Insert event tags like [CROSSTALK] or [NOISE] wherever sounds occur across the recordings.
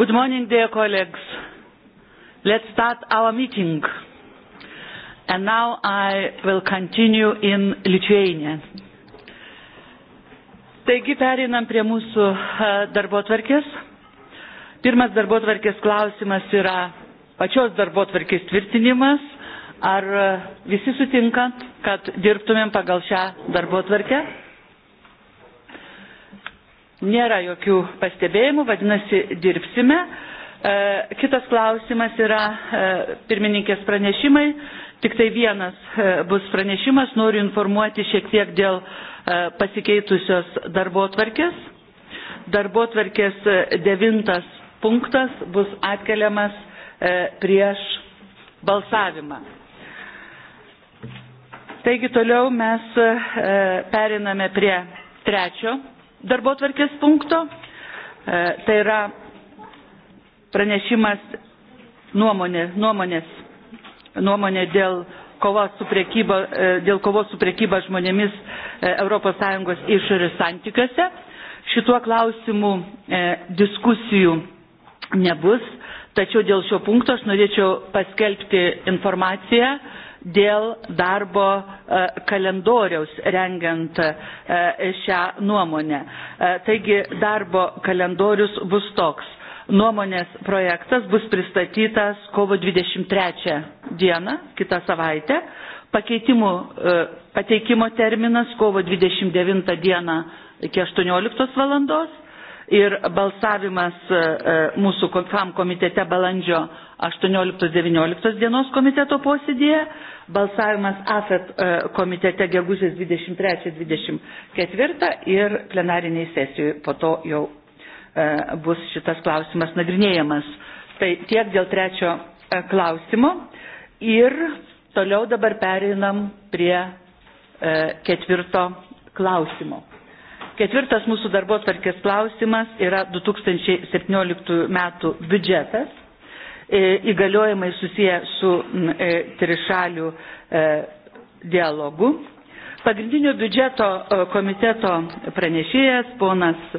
Good morning, dear colleagues. Let's start our meeting. And now I will continue in Lithuania. Taigi perinam prie mūsų e, darbo tvarkės. Pirmas darbo tvarkės klausimas yra pačios darbo tvarkės tvirtinimas. Ar e, visi sutinka, kad dirbtumėm pagal šią darbo tvarkę? Nėra jokių pastebėjimų, vadinasi, dirbsime. E, kitas klausimas yra e, pirmininkės pranešimai. Tik tai vienas e, bus pranešimas. Noriu informuoti šiek tiek dėl pasikeitusios darbo tvarkės. Darbo tvarkės devintas punktas bus atkeliamas prieš balsavimą. Taigi toliau mes periname prie trečio darbotvarkės punkto. E, tai yra pranešimas nuomonė, nuomonės, nuomonė dėl kovos su prekyba, e, dėl kovos su prekyba žmonėmis ES išorės santykiuose. Šituo klausimu e, diskusijų nebus, tačiau dėl šio punkto aš norėčiau paskelbti informaciją dėl darbo e, kalendoriaus rengiant e, šią nuomonę. E, taigi darbo kalendorius bus toks. Nuomonės projektas bus pristatytas kovo 23 dieną, kitą savaitę. Pakeitimų pateikimo terminas kovo 29 dieną iki 18 valandos ir balsavimas e, e, mūsų FAM komitete balandžio 18-19 dienos komiteto posėdėje, balsavimas AFET e, komitete gegužės 23-24 ir plenariniai sesijoje po to jau bus šitas klausimas nagrinėjamas. Tai tiek dėl trečio klausimo. Ir toliau dabar pereinam prie ketvirto klausimo. Ketvirtas mūsų darbo atvarkės klausimas yra 2017 metų biudžetas, e, įgaliojimai susiję su e, trišalių e, dialogu. Pagrindinio biudžeto komiteto pranešėjas ponas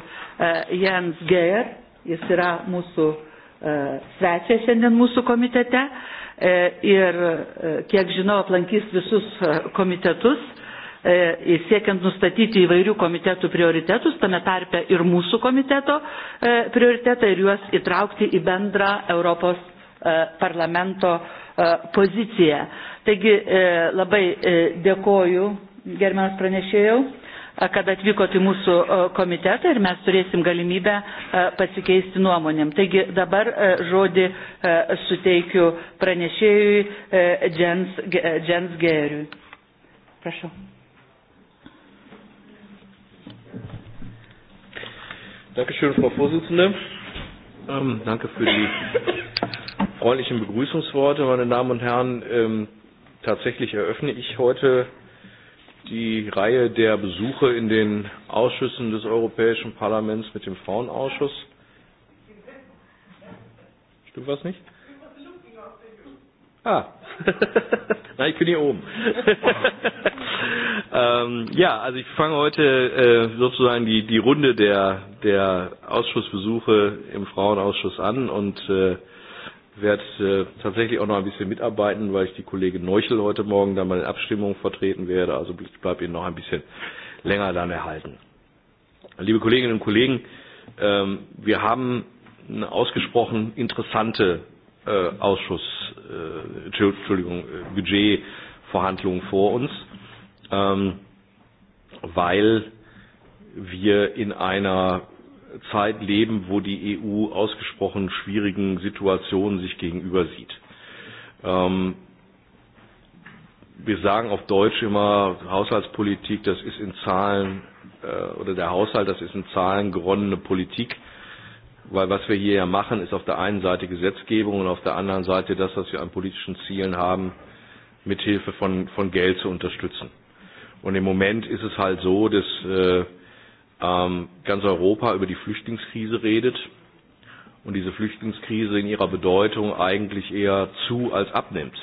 Jens Geier, jis yra mūsų svečias šiandien mūsų komitete ir, kiek žinau, aplankys visus komitetus E, siekiant nustatyti įvairių komitetų prioritetus, tame tarpe ir mūsų komiteto e, prioritetą ir juos įtraukti į bendrą Europos e, parlamento poziciją. Taigi labai dėkoju, gerbiamas pranešėjau kad atvykot į mūsų komitetą ir mes turėsim galimybę pasikeisti nuomonėm. Taigi dabar žodį suteikiu pranešėjui Jens Geriui. Prašau. Dankeschön, Frau Vorsitzende. Ähm, danke für die freundlichen Begrüßungsworte, meine Damen und Herren. Ähm, tatsächlich eröffne ich heute die Reihe der Besuche in den Ausschüssen des Europäischen Parlaments mit dem Frauenausschuss. Stimmt was nicht? Ah, [LAUGHS] nein, ich bin hier oben. [LAUGHS] Ähm, ja, also ich fange heute äh, sozusagen die, die Runde der, der Ausschussbesuche im Frauenausschuss an und äh, werde äh, tatsächlich auch noch ein bisschen mitarbeiten, weil ich die Kollegin Neuchel heute Morgen dann bei den Abstimmungen vertreten werde. Also ich bleibe Ihnen noch ein bisschen länger dann erhalten. Liebe Kolleginnen und Kollegen, ähm, wir haben eine ausgesprochen interessante äh, Ausschuss, äh, Entschuldigung, äh, Budgetverhandlungen vor uns. Äh, ähm, weil wir in einer Zeit leben, wo die EU ausgesprochen schwierigen Situationen sich gegenüber sieht. Ähm, wir sagen auf Deutsch immer, Haushaltspolitik, das ist in Zahlen, äh, oder der Haushalt, das ist in Zahlen geronnene Politik, weil was wir hier ja machen, ist auf der einen Seite Gesetzgebung und auf der anderen Seite das, was wir an politischen Zielen haben, mithilfe von, von Geld zu unterstützen. Und im Moment ist es halt so, dass äh, ähm, ganz Europa über die Flüchtlingskrise redet und diese Flüchtlingskrise in ihrer Bedeutung eigentlich eher zu als abnimmt.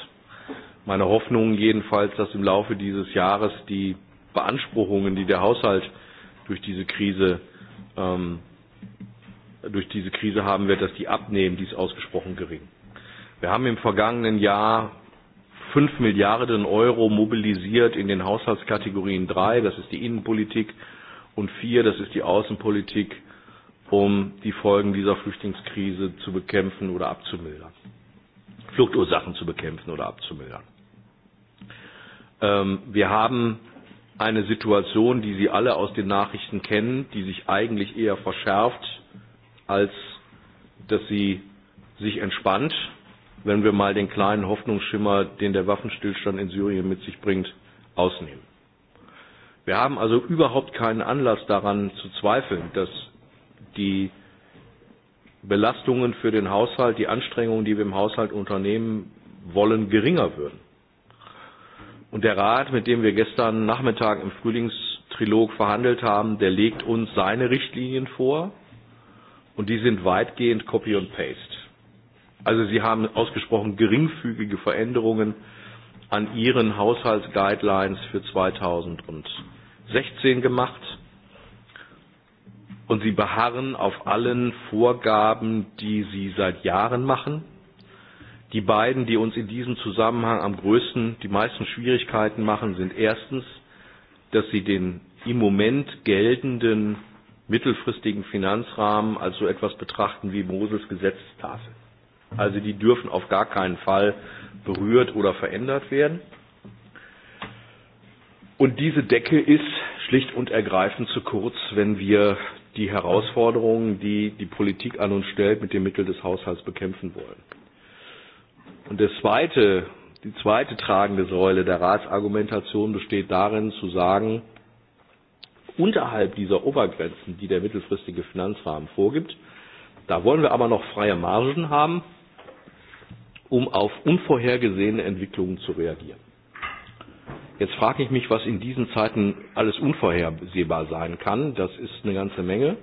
Meine Hoffnung jedenfalls, dass im Laufe dieses Jahres die Beanspruchungen, die der Haushalt durch diese Krise ähm, durch diese Krise haben wird, dass die abnehmen, die ist ausgesprochen gering. Wir haben im vergangenen Jahr 5 Milliarden Euro mobilisiert in den Haushaltskategorien 3, das ist die Innenpolitik, und 4, das ist die Außenpolitik, um die Folgen dieser Flüchtlingskrise zu bekämpfen oder abzumildern, Fluchtursachen zu bekämpfen oder abzumildern. Ähm, wir haben eine Situation, die Sie alle aus den Nachrichten kennen, die sich eigentlich eher verschärft, als dass sie sich entspannt wenn wir mal den kleinen Hoffnungsschimmer, den der Waffenstillstand in Syrien mit sich bringt, ausnehmen. Wir haben also überhaupt keinen Anlass daran zu zweifeln, dass die Belastungen für den Haushalt, die Anstrengungen, die wir im Haushalt unternehmen wollen, geringer würden. Und der Rat, mit dem wir gestern Nachmittag im Frühlingstrilog verhandelt haben, der legt uns seine Richtlinien vor und die sind weitgehend Copy und Paste. Also Sie haben ausgesprochen geringfügige Veränderungen an Ihren Haushaltsguidelines für 2016 gemacht. Und Sie beharren auf allen Vorgaben, die Sie seit Jahren machen. Die beiden, die uns in diesem Zusammenhang am größten, die meisten Schwierigkeiten machen, sind erstens, dass Sie den im Moment geltenden mittelfristigen Finanzrahmen als so etwas betrachten wie Moses Gesetzestafel. Also die dürfen auf gar keinen Fall berührt oder verändert werden. Und diese Decke ist schlicht und ergreifend zu kurz, wenn wir die Herausforderungen, die die Politik an uns stellt, mit den Mitteln des Haushalts bekämpfen wollen. Und das zweite, die zweite tragende Säule der Ratsargumentation besteht darin, zu sagen, unterhalb dieser Obergrenzen, die der mittelfristige Finanzrahmen vorgibt, da wollen wir aber noch freie Margen haben, um auf unvorhergesehene Entwicklungen zu reagieren. Jetzt frage ich mich, was in diesen Zeiten alles unvorhersehbar sein kann. Das ist eine ganze Menge.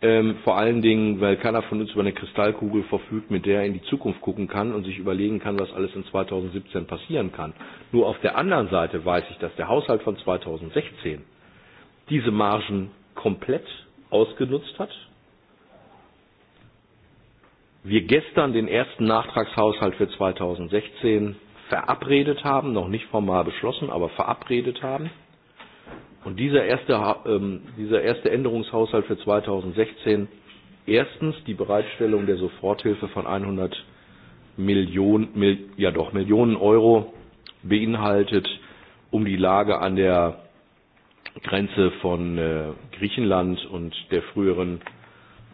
Ähm, vor allen Dingen, weil keiner von uns über eine Kristallkugel verfügt, mit der er in die Zukunft gucken kann und sich überlegen kann, was alles in 2017 passieren kann. Nur auf der anderen Seite weiß ich, dass der Haushalt von 2016 diese Margen komplett ausgenutzt hat wir gestern den ersten Nachtragshaushalt für 2016 verabredet haben, noch nicht formal beschlossen, aber verabredet haben. Und dieser erste, ähm, dieser erste Änderungshaushalt für 2016 erstens die Bereitstellung der Soforthilfe von 100 Millionen, Mil, ja doch, Millionen Euro beinhaltet, um die Lage an der Grenze von äh, Griechenland und der früheren äh,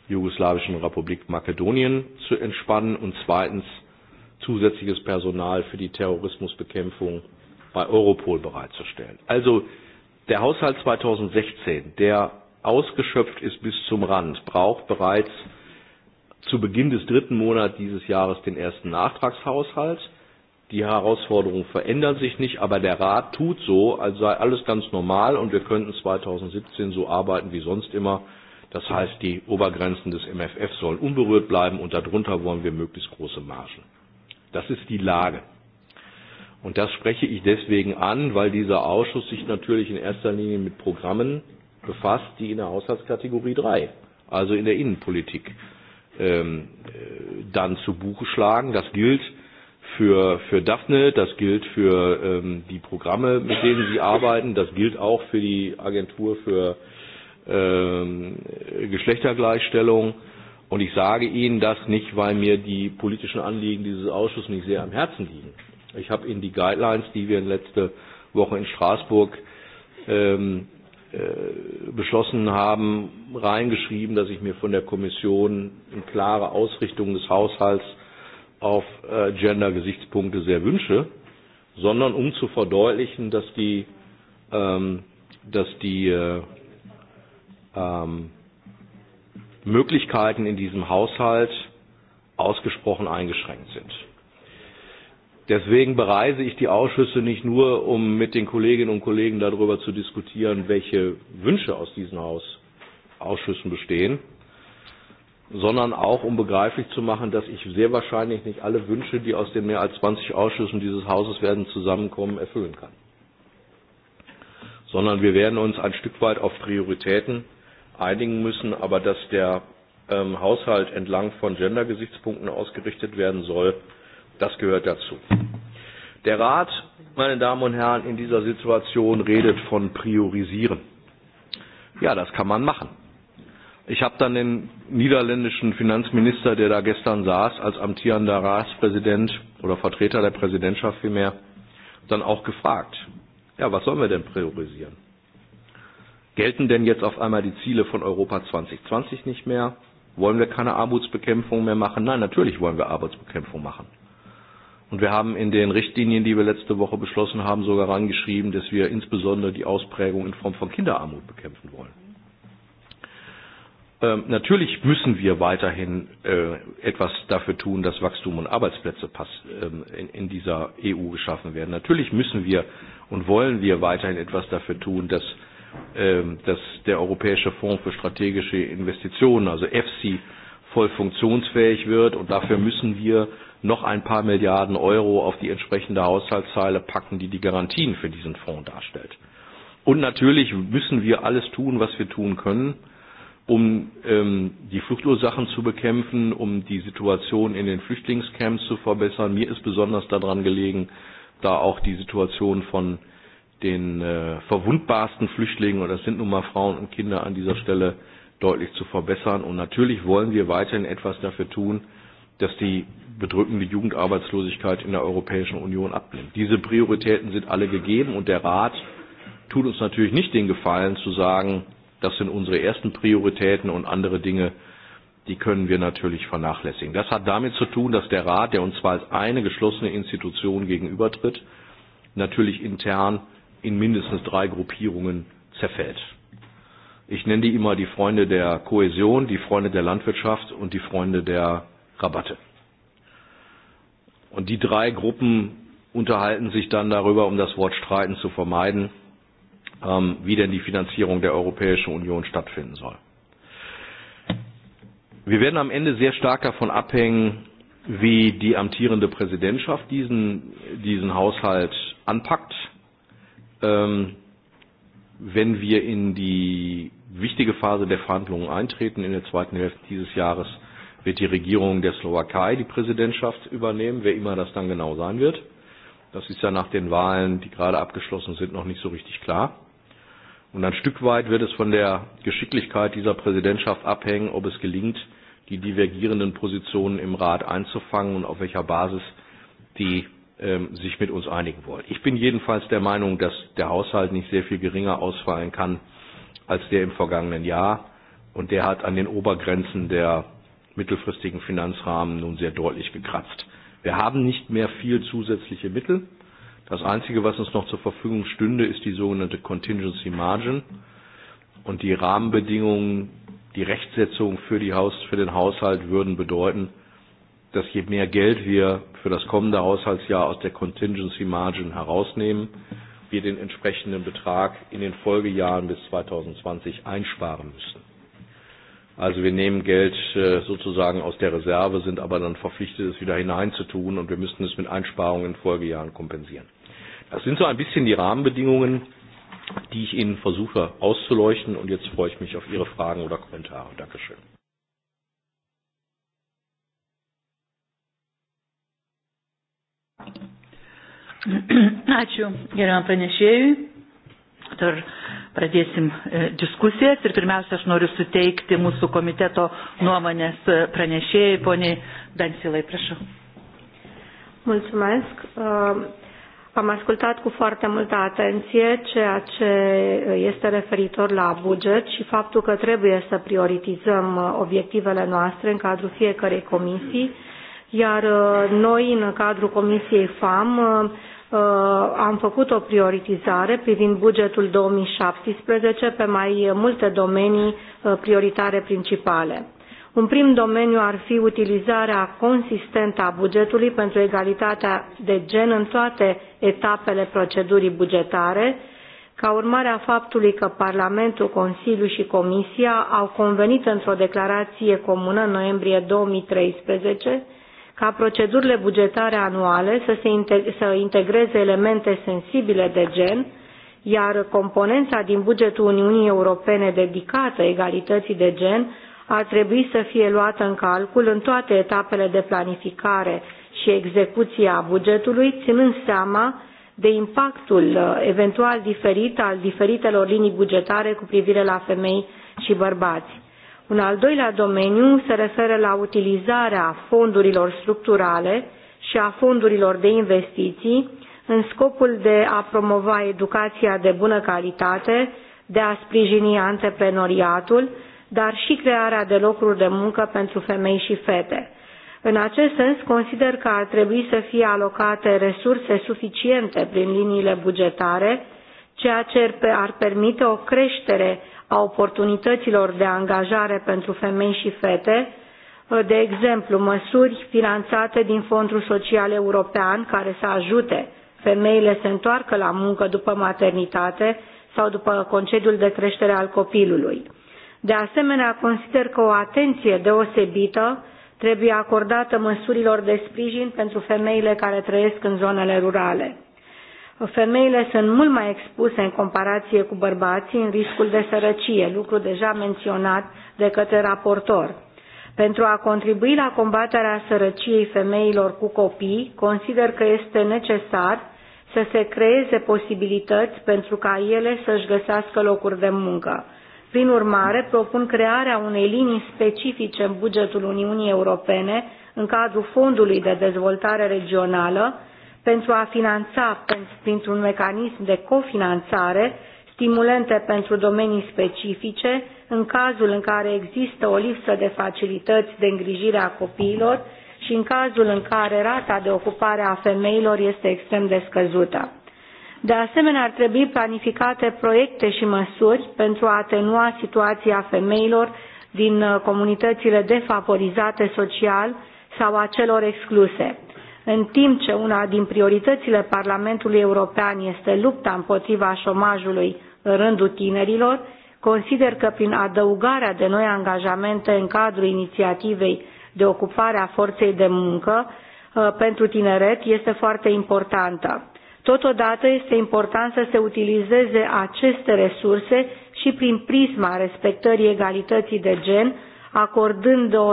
jugoslawischen Republik Makedonien zu entspannen und zweitens zusätzliches Personal für die Terrorismusbekämpfung bei Europol bereitzustellen. Also der Haushalt 2016, der ausgeschöpft ist bis zum Rand, braucht bereits zu Beginn des dritten Monats dieses Jahres den ersten Nachtragshaushalt. Die Herausforderungen verändern sich nicht, aber der Rat tut so, als sei alles ganz normal und wir könnten 2017 so arbeiten wie sonst immer. Das heißt, die Obergrenzen des MFF sollen unberührt bleiben und darunter wollen wir möglichst große Margen. Das ist die Lage. Und das spreche ich deswegen an, weil dieser Ausschuss sich natürlich in erster Linie mit Programmen befasst, die in der Haushaltskategorie 3, also in der Innenpolitik, ähm, äh, dann zu Buche schlagen. Das gilt für, für Daphne, das gilt für ähm, die Programme, mit denen Sie arbeiten, das gilt auch für die Agentur für äh, Ähm, Geschlechtergleichstellung. Und ich sage Ihnen das nicht, weil mir die politischen Anliegen dieses Ausschusses nicht sehr am Herzen liegen. Ich habe Ihnen die Guidelines, die wir letzte Woche in Straßburg ähm, äh, beschlossen haben, reingeschrieben, dass ich mir von der Kommission eine klare Ausrichtung des Haushalts auf äh, Gender-Gesichtspunkte sehr wünsche, sondern um zu verdeutlichen, dass die, ähm, dass die äh, ähm, Möglichkeiten in diesem Haushalt ausgesprochen eingeschränkt sind. Deswegen bereise ich die Ausschüsse nicht nur, um mit den Kolleginnen und Kollegen darüber zu diskutieren, welche Wünsche aus diesen Haus Ausschüssen bestehen, sondern auch, um begreiflich zu machen, dass ich sehr wahrscheinlich nicht alle Wünsche, die aus den mehr als 20 Ausschüssen dieses Hauses werden zusammenkommen, erfüllen kann. Sondern wir werden uns ein Stück weit auf Prioritäten einigen müssen, aber dass der ähm, Haushalt entlang von Gender-Gesichtspunkten ausgerichtet werden soll, das gehört dazu. Der Rat, meine Damen und Herren, in dieser Situation redet von Priorisieren. Ja, das kann man machen. Ich habe dann den niederländischen Finanzminister, der da gestern saß, als amtierender Ratspräsident oder Vertreter der Präsidentschaft vielmehr, dann auch gefragt, ja, was sollen wir denn priorisieren? Gelten denn jetzt auf einmal die Ziele von Europa 2020 nicht mehr? Wollen wir keine Armutsbekämpfung mehr machen? Nein, natürlich wollen wir Armutsbekämpfung machen. Und wir haben in den Richtlinien, die wir letzte Woche beschlossen haben, sogar rangeschrieben, dass wir insbesondere die Ausprägung in Form von Kinderarmut bekämpfen wollen. Ähm, natürlich müssen wir weiterhin äh, etwas dafür tun, dass Wachstum und Arbeitsplätze pass, ähm, in, in dieser EU geschaffen werden. Natürlich müssen wir und wollen wir weiterhin etwas dafür tun, dass äh, Ähm, dass der Europäische Fonds für strategische Investitionen, also EFSI, voll funktionsfähig wird. Und dafür müssen wir noch ein paar Milliarden Euro auf die entsprechende Haushaltszeile packen, die die Garantien für diesen Fonds darstellt. Und natürlich müssen wir alles tun, was wir tun können, um ähm, die Fluchtursachen zu bekämpfen, um die Situation in den Flüchtlingscamps zu verbessern. Mir ist besonders daran gelegen, da auch die Situation von den äh, verwundbarsten Flüchtlingen, und das sind nun mal Frauen und Kinder an dieser Stelle, deutlich zu verbessern. Und natürlich wollen wir weiterhin etwas dafür tun, dass die bedrückende Jugendarbeitslosigkeit in der Europäischen Union abnimmt. Diese Prioritäten sind alle gegeben und der Rat tut uns natürlich nicht den Gefallen zu sagen, das sind unsere ersten Prioritäten und andere Dinge, die können wir natürlich vernachlässigen. Das hat damit zu tun, dass der Rat, der uns zwar als eine geschlossene Institution gegenübertritt, natürlich intern in mindestens drei Gruppierungen zerfällt. Ich nenne die immer die Freunde der Kohäsion, die Freunde der Landwirtschaft und die Freunde der Rabatte. Und die drei Gruppen unterhalten sich dann darüber, um das Wort Streiten zu vermeiden, ähm, wie denn die Finanzierung der Europäischen Union stattfinden soll. Wir werden am Ende sehr stark davon abhängen, wie die amtierende Präsidentschaft diesen, diesen Haushalt anpackt ähm, wenn wir in die wichtige Phase der Verhandlungen eintreten. In der zweiten Hälfte dieses Jahres wird die Regierung der Slowakei die Präsidentschaft übernehmen, wer immer das dann genau sein wird. Das ist ja nach den Wahlen, die gerade abgeschlossen sind, noch nicht so richtig klar. Und ein Stück weit wird es von der Geschicklichkeit dieser Präsidentschaft abhängen, ob es gelingt, die divergierenden Positionen im Rat einzufangen und auf welcher Basis die Ähm, sich mit uns einigen wollen. Ich bin jedenfalls der Meinung, dass der Haushalt nicht sehr viel geringer ausfallen kann als der im vergangenen Jahr. Und der hat an den Obergrenzen der mittelfristigen Finanzrahmen nun sehr deutlich gekratzt. Wir haben nicht mehr viel zusätzliche Mittel. Das Einzige, was uns noch zur Verfügung stünde, ist die sogenannte Contingency Margin und die Rahmenbedingungen, die Rechtsetzung für, die Haus, für den Haushalt würden bedeuten, dass je mehr Geld wir für das kommende Haushaltsjahr aus der Contingency Margin herausnehmen, wir den entsprechenden Betrag in den Folgejahren bis 2020 einsparen müssen. Also wir nehmen Geld äh, sozusagen aus der Reserve, sind aber dann verpflichtet, es wieder hineinzutun und wir müssten es mit Einsparungen in Folgejahren kompensieren. Das sind so ein bisschen die Rahmenbedingungen, die ich Ihnen versuche auszuleuchten und jetzt freue ich mich auf Ihre Fragen oder Kommentare. Dankeschön. [CLEARS THROAT] Ačiū geriam pranešėjui. Dar pradėsim e, diskusijas ir pirmiausia, aš noriu suteikti mūsų komiteto nuomonės e, pranešėjai, poniai Dansilai, prašau. Mulțumesc. E, am ascultat cu foarte multă atenție ceea ce este referitor la buget și faptul că trebuie să prioritizăm obiectivele noastre în cadrul fiecărei comisii iar uh, noi, în cadrul Comisiei FAM, uh, uh, am făcut o prioritizare privind bugetul 2017 pe mai multe domenii prioritare principale. Un prim domeniu ar fi utilizarea consistentă a bugetului pentru egalitatea de gen în toate etapele procedurii bugetare, ca urmare a faptului că Parlamentul, Consiliul și Comisia au convenit într-o declarație comună în noiembrie 2013 ca procedurile bugetare anuale să, se integ- să integreze elemente sensibile de gen, iar componența din bugetul Uniunii Europene dedicată egalității de gen ar trebui să fie luată în calcul în toate etapele de planificare și execuție a bugetului, ținând seama de impactul uh, eventual diferit al diferitelor linii bugetare cu privire la femei și bărbați. Un al doilea domeniu se referă la utilizarea fondurilor structurale și a fondurilor de investiții în scopul de a promova educația de bună calitate, de a sprijini antreprenoriatul, dar și crearea de locuri de muncă pentru femei și fete. În acest sens, consider că ar trebui să fie alocate resurse suficiente prin liniile bugetare, ceea ce ar permite o creștere a oportunităților de angajare pentru femei și fete, de exemplu, măsuri finanțate din Fondul Social European care să ajute femeile să întoarcă la muncă după maternitate sau după concediul de creștere al copilului. De asemenea, consider că o atenție deosebită trebuie acordată măsurilor de sprijin pentru femeile care trăiesc în zonele rurale. Femeile sunt mult mai expuse în comparație cu bărbații în riscul de sărăcie, lucru deja menționat de către raportor. Pentru a contribui la combaterea sărăciei femeilor cu copii, consider că este necesar să se creeze posibilități pentru ca ele să-și găsească locuri de muncă. Prin urmare, propun crearea unei linii specifice în bugetul Uniunii Europene, în cadrul Fondului de Dezvoltare Regională, pentru a finanța printr-un mecanism de cofinanțare stimulente pentru domenii specifice în cazul în care există o lipsă de facilități de îngrijire a copiilor și în cazul în care rata de ocupare a femeilor este extrem de scăzută. De asemenea, ar trebui planificate proiecte și măsuri pentru a atenua situația femeilor din uh, comunitățile defavorizate social sau a celor excluse în timp ce una din prioritățile Parlamentului European este lupta împotriva șomajului în rândul tinerilor, consider că prin adăugarea de noi angajamente în cadrul inițiativei de ocupare a forței de muncă uh, pentru tineret este foarte importantă. Totodată este important să se utilizeze aceste resurse și prin prisma respectării egalității de gen acordând o,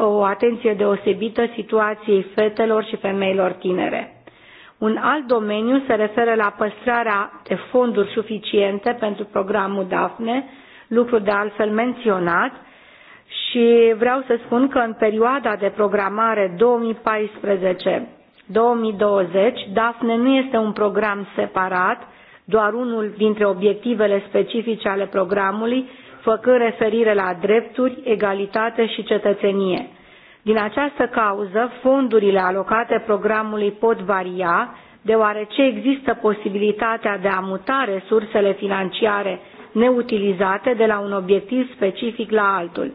o atenție deosebită situației fetelor și femeilor tinere. Un alt domeniu se referă la păstrarea de fonduri suficiente pentru programul DAFNE, lucru de altfel menționat, și vreau să spun că în perioada de programare 2014 2020, DAFNE nu este un program separat, doar unul dintre obiectivele specifice ale programului, făcând referire la drepturi, egalitate și cetățenie. Din această cauză, fondurile alocate programului pot varia, deoarece există posibilitatea de a muta resursele financiare neutilizate de la un obiectiv specific la altul.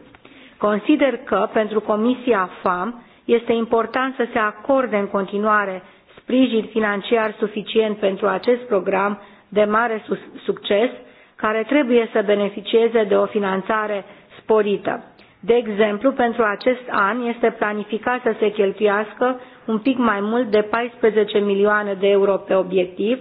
Consider că, pentru Comisia FAM, este important să se acorde în continuare sprijin financiar suficient pentru acest program de mare succes, care trebuie să beneficieze de o finanțare sporită. De exemplu, pentru acest an este planificat să se cheltuiască un pic mai mult de 14 milioane de euro pe obiectiv,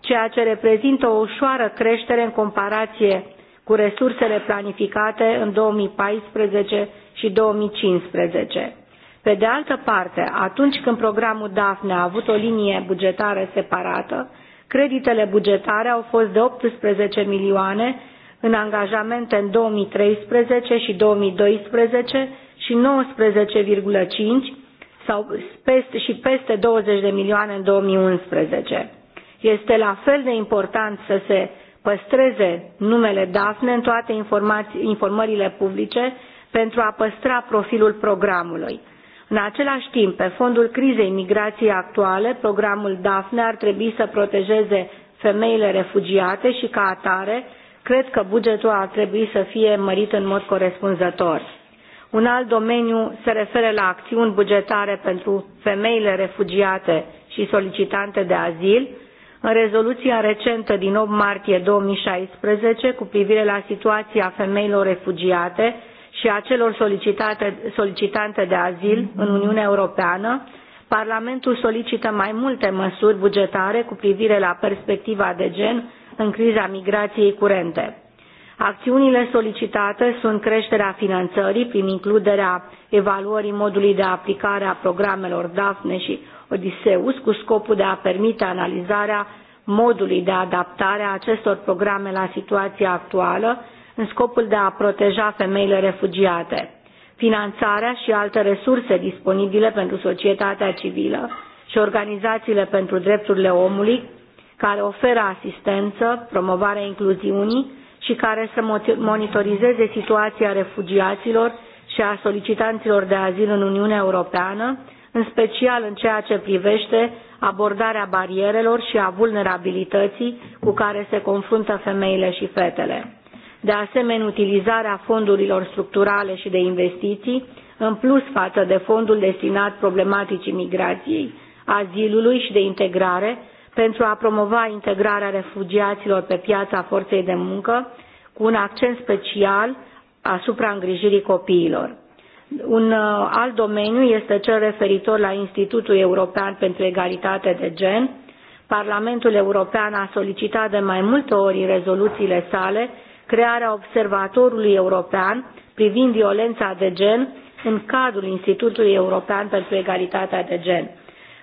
ceea ce reprezintă o ușoară creștere în comparație cu resursele planificate în 2014 și 2015. Pe de altă parte, atunci când programul DAFNE a avut o linie bugetară separată, Creditele bugetare au fost de 18 milioane în angajamente în 2013 și 2012 și 19,5 sau peste, și peste 20 de milioane în 2011. Este la fel de important să se păstreze numele DAFNE în toate informările publice pentru a păstra profilul programului. În același timp, pe fondul crizei migrației actuale, programul DAFNE ar trebui să protejeze femeile refugiate și, ca atare, cred că bugetul ar trebui să fie mărit în mod corespunzător. Un alt domeniu se referă la acțiuni bugetare pentru femeile refugiate și solicitante de azil. În rezoluția recentă din 8 martie 2016 cu privire la situația femeilor refugiate, și a celor solicitante de azil în Uniunea Europeană, Parlamentul solicită mai multe măsuri bugetare cu privire la perspectiva de gen în criza migrației curente. Acțiunile solicitate sunt creșterea finanțării prin includerea evaluării modului de aplicare a programelor DAFNE și Odiseus cu scopul de a permite analizarea modului de adaptare a acestor programe la situația actuală în scopul de a proteja femeile refugiate. Finanțarea și alte resurse disponibile pentru societatea civilă și organizațiile pentru drepturile omului care oferă asistență, promovarea incluziunii și care să monitorizeze situația refugiaților și a solicitanților de azil în Uniunea Europeană, în special în ceea ce privește abordarea barierelor și a vulnerabilității cu care se confruntă femeile și fetele de asemenea utilizarea fondurilor structurale și de investiții, în plus față de fondul destinat problematicii migrației, azilului și de integrare, pentru a promova integrarea refugiaților pe piața forței de muncă, cu un accent special asupra îngrijirii copiilor. Un uh, alt domeniu este cel referitor la Institutul European pentru Egalitate de Gen. Parlamentul European a solicitat de mai multe ori în rezoluțiile sale crearea Observatorului European privind violența de gen în cadrul Institutului European pentru Egalitatea de Gen.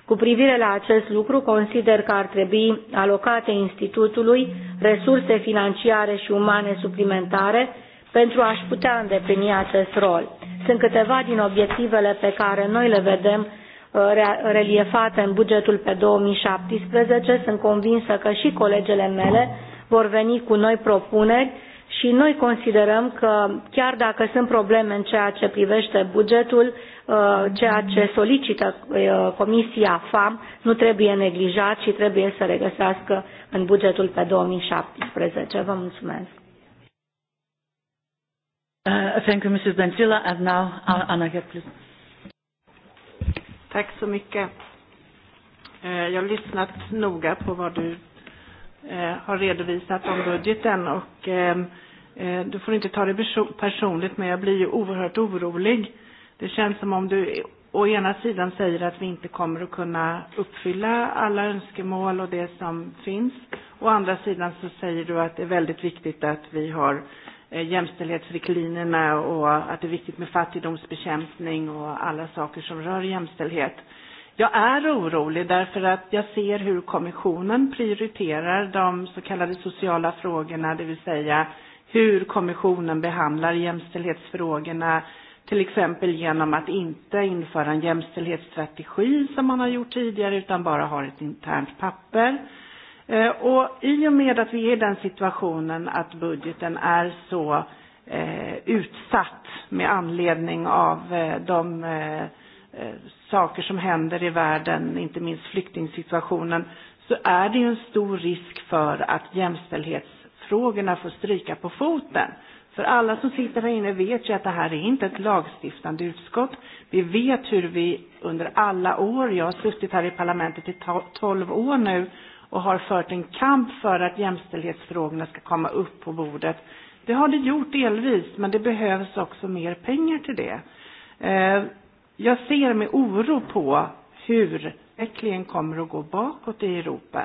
Cu privire la acest lucru, consider că ar trebui alocate Institutului resurse financiare și umane suplimentare pentru a-și putea îndeplini acest rol. Sunt câteva din obiectivele pe care noi le vedem uh, reliefate în bugetul pe 2017. Sunt convinsă că și colegele mele vor veni cu noi propuneri și noi considerăm că chiar dacă sunt probleme în ceea ce privește bugetul, uh, ceea ce solicită uh, Comisia FAM nu trebuie neglijat și trebuie să regăsească în bugetul pe 2017. Vă mulțumesc. Uh, thank you, Mrs. Benzilla. And now, Anna Geplin. Tack så mycket. Eh, jag har lyssnat noga på vad du eh, har redovisat om budgeten. Och, ehm, eh, du får inte ta det personligt, men jag blir ju oerhört orolig. Det känns som om du å ena sidan säger att vi inte kommer att kunna uppfylla alla önskemål och det som finns. Å andra sidan så säger du att det är väldigt viktigt att vi har eh, jämställdhetsriktlinjerna och att det är viktigt med fattigdomsbekämpning och alla saker som rör jämställdhet. Jag är orolig därför att jag ser hur kommissionen prioriterar de så kallade sociala frågorna, det vill säga hur kommissionen behandlar jämställdhetsfrågorna, till exempel genom att inte införa en jämställdhetsstrategi som man har gjort tidigare utan bara har ett internt papper. Eh, och i och med att vi är i den situationen att budgeten är så eh, utsatt med anledning av eh, de eh, Eh, saker som händer i världen, inte minst flyktingsituationen, så är det ju en stor risk för att jämställdhetsfrågorna får stryka på foten. För alla som sitter här inne vet ju att det här är inte ett lagstiftande utskott. Vi vet hur vi under alla år, jag har suttit här i parlamentet i tolv år nu och har fört en kamp för att jämställdhetsfrågorna ska komma upp på bordet. Det har det gjort delvis, men det behövs också mer pengar till det. Eh, Jag ser med oro på hur utvecklingen kommer att gå bakåt i Europa.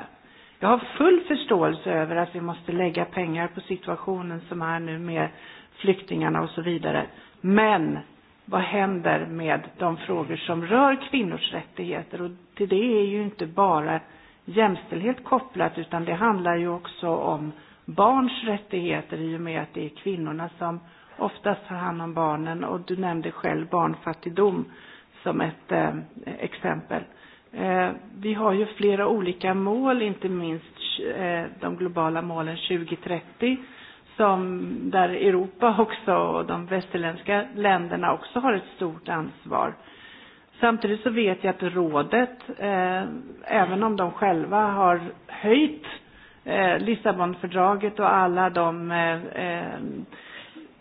Jag har full förståelse över att vi måste lägga pengar på situationen som är nu med flyktingarna och så vidare. Men vad händer med de frågor som rör kvinnors rättigheter? Och till det är ju inte bara jämställdhet kopplat utan det handlar ju också om barns rättigheter i och med att det är kvinnorna som oftast tar hand om barnen och du nämnde själv barnfattigdom som ett eh, exempel. Eh, vi har ju flera olika mål, inte minst eh, de globala målen 2030 som där Europa också och de västerländska länderna också har ett stort ansvar. Samtidigt så vet jag att rådet, eh, även om de själva har höjt eh, Lissabonfördraget och alla de eh, eh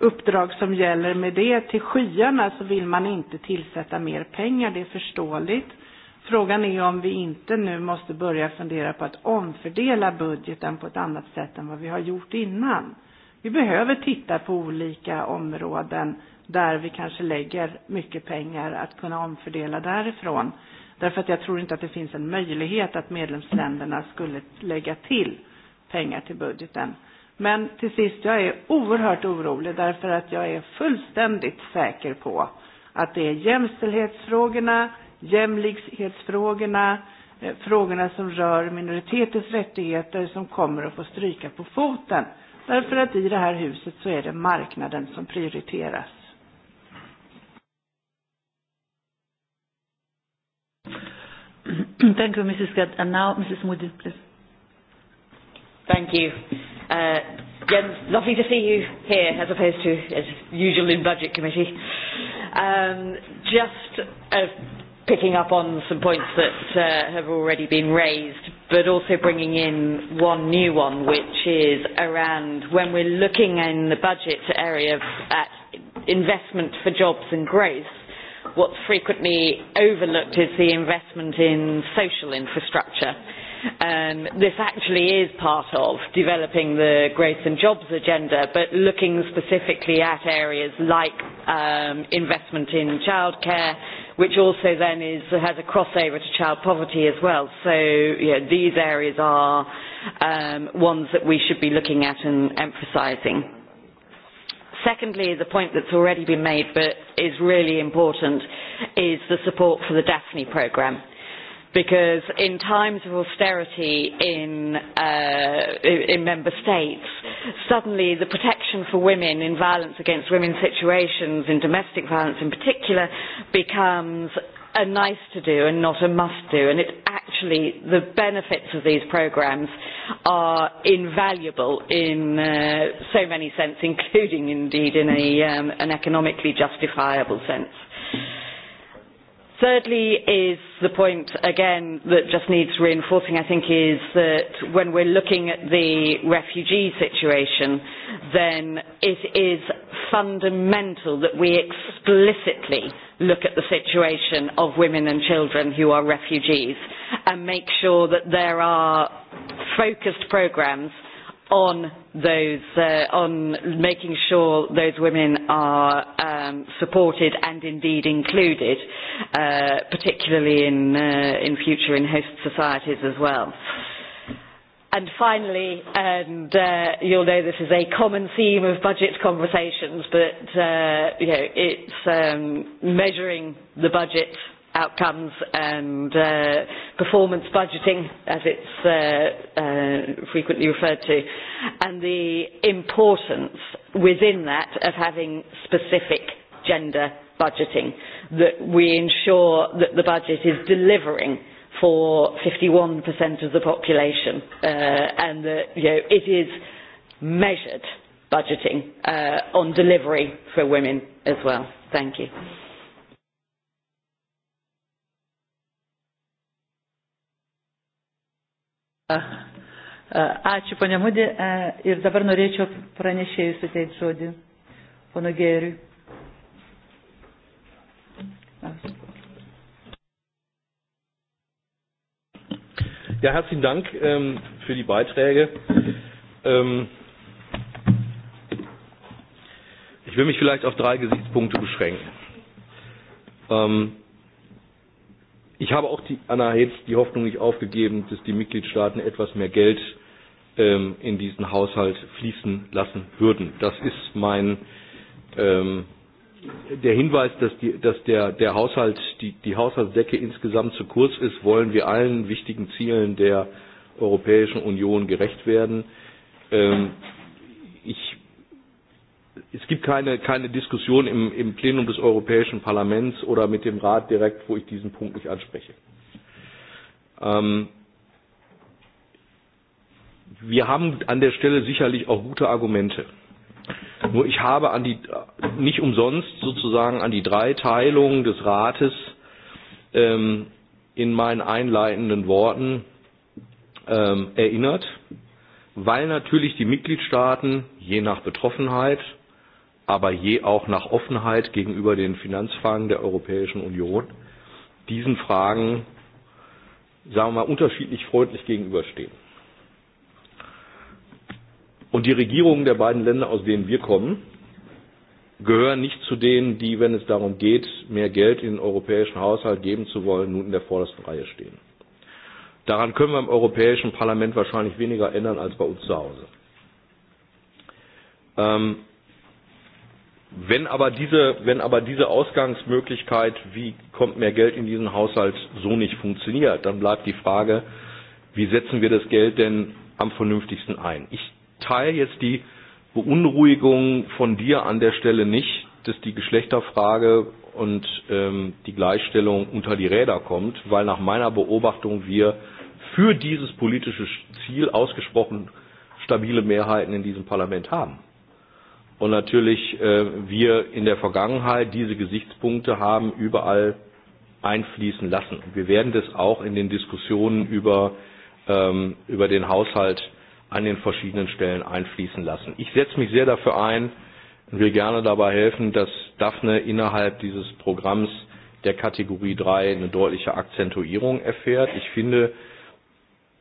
uppdrag som gäller med det. Till skyarna så vill man inte tillsätta mer pengar, det är förståeligt. Frågan är om vi inte nu måste börja fundera på att omfördela budgeten på ett annat sätt än vad vi har gjort innan. Vi behöver titta på olika områden där vi kanske lägger mycket pengar att kunna omfördela därifrån. Därför att jag tror inte att det finns en möjlighet att medlemsländerna skulle lägga till pengar till budgeten. Men till sist, jag är oerhört orolig därför att jag är fullständigt säker på att det är jämställdhetsfrågorna, jämlikhetsfrågorna, eh, frågorna som rör minoriteters rättigheter som kommer att få stryka på foten. Därför att i det här huset så är det marknaden som prioriteras. Thank you, Mrs. Gadd. And now, Mrs. Moody, please. Thank you. Uh, yeah, lovely to see you here as opposed to as usual in Budget Committee. Um, just uh, picking up on some points that uh, have already been raised, but also bringing in one new one, which is around when we're looking in the budget area at investment for jobs and growth, what's frequently overlooked is the investment in social infrastructure. Mm-hmm Um, this actually is part of developing the growth and jobs agenda, but looking specifically at areas like um, investment in childcare, which also then is, has a crossover to child poverty as well. So you know, these areas are um, ones that we should be looking at and emphasising. Secondly, the point that's already been made but is really important is the support for the Daphne programme because in times of austerity in, uh, in member states, suddenly the protection for women in violence against women situations, in domestic violence in particular, becomes a nice to do and not a must do. And it actually, the benefits of these programs are invaluable in uh, so many sense, [LAUGHS] including indeed in a, um, an economically justifiable sense. Thirdly is the point, again, that just needs reinforcing, I think, is that when we're looking at the refugee situation, then it is fundamental that we explicitly look at the situation of women and children who are refugees and make sure that there are focused programs on those, uh, on making sure those women are um, supported and indeed included, uh, particularly in, uh, in future in host societies as well. And finally, and uh, you'll know this is a common theme of budget conversations, but uh, you know, it's um, measuring the budget outcomes and uh, performance budgeting, as it's uh, uh, frequently referred to, and the importance within that of having specific gender budgeting, that we ensure that the budget is delivering for 51% of the population, uh, and that you know, it is measured budgeting uh, on delivery for women as well. Thank you. E, ačiū, ponia Mudė. E, ir dabar norėčiau pranešėjus suteikti žodį. Pono Gėriui. Ja, herzlichen Dank ähm, für die Beiträge. Ähm, ich will mich vielleicht auf drei Gesichtspunkte beschränken. Ähm, Ich habe auch, die, Anna Hetz, die Hoffnung nicht aufgegeben, dass die Mitgliedstaaten etwas mehr Geld ähm, in diesen Haushalt fließen lassen würden. Das ist mein, ähm, der Hinweis, dass, die, dass der, der Haushalt, die, die Haushaltsdecke insgesamt zu kurz ist, wollen wir allen wichtigen Zielen der Europäischen Union gerecht werden. Ähm, es gibt keine, keine Diskussion im, im Plenum des Europäischen Parlaments oder mit dem Rat direkt, wo ich diesen Punkt nicht anspreche. Ähm, wir haben an der Stelle sicherlich auch gute Argumente. Nur ich habe an die, nicht umsonst sozusagen an die Dreiteilung des Rates ähm, in meinen einleitenden Worten ähm, erinnert, weil natürlich die Mitgliedstaaten je nach Betroffenheit aber je auch nach Offenheit gegenüber den Finanzfragen der Europäischen Union diesen Fragen, sagen wir mal, unterschiedlich freundlich gegenüberstehen. Und die Regierungen der beiden Länder, aus denen wir kommen, gehören nicht zu denen, die, wenn es darum geht, mehr Geld in den europäischen Haushalt geben zu wollen, nun in der vordersten Reihe stehen. Daran können wir im Europäischen Parlament wahrscheinlich weniger ändern als bei uns zu Hause. Ähm, Wenn aber diese, wenn aber diese Ausgangsmöglichkeit, wie kommt mehr Geld in diesen Haushalt, so nicht funktioniert, dann bleibt die Frage, wie setzen wir das Geld denn am vernünftigsten ein? Ich teile jetzt die Beunruhigung von dir an der Stelle nicht, dass die Geschlechterfrage und ähm, die Gleichstellung unter die Räder kommt, weil nach meiner Beobachtung wir für dieses politische Ziel ausgesprochen stabile Mehrheiten in diesem Parlament haben. Und natürlich äh, wir in der Vergangenheit diese Gesichtspunkte haben überall einfließen lassen. Und wir werden das auch in den Diskussionen über, ähm, über den Haushalt an den verschiedenen Stellen einfließen lassen. Ich setze mich sehr dafür ein und will gerne dabei helfen, dass Daphne innerhalb dieses Programms der Kategorie 3 eine deutliche Akzentuierung erfährt. Ich finde,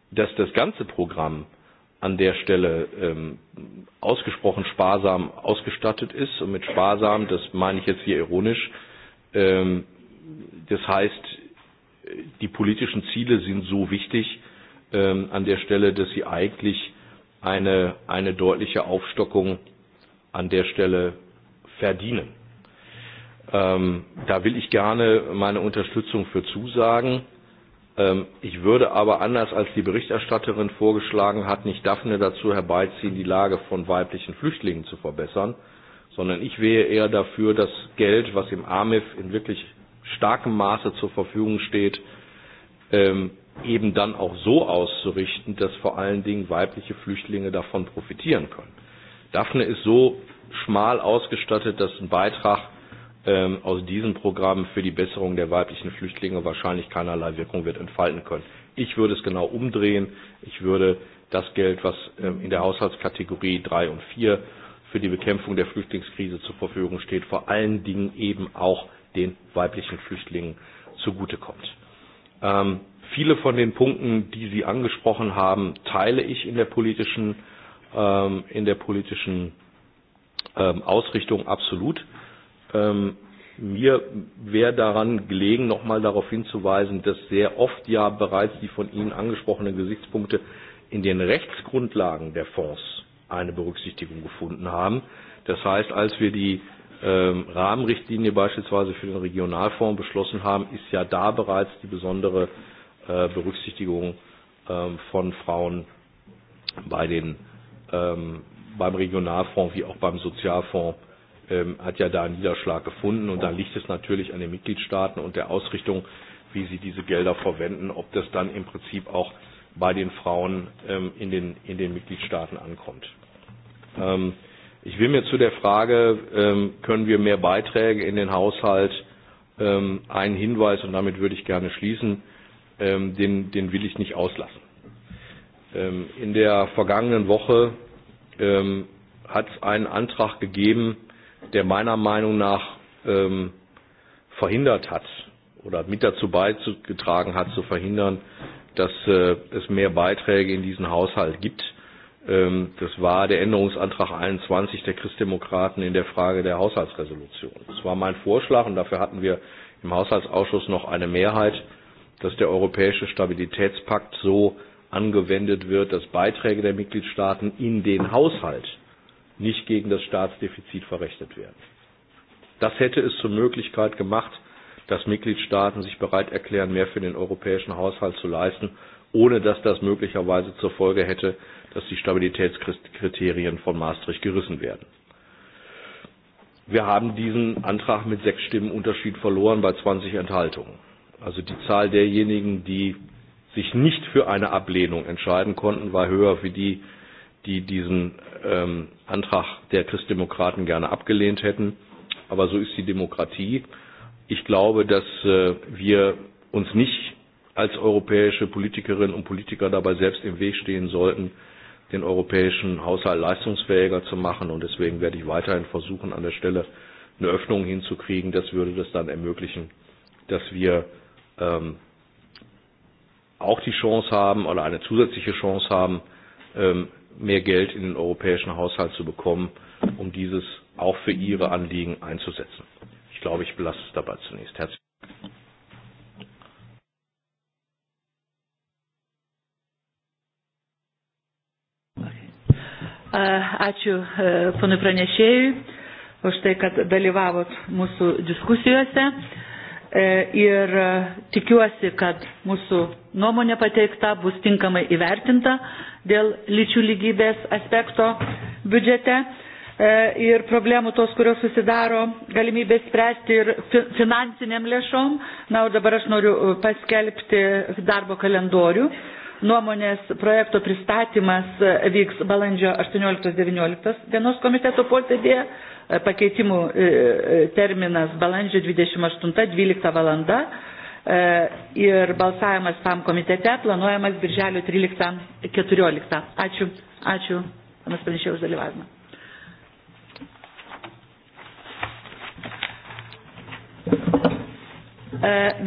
dass das ganze Programm äh, an der Stelle ähm, ausgesprochen sparsam ausgestattet ist. Und mit sparsam, das meine ich jetzt hier ironisch, ähm, das heißt, die politischen Ziele sind so wichtig ähm, an der Stelle, dass sie eigentlich eine, eine deutliche Aufstockung an der Stelle verdienen. Ähm, da will ich gerne meine Unterstützung für zusagen. Ähm, ich würde aber anders als die Berichterstatterin vorgeschlagen hat, nicht Daphne dazu herbeiziehen, die Lage von weiblichen Flüchtlingen zu verbessern, sondern ich wäre eher dafür, das Geld, was im AMIF in wirklich starkem Maße zur Verfügung steht, ähm, eben dann auch so auszurichten, dass vor allen Dingen weibliche Flüchtlinge davon profitieren können. Daphne ist so schmal ausgestattet, dass ein Beitrag ähm, aus diesen Programmen für die Besserung der weiblichen Flüchtlinge wahrscheinlich keinerlei Wirkung wird entfalten können. Ich würde es genau umdrehen. Ich würde das Geld, was ähm, in der Haushaltskategorie 3 und 4 für die Bekämpfung der Flüchtlingskrise zur Verfügung steht, vor allen Dingen eben auch den weiblichen Flüchtlingen zugutekommt. Ähm, viele von den Punkten, die Sie angesprochen haben, teile ich in der politischen, ähm, in der politischen ähm, Ausrichtung absolut. Ähm, mir wäre daran gelegen, nochmal darauf hinzuweisen, dass sehr oft ja bereits die von Ihnen angesprochenen Gesichtspunkte in den Rechtsgrundlagen der Fonds eine Berücksichtigung gefunden haben. Das heißt, als wir die ähm, Rahmenrichtlinie beispielsweise für den Regionalfonds beschlossen haben, ist ja da bereits die besondere äh, Berücksichtigung ähm, von Frauen bei den, ähm, beim Regionalfonds wie auch beim Sozialfonds äh, ähm, hat ja da einen Niederschlag gefunden. Und da liegt es natürlich an den Mitgliedstaaten und der Ausrichtung, wie sie diese Gelder verwenden, ob das dann im Prinzip auch bei den Frauen ähm, in, den, in den Mitgliedstaaten ankommt. Ähm, ich will mir zu der Frage, ähm, können wir mehr Beiträge in den Haushalt, ähm, einen Hinweis, und damit würde ich gerne schließen, ähm, den, den will ich nicht auslassen. Ähm, in der vergangenen Woche ähm, hat es einen Antrag gegeben, der meiner Meinung nach ähm, verhindert hat oder mit dazu beigetragen hat, zu verhindern, dass äh, es mehr Beiträge in diesen Haushalt gibt. Ähm, das war der Änderungsantrag 21 der Christdemokraten in der Frage der Haushaltsresolution. Das war mein Vorschlag und dafür hatten wir im Haushaltsausschuss noch eine Mehrheit, dass der Europäische Stabilitätspakt so angewendet wird, dass Beiträge der Mitgliedstaaten in den Haushalt nicht gegen das Staatsdefizit verrechnet werden. Das hätte es zur Möglichkeit gemacht, dass Mitgliedstaaten sich bereit erklären, mehr für den europäischen Haushalt zu leisten, ohne dass das möglicherweise zur Folge hätte, dass die Stabilitätskriterien von Maastricht gerissen werden. Wir haben diesen Antrag mit sechs Stimmen Unterschied verloren bei 20 Enthaltungen. Also die Zahl derjenigen, die sich nicht für eine Ablehnung entscheiden konnten, war höher wie die die diesen ähm, Antrag der Christdemokraten gerne abgelehnt hätten. Aber so ist die Demokratie. Ich glaube, dass äh, wir uns nicht als europäische Politikerinnen und Politiker dabei selbst im Weg stehen sollten, den europäischen Haushalt leistungsfähiger zu machen. Und deswegen werde ich weiterhin versuchen, an der Stelle eine Öffnung hinzukriegen. Das würde das dann ermöglichen, dass wir ähm, auch die Chance haben oder eine zusätzliche Chance haben, ähm, mehr Geld in den europäischen Haushalt zu bekommen, um dieses auch für ihre Anliegen einzusetzen. Ich glaube, ich belasse es dabei zunächst. Herzlichen Dank. Ačiū e, ponui pranešėjui už tai, kad dalyvavot mūsų diskusijose. E, ir e, tikiuosi, kad mūsų nuomonė pateikta bus tinkamai įvertinta dėl lyčių lygybės aspekto biudžete e, ir problemų tos, kurios susidaro galimybės spręsti ir finansiniam lėšom. Na, o dabar aš noriu paskelbti darbo kalendorių. Nuomonės projekto pristatymas e, vyks balandžio 18-19 dienos komiteto posėdėje, e, pakeitimų e, terminas balandžio 28-12 valanda ir balsavimas tam komitete planuojamas birželio 13-14. Ačiū, ačiū, panas pranešėjau už dalyvavimą.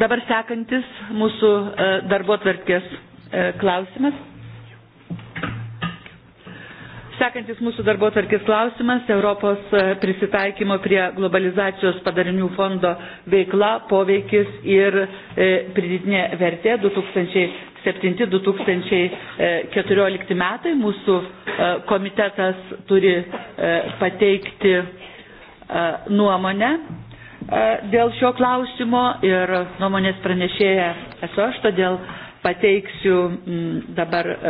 Dabar sekantis mūsų darbo tvarkės E, klausimas. Sekantis mūsų darbo tvarkės klausimas - Europos e, prisitaikymo prie globalizacijos padarinių fondo veikla, poveikis ir e, pridėtinė vertė 2007-2014 metai. Mūsų komitetas turi pateikti nuomonę dėl šio klausimo ir nuomonės pranešėja esu aš, todėl pateiksiu mm, dabar e, e,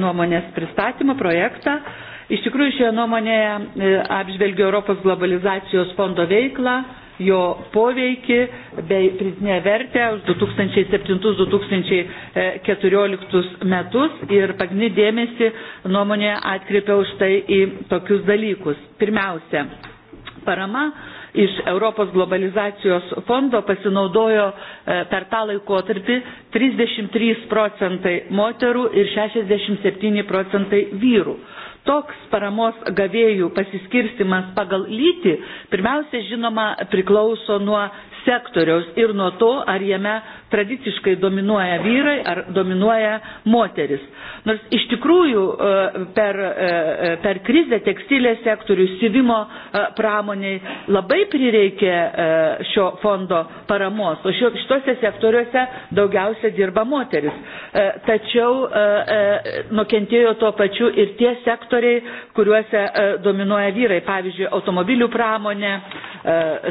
nuomonės pristatymo projektą. Iš tikrųjų, šioje nuomonėje e, apžvelgiu Europos globalizacijos fondo veiklą, jo poveikį bei pridinę vertę už 2007-2014 metus ir pagrindinį dėmesį nuomonėje atkreipiau štai į tokius dalykus. Pirmiausia, parama iš Europos globalizacijos fondo pasinaudojo e, per tą laikotarpį 33 procentai moterų ir 67 procentai vyrų. Toks paramos gavėjų pasiskirstimas pagal lytį pirmiausia, žinoma, priklauso nuo sektoriaus ir nuo to, ar jame tradiciškai dominuoja vyrai ar dominuoja moteris. Nors iš tikrųjų e, per, e, e, per krizę tekstilės sektorių, siuvimo pramoniai labai prireikė šio fondo paramos, o šitose sektoriuose daugiausia dirba moteris. Tačiau nukentėjo tuo pačiu ir tie sektoriai, kuriuose dominuoja vyrai, pavyzdžiui, automobilių pramonė,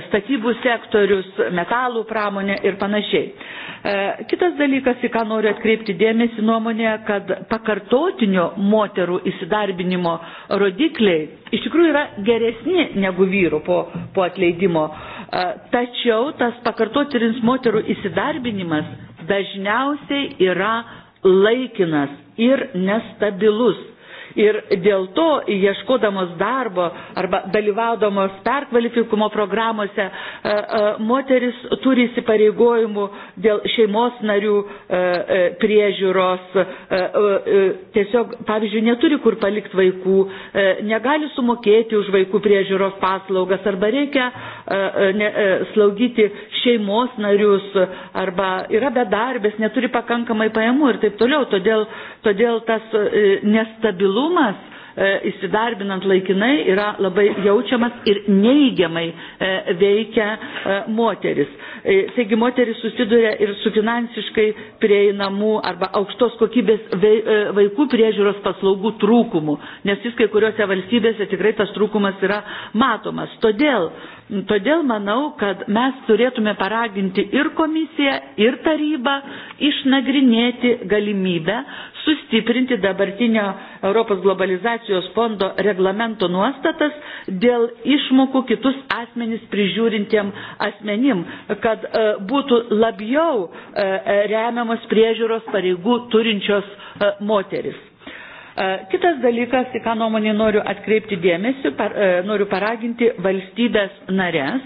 statybų sektorius, metalų pramonė ir panašiai. E, kitas dalykas, į ką noriu atkreipti dėmesį nuomonė, kad pakartotinio moterų įsidarbinimo rodikliai iš tikrųjų yra geresni negu vyrų po, po atleidimo. E, tačiau tas pakartotinis moterų įsidarbinimas dažniausiai yra laikinas ir nestabilus Ir dėl to, ieškodamos darbo arba dalyvaudamos perkvalifikumo programuose, e, e, moteris turi įsipareigojimų dėl šeimos narių e, priežiūros, tiesiog, pavyzdžiui, neturi kur palikti vaikų, negali sumokėti už vaikų priežiūros paslaugas arba reikia slaugyti šeimos narius arba yra bedarbės, neturi pakankamai pajamų ir taip toliau. Todėl, todėl tas nestabilumas mobilumas e, įsidarbinant laikinai yra labai jaučiamas ir neigiamai e, veikia e, moteris. Taigi moteris susiduria ir su finansiškai prieinamų arba aukštos kokybės vaikų priežiūros paslaugų trūkumu, nes jis kai kuriuose valstybėse tikrai tas trūkumas yra matomas. Todėl, todėl manau, kad mes turėtume paraginti ir komisiją, ir tarybą išnagrinėti galimybę sustiprinti dabartinio Europos globalizacijos fondo reglamento nuostatas dėl išmokų kitus asmenys prižiūrintiem asmenim, kad e, būtų labiau e, e, remiamas priežiūros pareigų turinčios moteris. Kitas dalykas, į ką nuomonį noriu atkreipti dėmesį, par, noriu paraginti valstybės narės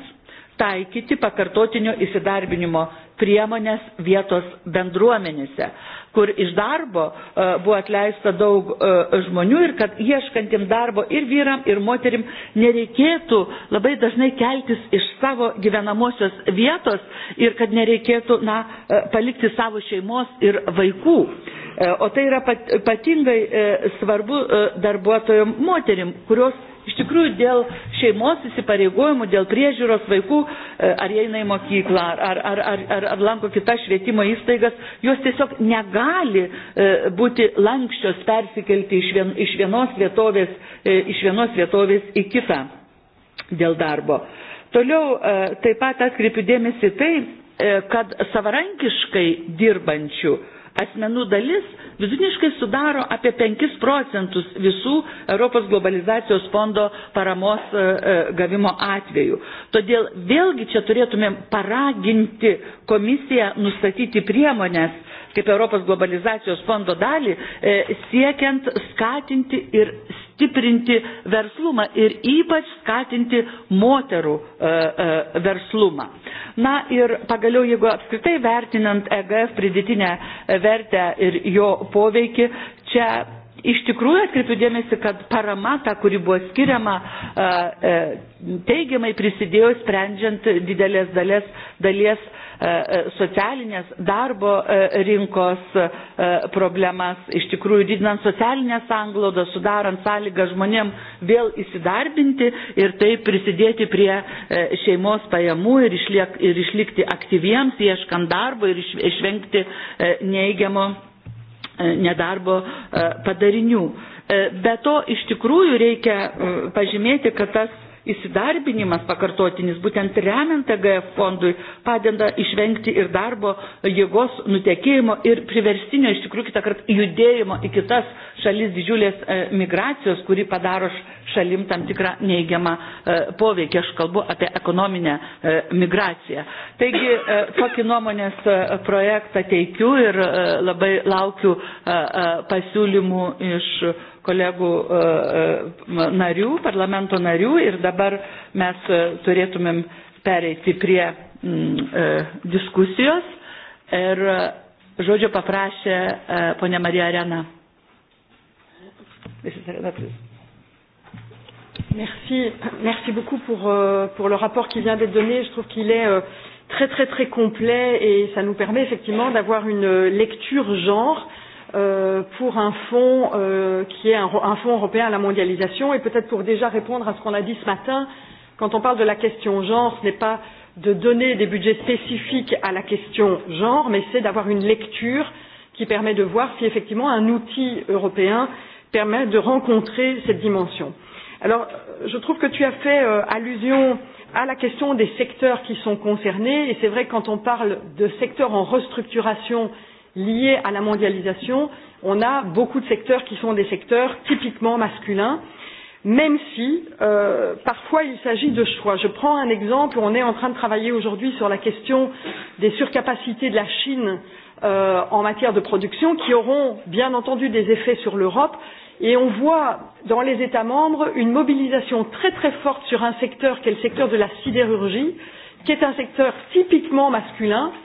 taikyti pakartotinio įsidarbinimo priemonės vietos bendruomenėse, kur iš darbo e, buvo atleista daug e, žmonių ir kad ieškantim darbo ir vyram, ir moterim nereikėtų labai dažnai keltis iš savo gyvenamosios vietos ir kad nereikėtų na, e, palikti savo šeimos ir vaikų. O tai yra ypatingai svarbu darbuotojom moterim, kurios Iš tikrųjų, dėl šeimos įsipareigojimų, dėl priežiūros vaikų, e, ar jie eina į mokyklą, ar, ar, ar, ar, ar lanko kitas švietimo įstaigas, jos tiesiog negali e, būti lankščios persikelti iš, vien, iš, vienos, vietovės, e, iš vienos vietovės į kitą dėl darbo. Toliau taip pat atkreipiu dėmesį tai, kad savarankiškai dirbančių asmenų dalis vidutiniškai sudaro apie 5 procentus visų Europos globalizacijos fondo paramos e, e, gavimo atvejų. Todėl vėlgi čia turėtumėm paraginti komisiją nustatyti priemonės kaip Europos globalizacijos fondo dalį, e, siekiant skatinti ir stiprinti verslumą ir ypač skatinti moterų e, e, verslumą. Na ir pagaliau, jeigu apskritai vertinant EGF pridėtinę vertę ir jo poveikį, čia iš tikrųjų atkreipiu dėmesį, kad parama, ta, kuri buvo skiriama, e, teigiamai prisidėjo sprendžiant didelės dalies, dalies e, socialinės darbo e, rinkos problemas, iš tikrųjų didinant socialinę sanglaudą, sudarant sąlygą žmonėm vėl įsidarbinti ir taip prisidėti prie šeimos pajamų ir, išliek, ir išlikti aktyviems, ieškant darbo ir išvengti neigiamo E, nedarbo e, padarinių. E, be to, iš tikrųjų reikia pažymėti, kad tas įsidarbinimas pakartotinis, būtent remiant TGF fondui, padeda išvengti ir darbo jėgos nutekėjimo ir priverstinio iš tikrųjų kitą kartą judėjimo į kitas šalis didžiulės e, migracijos, kuri padaro šalim tam tikrą neigiamą e, poveikį. Aš kalbu apie ekonominę e, migraciją. Taigi tokį nuomonės projektą teikiu ir labai laukiu pasiūlymų iš kolegų e, e, narių, parlamento narių ir dabar mes e, turėtumėm pereiti prie mm, diskusijos. Ir žodžio paprašė ponia Marija Arena. Merci, merci beaucoup pour, euh, pour le rapport qui vient d'être donné. Je trouve qu'il est euh, très très très complet et ça nous permet effectivement d'avoir une lecture genre euh, euh, pour un fonds euh, qui est un, un fonds européen à la mondialisation et peut-être pour déjà répondre à ce qu'on a dit ce matin, quand on parle de la question genre, ce n'est pas de donner des budgets spécifiques à la question genre, mais c'est d'avoir une lecture qui permet de voir si effectivement un outil européen permet de rencontrer cette dimension. Alors, je trouve que tu as fait euh, allusion à la question des secteurs qui sont concernés, et c'est vrai que quand on parle de secteurs en restructuration, euh, liées à la mondialisation, on a beaucoup de secteurs qui sont des secteurs typiquement masculins, même si euh, parfois il s'agit de choix. Je prends un exemple, on est en train de travailler aujourd'hui sur la question des surcapacités de la Chine euh, en matière de production qui auront bien entendu des effets sur l'Europe et on voit dans les États membres une mobilisation très très forte sur un secteur qui est le secteur de la sidérurgie, qui est un secteur typiquement masculin euh,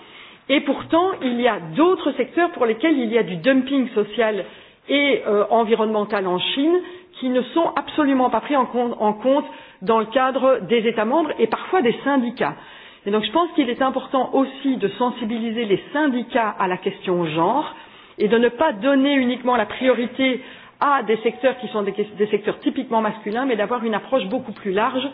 Et pourtant, il y a d'autres secteurs pour lesquels il y a du dumping social et euh, environnemental en Chine qui ne sont absolument pas pris en compte, en compte dans le cadre des États membres et parfois des syndicats. Et donc je pense qu'il est important aussi de sensibiliser les syndicats à la question genre et de ne pas donner uniquement la priorité à des secteurs qui sont des, des secteurs typiquement masculins, mais d'avoir une approche beaucoup plus large.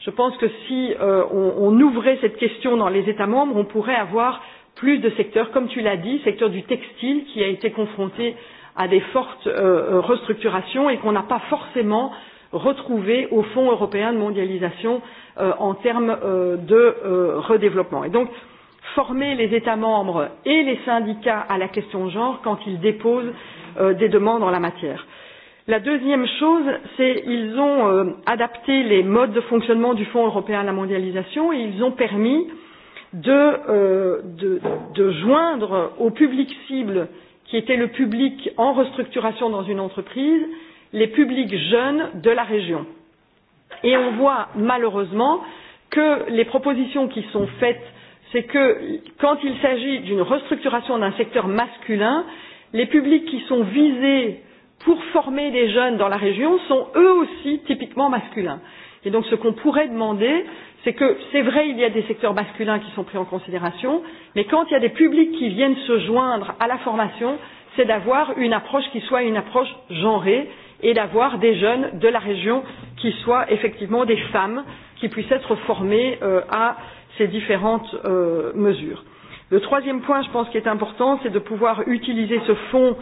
Je pense que si euh, on, on ouvrait cette question dans les États membres, on pourrait avoir plus de secteurs, comme tu l'as dit, secteur du textile qui a été confronté à des fortes euh, euh, restructurations et qu'on n'a pas forcément retrouvé au Fonds européen de mondialisation euh, en termes euh, de euh, redéveloppement. Et donc, former les États membres et les syndicats à la question genre quand ils déposent euh, des demandes en la matière. La deuxième chose, c'est qu'ils ont euh, adapté les modes de fonctionnement du Fonds européen à la mondialisation et ils ont permis euh, de, euh, de, de joindre au public cible qui était le public en restructuration dans une entreprise les publics jeunes de la région. Et on voit malheureusement que les propositions qui sont faites, c'est que quand il s'agit d'une restructuration d'un secteur masculin, les publics qui sont visés pour former des jeunes dans la région sont eux aussi typiquement masculins. Et donc ce qu'on pourrait demander, c'est que c'est vrai, il y a des secteurs masculins qui sont pris en considération, mais quand il y a des publics qui viennent se joindre à la formation, c'est d'avoir une approche qui soit une approche genrée et d'avoir des jeunes de la région qui soient effectivement des femmes qui puissent être formées euh, à ces différentes euh, mesures. Le troisième point, je pense, qui est important, c'est de pouvoir utiliser ce fonds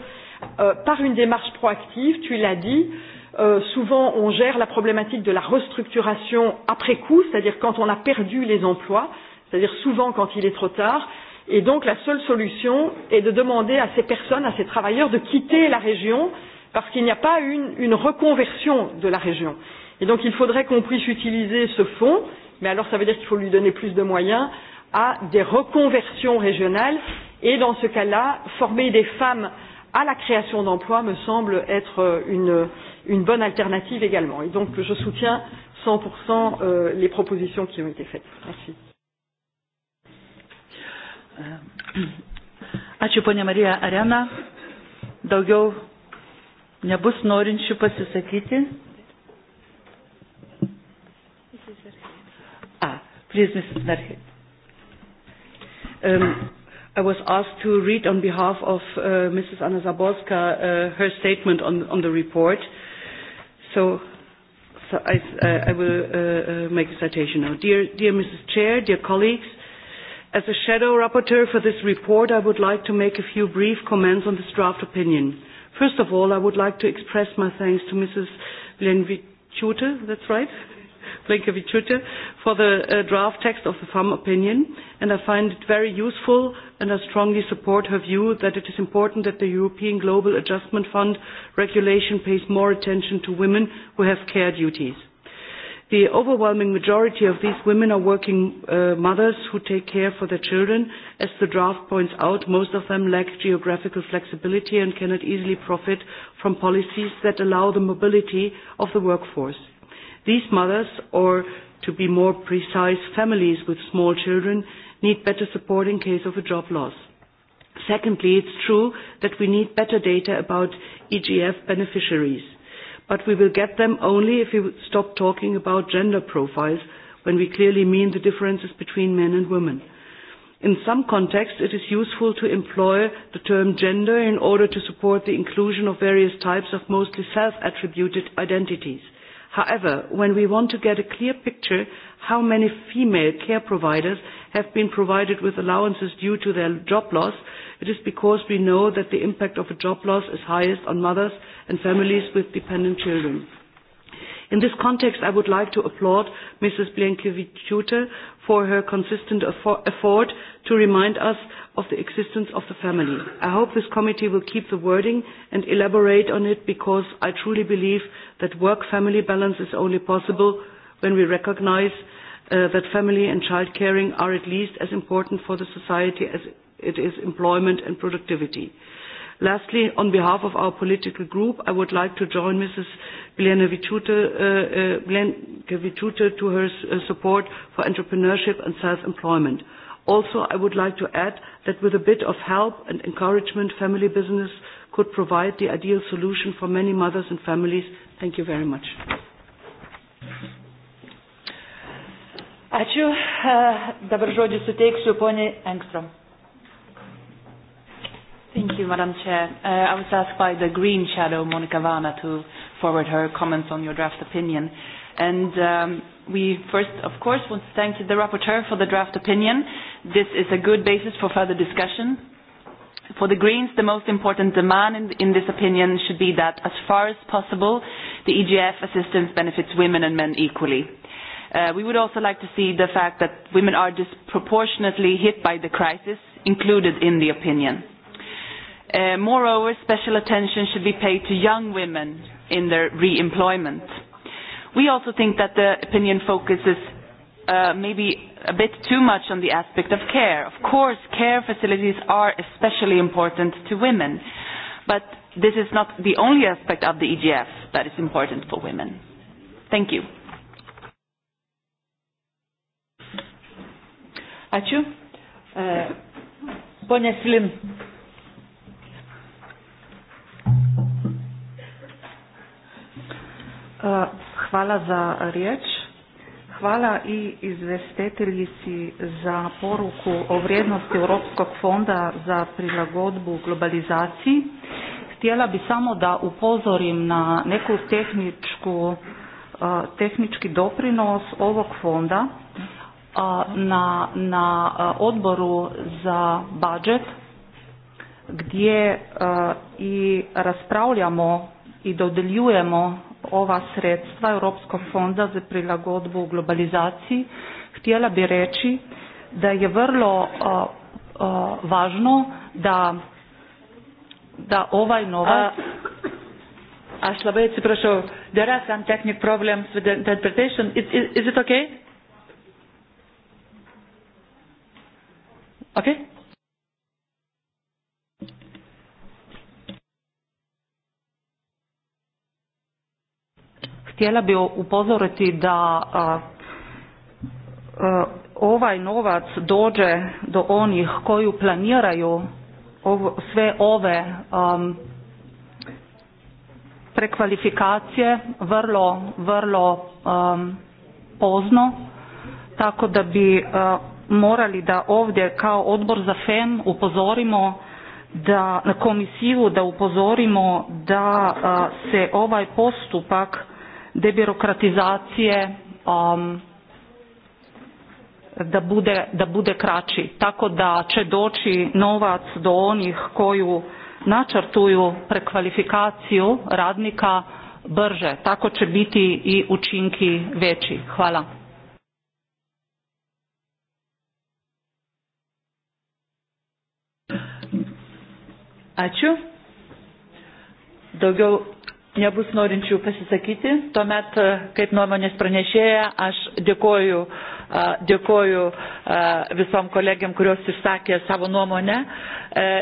euh, par une démarche proactive, tu l'as dit, euh, Euh, souvent, on gère la problématique de la restructuration après coup, c'est-à-dire quand on a perdu les emplois, c'est-à-dire souvent quand il est trop tard. Et donc, la seule solution est de demander à ces personnes, à ces travailleurs, de quitter la région parce qu'il n'y a pas une, une reconversion de la région. Et donc, il faudrait qu'on puisse utiliser ce fonds, mais alors ça veut dire qu'il faut lui donner plus de moyens à des reconversions régionales et dans ce cas-là, former des femmes à la création d'emplois me semble être euh, une, une bonne alternative également. Et donc je soutiens 100% euh, les propositions qui ont été faites. Merci. Euh, ačiū ponia Marija Arena. Daugiau nebus norinčių pasisakyti. A, ah, please, Mrs. Narhit. Um, I was asked to read on behalf of uh, Mrs. Anna Zaborska uh, her statement on, on the report. So, so I, uh, I will uh, uh, make a citation now. Dear, dear Mrs. Chair, dear colleagues, as a shadow rapporteur for this report, I would like to make a few brief comments on this draft opinion. First of all, I would like to express my thanks to Mrs. Lenvitute, that's right, Blinkevichute for the uh, draft text of the FAM opinion, and I find it very useful, and I strongly support her view that it is important that the European Global Adjustment Fund regulation pays more attention to women who have care duties. The overwhelming majority of these women are working uh, mothers who take care for their children. As the draft points out, most of them lack geographical flexibility and cannot easily profit from policies that allow the mobility of the workforce. These mothers, or to be more precise, families with small children, need better support in case of a job loss. Secondly, it's true that we need better data about EGF beneficiaries, but we will get them only if we stop talking about gender profiles when we clearly mean the differences between men and women. In some contexts, it is useful to employ the term gender in order to support the inclusion of various types of mostly self-attributed identities. However, when we want to get a clear picture how many female care providers have been provided with allowances due to their job loss, it is because we know that the impact of a job loss is highest on mothers and families with dependent children. In this context, I would like to applaud Mrs. Blinkevichute for her consistent effort to remind us of the existence of the family. I hope this committee will keep the wording and elaborate on it because I truly believe that work-family balance is only possible when we recognize uh, that family and child caring are at least as important for the society as it is employment and productivity. Lastly, on behalf of our political group, I would like to join Mrs. Blinkevichute uh, uh, to her uh, support for entrepreneurship and self-employment. Also, I would like to add that with a bit of help and encouragement, family business could provide the ideal solution for many mothers and families Thank you very much. Ačiū. [LAUGHS] Dabar žodį suteiksiu poniai Engstrom. Thank you, Madam Chair. Uh, I was asked by the Green Shadow, Monica Vana, to forward her comments on your draft opinion. And um, we first, of course, want to thank the rapporteur for the draft opinion. This is a good basis for further discussion For the Greens, the most important demand in, in this opinion should be that, as far as possible, the EGF assistance benefits women and men equally. Uh, we would also like to see the fact that women are disproportionately hit by the crisis included in the opinion. Uh, moreover, special attention should be paid to young women in their re-employment. We also think that the opinion focuses uh, maybe a bit too much on the aspect of care. Of course, care facilities are especially important to women, but this is not the only aspect of the EGF that is important for women. Thank you. Ačiū. Uh, Pone Slim. Uh, hvala za riječ Hvala i izvestiteljici za poruku o vrijednosti Europskog fonda za prilagodbu globalizaciji. Htjela bi samo da upozorim na neku tehničku, e, tehnički doprinos ovog fonda. E, na, na e, odboru za budžet gdje i raspravljamo i dodeljujemo ova sredstva Europskog fonda za prilagodbu globalizaciji, htjela bi reći da je vrlo uh, uh, važno da, da ovaj novac... Uh, Aš labai atsiprašau, there are some technical problems with the interpretation. Is, is, is it okay? Okay? Htjela bi upozoriti da a, a, ovaj novac dođe do onih koji planiraju ovo, sve ove um, prekvalifikacije vrlo, vrlo um, pozno, tako da bi uh, morali da ovdje kao odbor za FEM upozorimo da, na komisiju da upozorimo da uh, se ovaj postupak debirokratizacije um, da bude, da bude kraći. Tako da će doći novac do onih koju načrtuju prekvalifikaciju radnika brže. Tako će biti i učinki veći. Hvala. Ačiū. Daugiau nebus norinčių pasisakyti tuomet e, kaip nuomonės pranešėja aš dėkoju, e, dėkoju e, visom kolegėm kurios išsakė savo nuomonę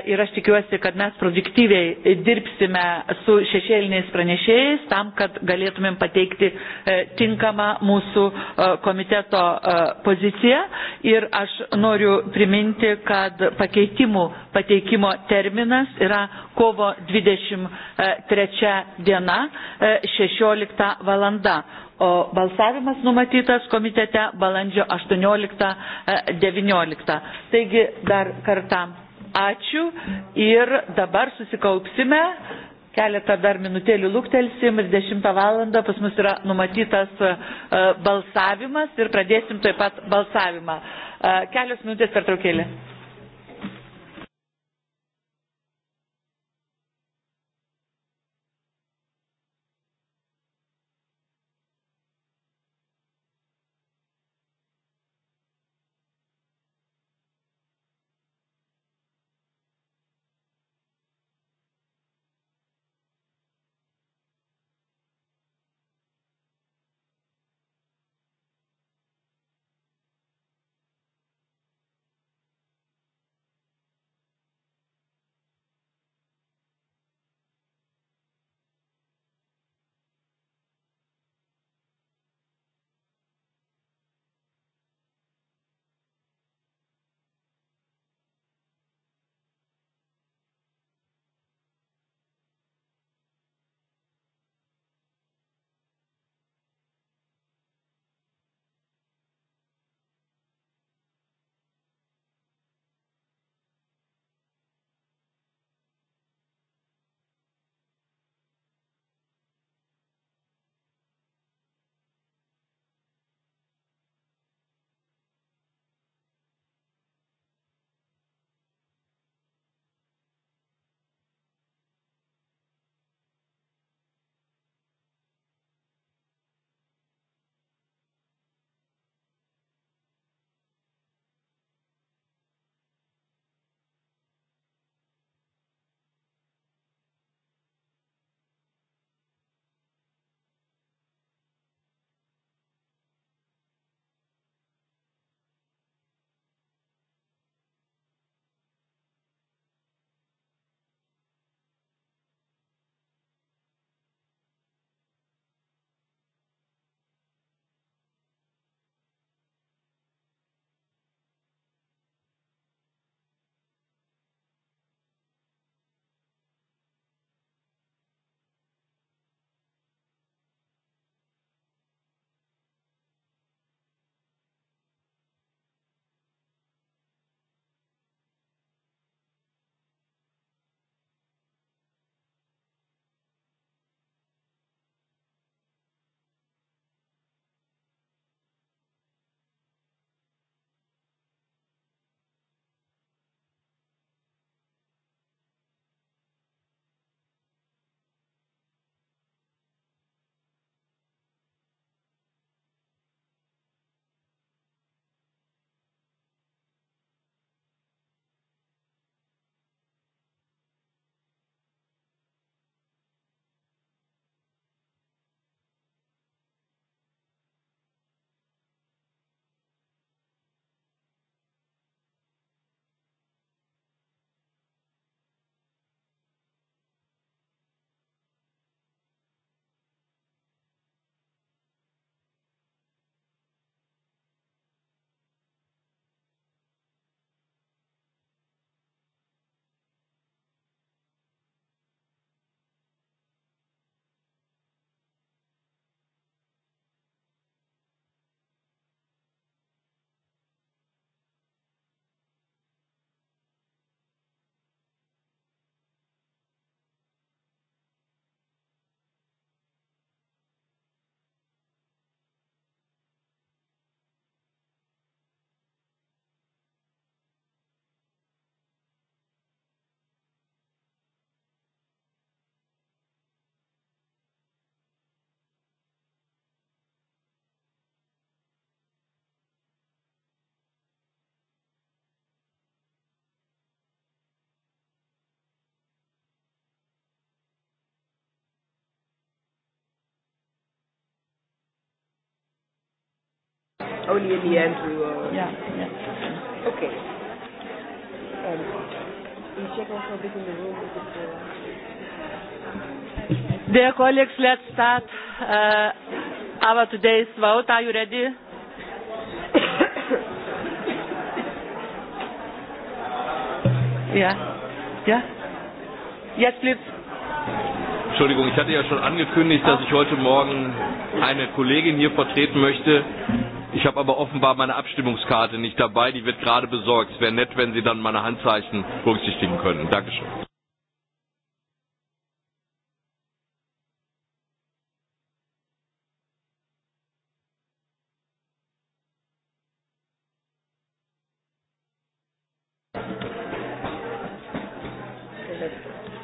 ir aš tikiuosi kad mes produktyviai dirbsime su šešėliniais pranešėjais tam kad galėtumėm pateikti tinkamą mūsų komiteto poziciją ir aš noriu priminti kad pakeitimų pateikimo terminas yra kovo 23 e, diena 16 e, valanda. O balsavimas numatytas komitete balandžio 18-19. E, Taigi dar kartą ačiū ir dabar susikaupsime, keletą dar minutėlių luktelsim ir 10 valandą pas mus yra numatytas balsavimas ir pradėsim taip pat balsavimą. Kelios minutės per traukėlį. Only in the end we will. Yeah. yeah. Okay. Um, we check also a bit in the room. If it's, uh... Dear colleagues, let's start uh, our today's vote. Are you ready? ja. Ja. Jetzt yes, Entschuldigung, ich hatte ja schon angekündigt, dass ich heute Morgen eine Kollegin hier vertreten möchte, Ich habe aber offenbar meine Abstimmungskarte nicht dabei, die wird gerade besorgt. Es wäre nett, wenn Sie dann meine Handzeichen berücksichtigen könnten. Dankeschön.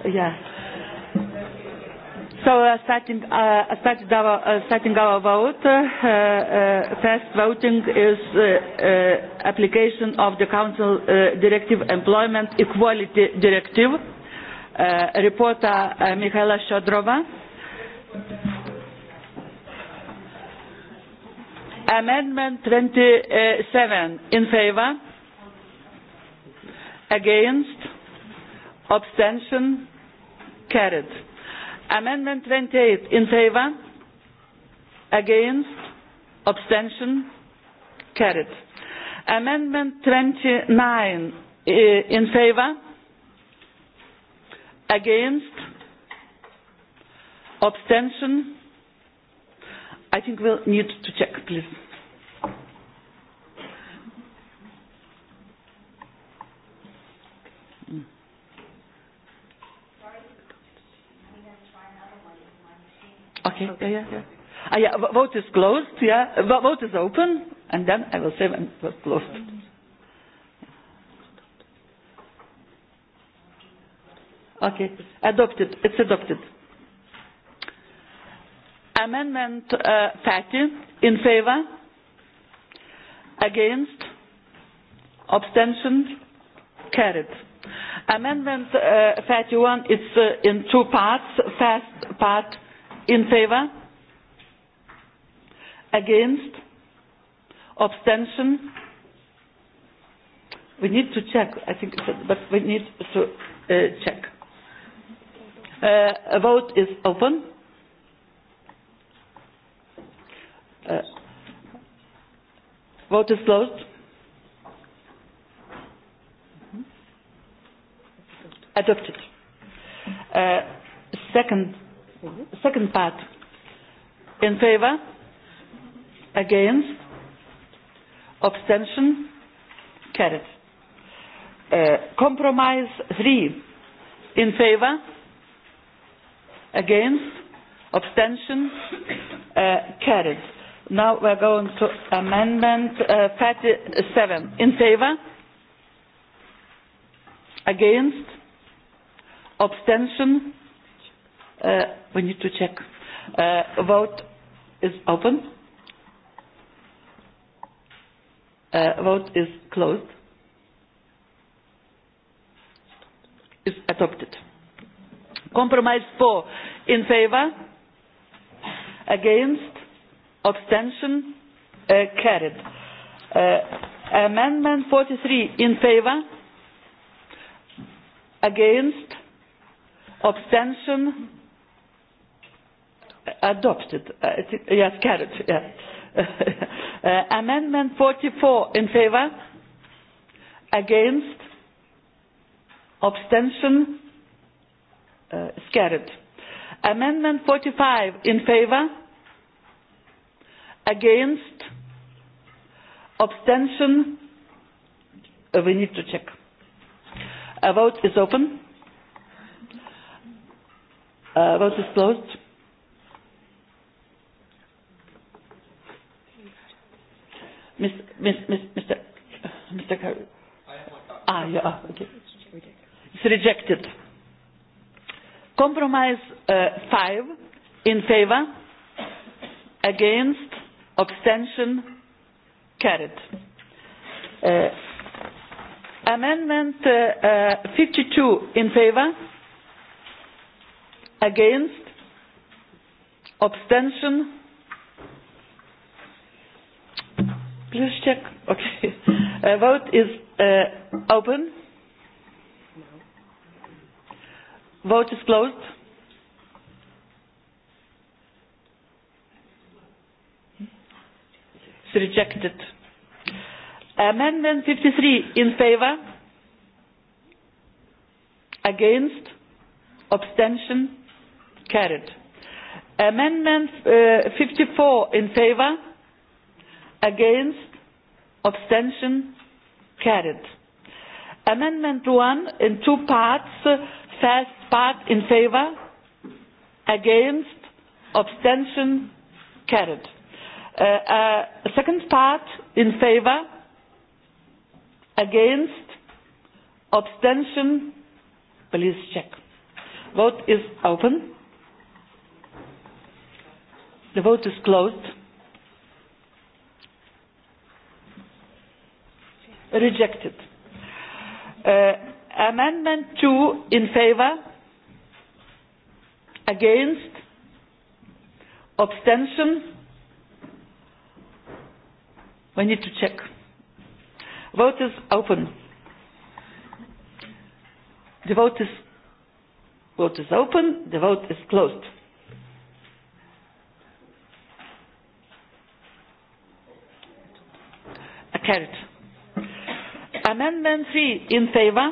Yeah are starting, uh, starting, our, uh, starting our vote. Uh, uh, first voting is uh, uh, application of the Council uh, Directive Employment Equality Directive. Uh, reporter uh, Michaela Shodrova. Amendment 27 in favor, against, abstention, carried amendment twenty eight in favour against abstention carried amendment twenty nine eh, in favour against abstention i think we'll need to check please Okay. okay. Yeah, yeah, yeah. Ah, yeah. Vote is closed. Yeah. Vote is open, and then I will say when it was closed. Okay. Adopted. It's adopted. Amendment uh, 30 in favor, against, abstention, carried. Amendment uh, 31 is uh, in two parts. First part in favour against abstention we need to check i think but we need to uh, check uh, a vote is open uh, vote is closed adopted uh, second Second part. In favor? Against? Abstention? Carried. Uh, compromise 3. In favor? Against? Abstention? Uh, carried. Now we're going to amendment uh, 37. In favor? Against? Abstention? Uh, we need to check. Uh, vote is open. Uh, vote is closed. Is adopted. Compromise 4 in favor, against, abstention, uh, carried. Uh, amendment 43 in favor, against, abstention, adopted. Uh, it, yes, carried. Yeah. [LAUGHS] uh, amendment 44 in favour. Against. Abstention. Uh, it's carried. Amendment 45 in favour. Against. Abstention. Uh, we need to check. A vote is open. Uh, vote is closed Miss, miss, miss, Mr. Uh, Mr. Car- ah, yeah, ah, okay. It's rejected. Compromise uh, 5 in favor, against, abstention, carried. Uh, amendment uh, uh, 52 in favor, against, abstention, Please check. [LAUGHS] Okay. Uh, vote is uh, open. Vote is closed. It's rejected. Amendment 53 in favor. Against. Abstention. Carried. Amendment uh, 54 in favor against abstention carried amendment one in two parts first part in favour against abstention carried uh, uh, second part in favour against abstention please check vote is open the vote is closed rejected. Uh, amendment 2 in favor against abstention we need to check vote is open the vote is vote is open the vote is closed carried Amendment 3 in favor?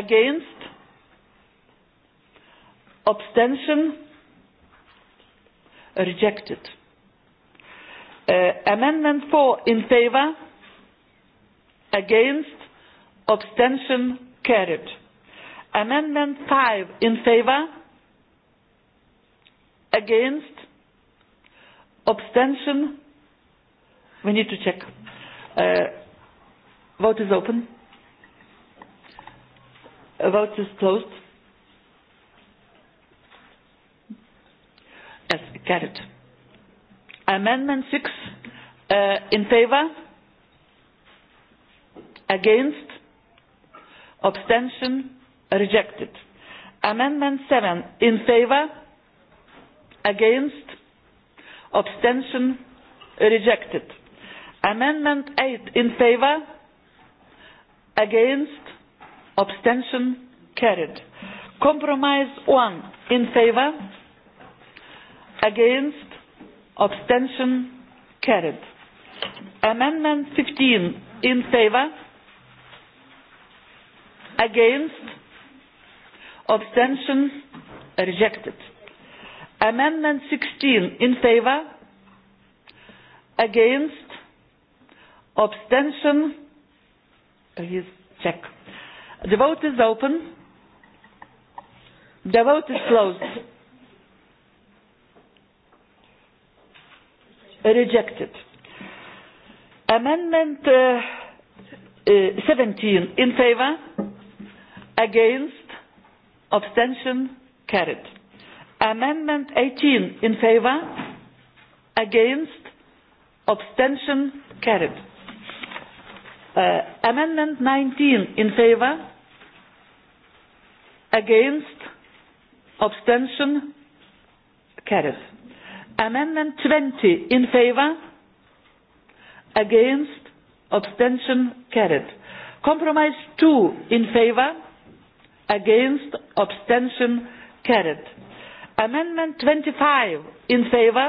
Against? Abstention? Rejected. Uh, amendment 4 in favor? Against? Abstention? Carried. Amendment 5 in favor? Against? Abstention? We need to check. Uh, vote is open. Uh, vote is closed. Yes, carried. Amendment 6 uh, in favor, against, abstention, rejected. Amendment 7 in favor, against, abstention, rejected amendment eight in favour against abstention carried compromise one in favour against abstention carried amendment fifteen in favour against abstention rejected amendment sixteen in favour against Abstention? Please check. The vote is open. The vote is closed. Rejected. Amendment uh, uh, 17 in favor, against, abstention, carried. Amendment 18 in favor, against, abstention, carried Uh, amendment 19 in favor, against, abstention, carries. Amendment 20 in favor, against, abstention, carried. Compromise 2 in favor, against, abstention, carried. Amendment 25 in favor,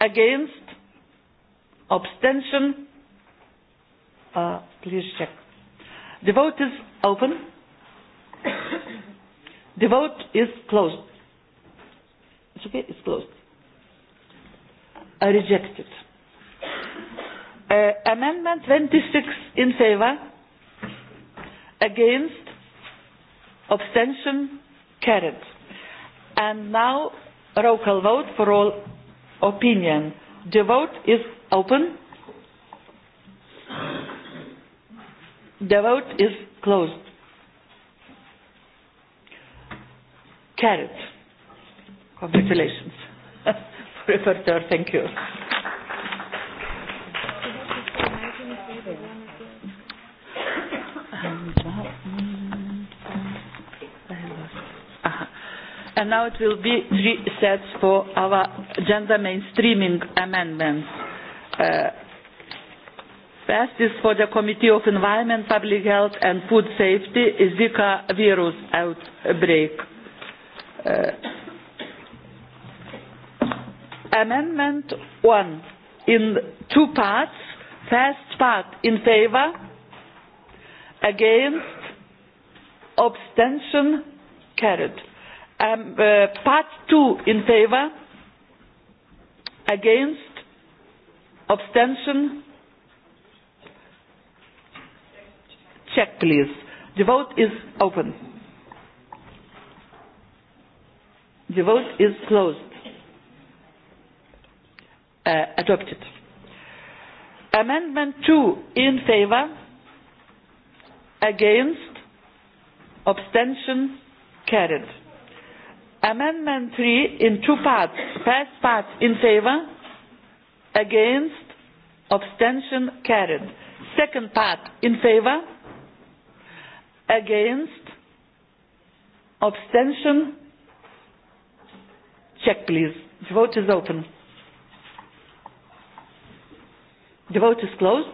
against, abstention, Uh, please check. The vote is open. the vote is closed. It's okay, it's closed. Uh, rejected. Uh, amendment 26 in favor. Against. Abstention. Carried. And now, roll call vote for all opinion. The vote is open. The vote is closed. Carried. Congratulations. Reporter, [LAUGHS] thank you. And now it will be three sets for our gender mainstreaming amendments. Uh, First is for the Committee of Environment, Public Health and Food Safety, Zika virus outbreak. Uh, amendment 1 in two parts. First part in favor, against, abstention, carried. Um, uh, part 2 in favor, against, abstention, carried check, please. The vote is open. The vote is closed. Uh, adopted. Amendment 2 in favour, against, abstention, carried. Amendment 3 in two parts. First part in favour, against, abstention, carried. Second part in favour, against abstention check please the vote is open the vote is closed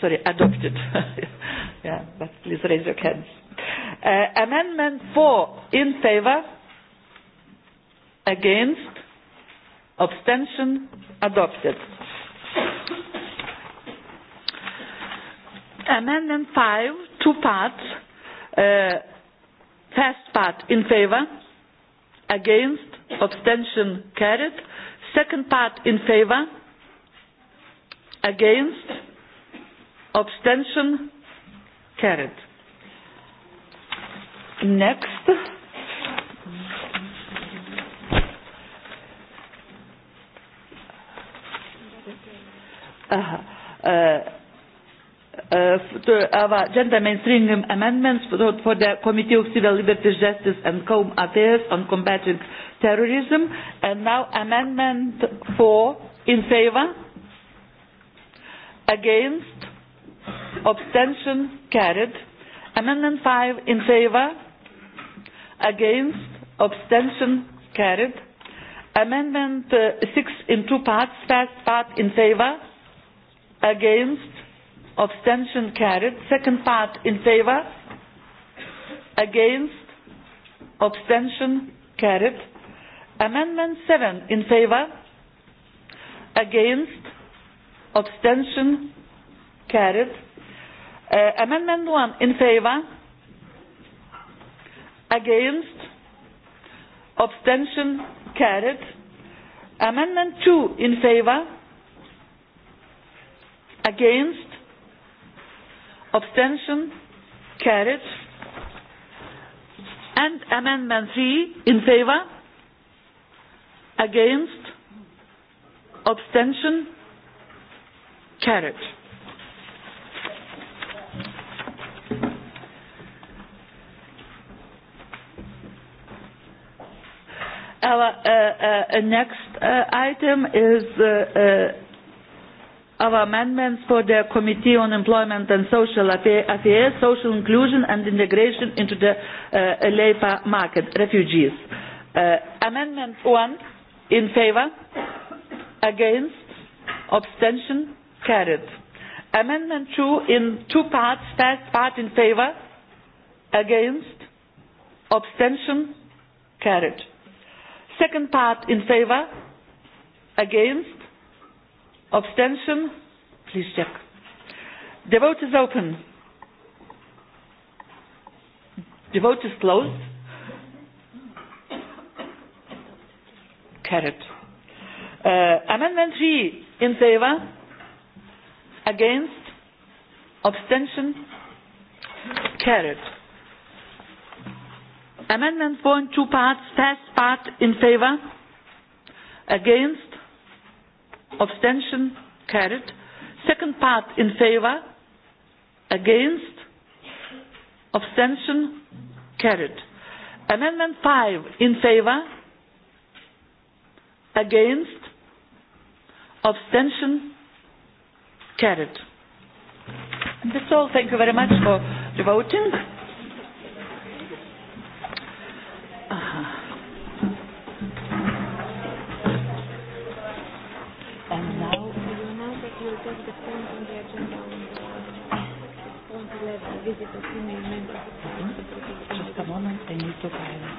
sorry adopted [LAUGHS] yeah but please raise your hands uh, amendment 4 in favor against abstention adopted Amendment 5, two parts. Uh, first part in favour, against, abstention carried. Second part in favour, against, abstention carried. Next. Uh, uh, uh, to our gender mainstreaming amendments for, for the Committee of Civil Liberties, Justice and Home Affairs on combating terrorism. And now amendment 4 in favor, against, abstention carried. Amendment 5 in favor, against, abstention carried. Amendment uh, 6 in two parts, first part in favor, against, abstention carried. Second part in favor, against, abstention carried. Amendment 7 in favor, against, abstention carried. Uh, amendment 1 in favor, against, abstention carried. Amendment 2 in favor, against, abstention carried and amendment 3 in favor against abstention carried our uh, uh, uh next uh, item is uh, uh, of amendments for the Committee on Employment and Social Affairs, Social Inclusion and Integration into the uh, labour market, refugees. Uh, amendment 1, in favour, against, abstention, carried. Amendment 2, in two parts, first part in favour, against, abstention, carried. Second part in favour, against, Abstention? Please check. The vote is open. The vote is closed. Carried. Uh, amendment 3 in favor? Against? Abstention? Carried. Amendment 1, two parts, first part in favor? Against? abstention carried second part in favor against abstention carried amendment 5 in favor against abstention carried and that's all thank you very much for the voting take the point on the agenda on the point 11, visit of senior members. Mm -hmm. Just a moment, I need to balance.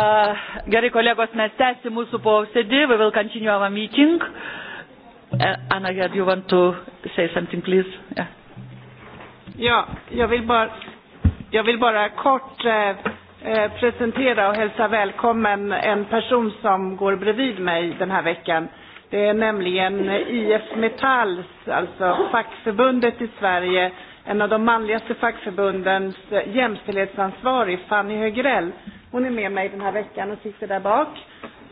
Uh, gerai, kolegos, mes tęsim mūsų posėdį. We will continue our meeting. Uh, Anna, do you want to say something, please? Yeah. Ja, jag vill bara, jag vill bara kort eh, eh presentera och hälsa välkommen en person som går bredvid mig den här veckan. Det är nämligen IF Metalls, alltså fackförbundet i Sverige, en av de manligaste fackförbundens jämställdhetsansvarig, Fanny Högrell Hon är med mig den här veckan och sitter där bak.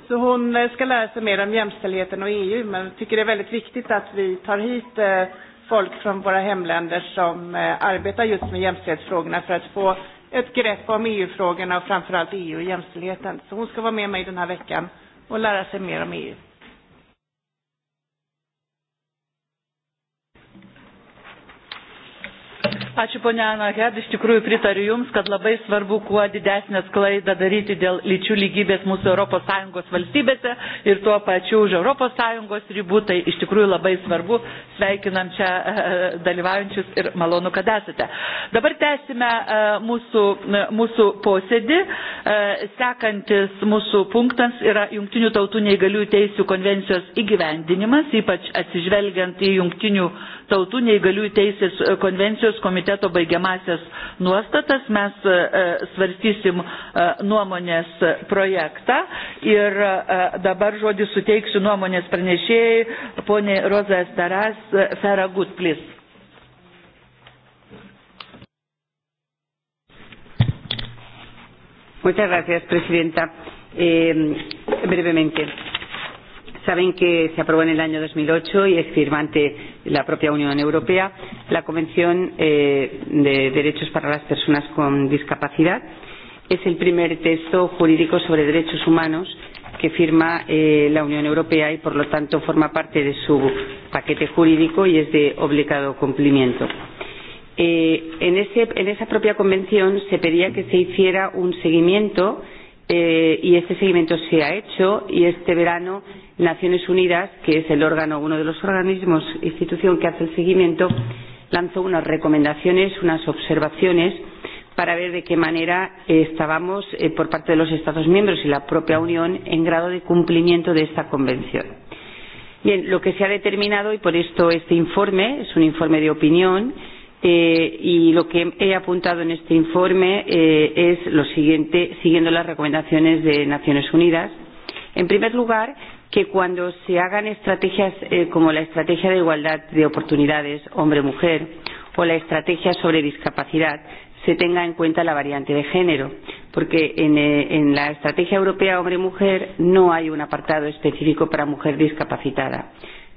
Så hon eh, ska lära sig mer om jämställdheten och EU, men tycker det är väldigt viktigt att vi tar hit eh, folk från våra hemländer som eh, arbetar just med jämställdhetsfrågorna för att få ett grepp om EU-frågorna och framförallt EU och jämställdheten. Så hon ska vara med mig den här veckan och lära sig mer om EU. Ačiū ponia Ana Hed, iš tikrųjų pritariu Jums, kad labai svarbu kuo didesnę sklaidą daryti dėl lyčių lygybės mūsų ES valstybėse ir tuo pačiu už ES ribų, tai iš tikrųjų labai svarbu, sveikinam čia e, e, dalyvaujančius ir malonu, kad esate. Dabar tęsime e, mūsų, mūsų posėdį. Sekantis mūsų punktas yra Junktinių tautų neįgaliųjų teisų konvencijos įgyvendinimas, ypač atsižvelgiant į Junktinių tautų neįgaliųjų teisės e, konvencijos komiteto baigiamasias nuostatas. Mes e, e, svarstysim nuomonės projektą ir dabar žodį suteiksiu nuomonės pranešėjai poniai Roza Estaras Feragut, please. Muchas gracias, presidenta. Eh, brevemente. Saben que se aprobó en el año 2008 y es firmante la propia Unión Europea la Convención eh, de Derechos para las Personas con Discapacidad. Es el primer texto jurídico sobre derechos humanos que firma eh, la Unión Europea y, por lo tanto, forma parte de su paquete jurídico y es de obligado cumplimiento. Eh, en, ese, en esa propia convención se pedía que se hiciera un seguimiento eh, y este seguimiento se ha hecho y este verano Naciones Unidas, que es el órgano, uno de los organismos, institución que hace el seguimiento, lanzó unas recomendaciones, unas observaciones para ver de qué manera eh, estábamos eh, por parte de los Estados miembros y la propia Unión en grado de cumplimiento de esta convención. Bien, lo que se ha determinado, y por esto este informe es un informe de opinión, eh, y lo que he apuntado en este informe eh, es lo siguiente, siguiendo las recomendaciones de Naciones Unidas. En primer lugar, que cuando se hagan estrategias eh, como la estrategia de igualdad de oportunidades hombre-mujer o la estrategia sobre discapacidad se tenga en cuenta la variante de género, porque en, eh, en la estrategia europea hombre-mujer no hay un apartado específico para mujer discapacitada,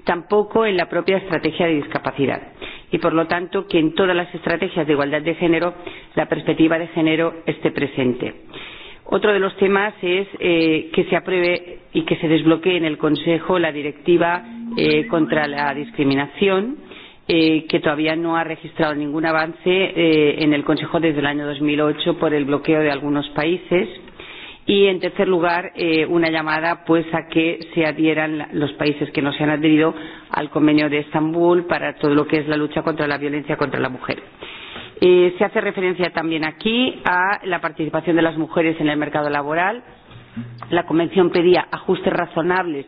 tampoco en la propia estrategia de discapacidad. Y por lo tanto, que en todas las estrategias de igualdad de género la perspectiva de género esté presente. Eh, Otro de los temas es eh, que se apruebe y que se desbloquee en el Consejo la directiva eh, contra la discriminación, eh, que todavía no ha registrado ningún avance eh, en el Consejo desde el año 2008 por el bloqueo de algunos países. Y, en tercer lugar, eh, una llamada pues, a que se adhieran los países que no se han adherido al Convenio de Estambul para todo lo que es la lucha contra la violencia contra la mujer. Eh, Eh, se hace referencia también aquí a la participación de las mujeres en el mercado laboral. La Convención pedía ajustes razonables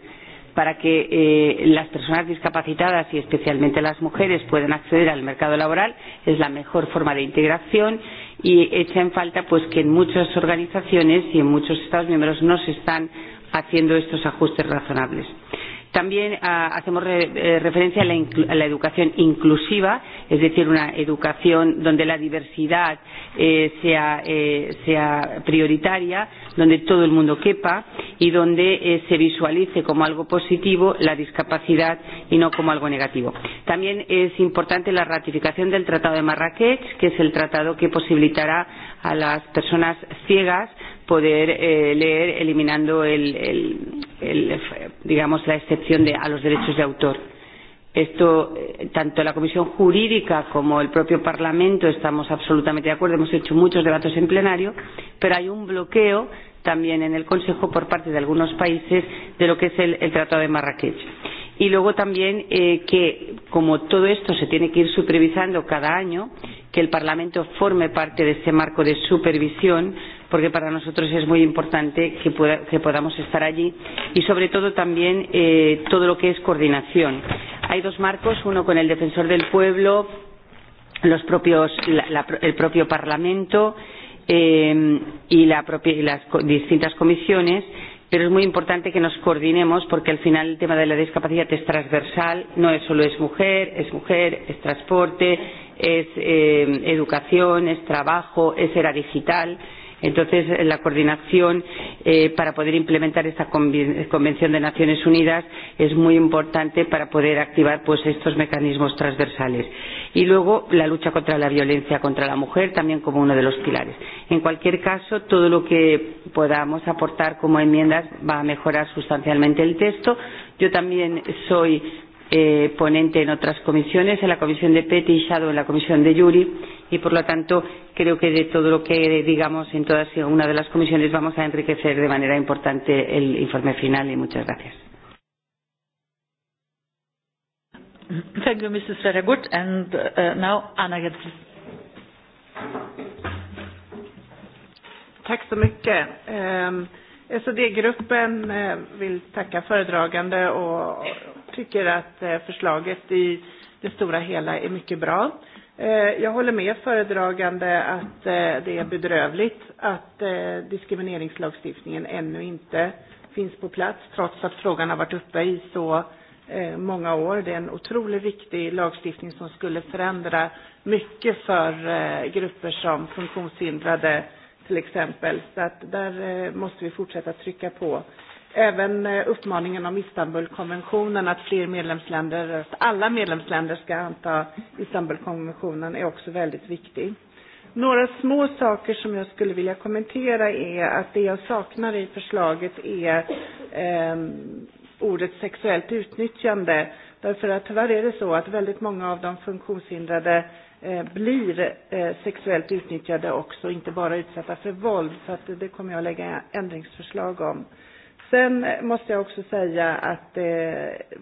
para que eh, las personas discapacitadas y especialmente las mujeres puedan acceder al mercado laboral. Es la mejor forma de integración y echa en falta pues que en muchas organizaciones y en muchos Estados miembros no se están haciendo estos ajustes razonables. Eh, También a, ah, hacemos re, eh, referencia a la, a la educación inclusiva, es decir, una educación donde la diversidad eh, sea, eh, sea prioritaria, donde todo el mundo quepa y donde eh, se visualice como algo positivo la discapacidad y no como algo negativo. También es importante la ratificación del Tratado de Marrakech, que es el tratado que posibilitará a las personas ciegas poder eh, leer eliminando el, el, el, digamos, la excepción de, a los derechos de autor. Esto, eh, tanto la Comisión Jurídica como el propio Parlamento estamos absolutamente de acuerdo. Hemos hecho muchos debates en plenario, pero hay un bloqueo también en el Consejo por parte de algunos países de lo que es el, el Tratado de Marrakech. Y luego también eh, que, como todo esto se tiene que ir supervisando cada año, que el Parlamento forme parte de ese marco de supervisión porque para nosotros es muy importante que, pueda, que podamos estar allí y sobre todo también eh, todo lo que es coordinación. Hay dos marcos, uno con el defensor del pueblo, los propios, la, la, el propio Parlamento eh, y, la propia, y las distintas comisiones, pero es muy importante que nos coordinemos porque al final el tema de la discapacidad es transversal, no es solo es mujer, es mujer, es transporte, es eh, educación, es trabajo, es era digital. Eh, Entonces, eh, la coordinación eh, para poder implementar esta Convención de Naciones Unidas es muy importante para poder activar pues, estos mecanismos transversales. Y luego, la lucha contra la violencia contra la mujer también como uno de los pilares. En cualquier caso, todo lo que podamos aportar como enmiendas va a mejorar sustancialmente el texto. Yo también soy eh, ponente en otras comisiones, en la Comisión de PETI y Shadow en la Comisión de Yuri y por lo tanto creo que de todo lo que digamos en todas una de las comisiones vamos a enriquecer de manera importante el informe final y muchas gracias. Thank you, Mrs. Ferragut. And uh, now, Anna Jensen. Tack så mycket. Um, ehm, SED-gruppen eh, vill tacka föredragande och tycker att eh, förslaget i det stora hela är mycket bra. Eh, jag håller med föredragande att eh, det är bedrövligt att eh, diskrimineringslagstiftningen ännu inte finns på plats trots att frågan har varit uppe i så många år. Det är en otroligt viktig lagstiftning som skulle förändra mycket för grupper som funktionshindrade t.ex. Där måste vi fortsätta att trycka på. Även eh, uppmaningen om Istanbulkonventionen att fler medlemsländer, att alla medlemsländer ska anta Istanbulkonventionen är också väldigt viktig. Några små saker som jag skulle vilja kommentera är att det jag saknar i förslaget är eh, ordet sexuellt utnyttjande. Därför att tyvärr är det så att väldigt många av de funktionshindrade eh, blir eh, sexuellt utnyttjade också, inte bara utsatta för våld. Så att det kommer jag att lägga ändringsförslag om. Sen måste jag också säga att det eh,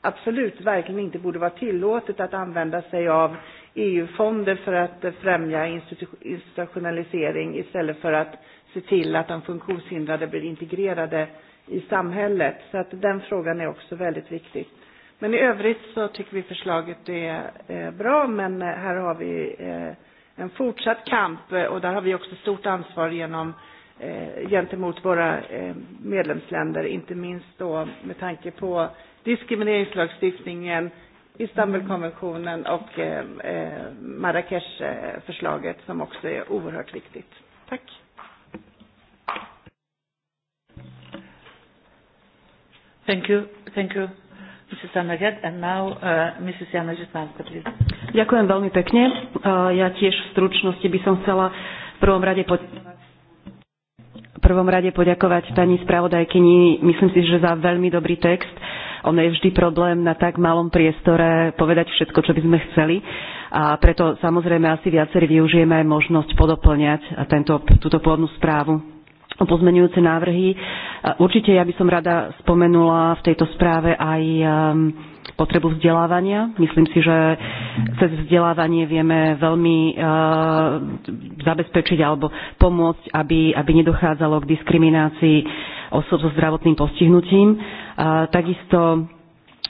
absolut verkligen inte borde vara tillåtet att använda sig av EU-fonder för att främja institutionalisering istället för att se till att de funktionshindrade blir integrerade i samhället. Så att den frågan är också väldigt viktig. Men i övrigt så tycker vi förslaget är eh, bra, men eh, här har vi en fortsatt kamp och där har vi också stort ansvar genom eh, gentemot våra eh, medlemsländer, inte minst då med tanke på diskrimineringslagstiftningen, Istanbulkonventionen och eh, eh, Marrakeshförslaget som också är oerhört viktigt. Tack. Thank you. Thank you. Uh, Ďakujem veľmi pekne. Uh, ja tiež v stručnosti by som chcela v prvom rade poďakovať prvom rade poďakovať pani spravodajkyni. Myslím si, že za veľmi dobrý text. Ono je vždy problém na tak malom priestore povedať všetko, čo by sme chceli. A preto samozrejme asi viacerí využijeme aj možnosť podoplňať tento, túto pôvodnú správu o pozmenujúce návrhy. Určite ja by som rada spomenula v tejto správe aj um, potrebu vzdelávania. Myslím si, že cez vzdelávanie vieme veľmi e, zabezpečiť alebo pomôcť, aby, aby nedochádzalo k diskriminácii osob so zdravotným postihnutím. E, takisto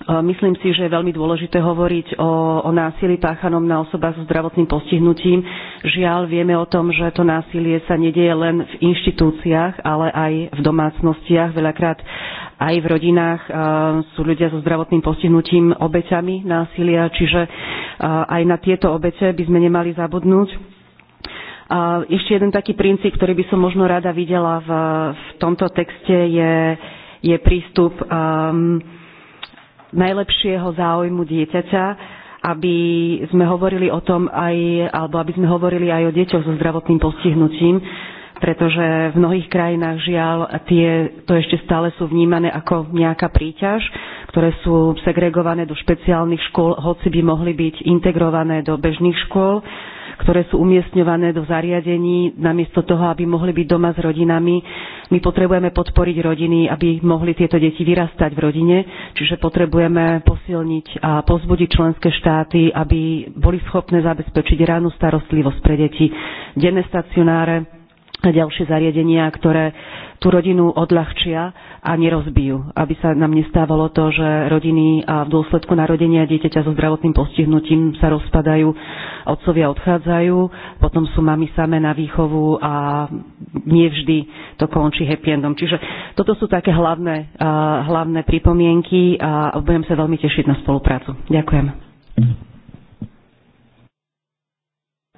eh, Myslím si, že je veľmi dôležité hovoriť o, o násilí páchanom na osobách so zdravotným postihnutím. Žiaľ, vieme o tom, že to násilie sa nedieje len v inštitúciách, ale aj v domácnostiach. Veľakrát aj v rodinách sú ľudia so zdravotným postihnutím obeťami násilia, čiže aj na tieto obete by sme nemali zabudnúť. A ešte jeden taký princíp, ktorý by som možno rada videla v, v tomto texte, je, je prístup um, najlepšieho záujmu dieťaťa, aby sme hovorili o tom aj, alebo aby sme hovorili aj o deťoch so zdravotným postihnutím, pretože v mnohých krajinách žiaľ tie, to ešte stále sú vnímané ako nejaká príťaž, ktoré sú segregované do špeciálnych škôl, hoci by mohli byť integrované do bežných škôl, ktoré sú umiestňované do zariadení namiesto toho, aby mohli byť doma s rodinami. My potrebujeme podporiť rodiny, aby mohli tieto deti vyrastať v rodine, čiže potrebujeme posilniť a pozbudiť členské štáty, aby boli schopné zabezpečiť ránu starostlivosť pre deti, denné stacionáre, ďalšie zariadenia, ktoré tú rodinu odľahčia a nerozbijú. Aby sa nám nestávalo to, že rodiny v dôsledku narodenia dieťaťa so zdravotným postihnutím sa rozpadajú, otcovia odchádzajú, potom sú mami samé na výchovu a nevždy to končí happy endom. Čiže toto sú také hlavné, hlavné pripomienky a budem sa veľmi tešiť na spoluprácu. Ďakujem.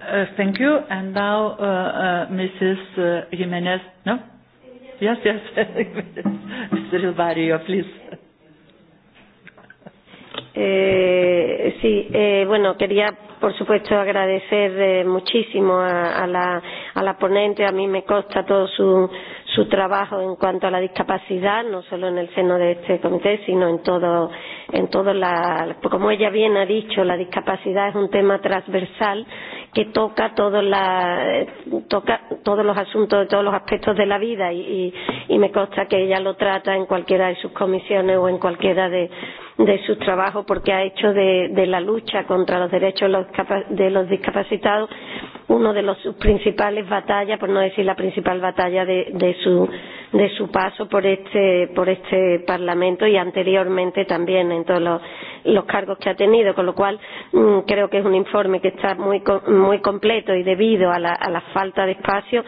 Uh, thank you. And now, uh, uh, Mrs. Uh, Jimenez. No? Yes, yes. [LAUGHS] Mr. Ilbario, please. [LAUGHS] Eh, sí, eh, bueno, quería, por supuesto, agradecer eh, muchísimo a, a, la, a la ponente. A mí me consta todo su, su trabajo en cuanto a la discapacidad, no solo en el seno de este comité, sino en todo, en todo la, como ella bien ha dicho, la discapacidad es un tema transversal que toca todos la, toca todos los asuntos, todos los aspectos de la vida y, y, y me consta que ella lo trata en cualquiera de sus comisiones o en cualquiera de, de sus trabajos porque ha hecho de, de la lucha contra los derechos de los discapacitados una de las principales batallas, por no decir la principal batalla de, de, su, de su paso por este, por este Parlamento y anteriormente también en todos los, los cargos que ha tenido, con lo cual mmm, creo que es un informe que está muy, muy completo y debido a la, a la falta de espacio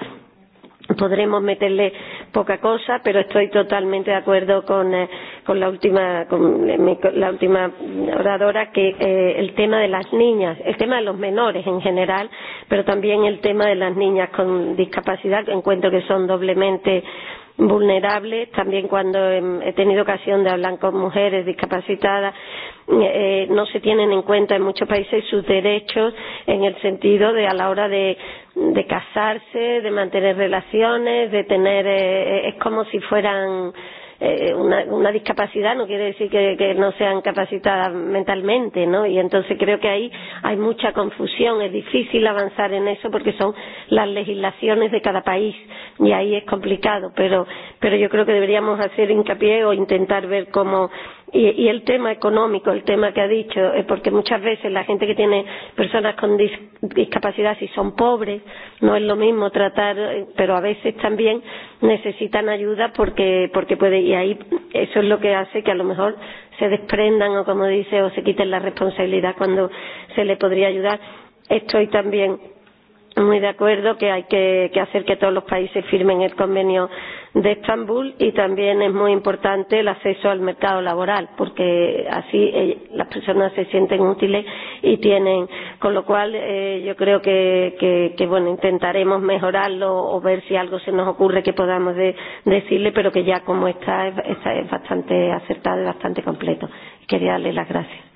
podremos meterle poca cosa, pero estoy totalmente de acuerdo con, eh, con la última con eh, mi, con la última oradora que eh, el tema de las niñas, el tema de los menores en general pero también el tema de las niñas con discapacidad encuentro que son doblemente vulnerables también cuando he tenido ocasión de hablar con mujeres discapacitadas eh, no se tienen en cuenta en muchos países sus derechos en el sentido de a la hora de de casarse de mantener relaciones de tener eh, es como si fueran eh, eh, una, una discapacidad no quiere decir que, que no sean capacitadas mentalmente, ¿no? Y entonces creo que ahí hay mucha confusión, es difícil avanzar en eso porque son las legislaciones de cada país y ahí es complicado, pero, pero yo creo que deberíamos hacer hincapié o intentar ver cómo Y, y el tema económico, el tema que ha dicho, eh, porque muchas veces la gente que tiene personas con dis discapacidad, si son pobres, no es lo mismo tratar, eh, pero a veces también necesitan ayuda porque, porque puede, y ahí eso es lo que hace que a lo mejor se desprendan o como dice, o se quiten la responsabilidad cuando se le podría ayudar. Estoy también muy de acuerdo que hay que, que hacer que todos los países firmen el convenio de Estambul y también es muy importante el acceso al mercado laboral porque así eh, las personas se sienten útiles y tienen con lo cual eh, yo creo que, que, que bueno intentaremos mejorarlo o ver si algo se nos ocurre que podamos de, decirle pero que ya como está, está es bastante acertado y bastante completo quería darle las gracias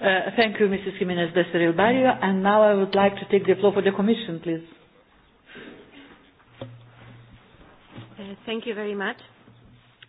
Uh, thank you, Mrs. Jimenez Becerril Barrio. And now I would like to take the floor for the Commission, please. Uh, thank you very much.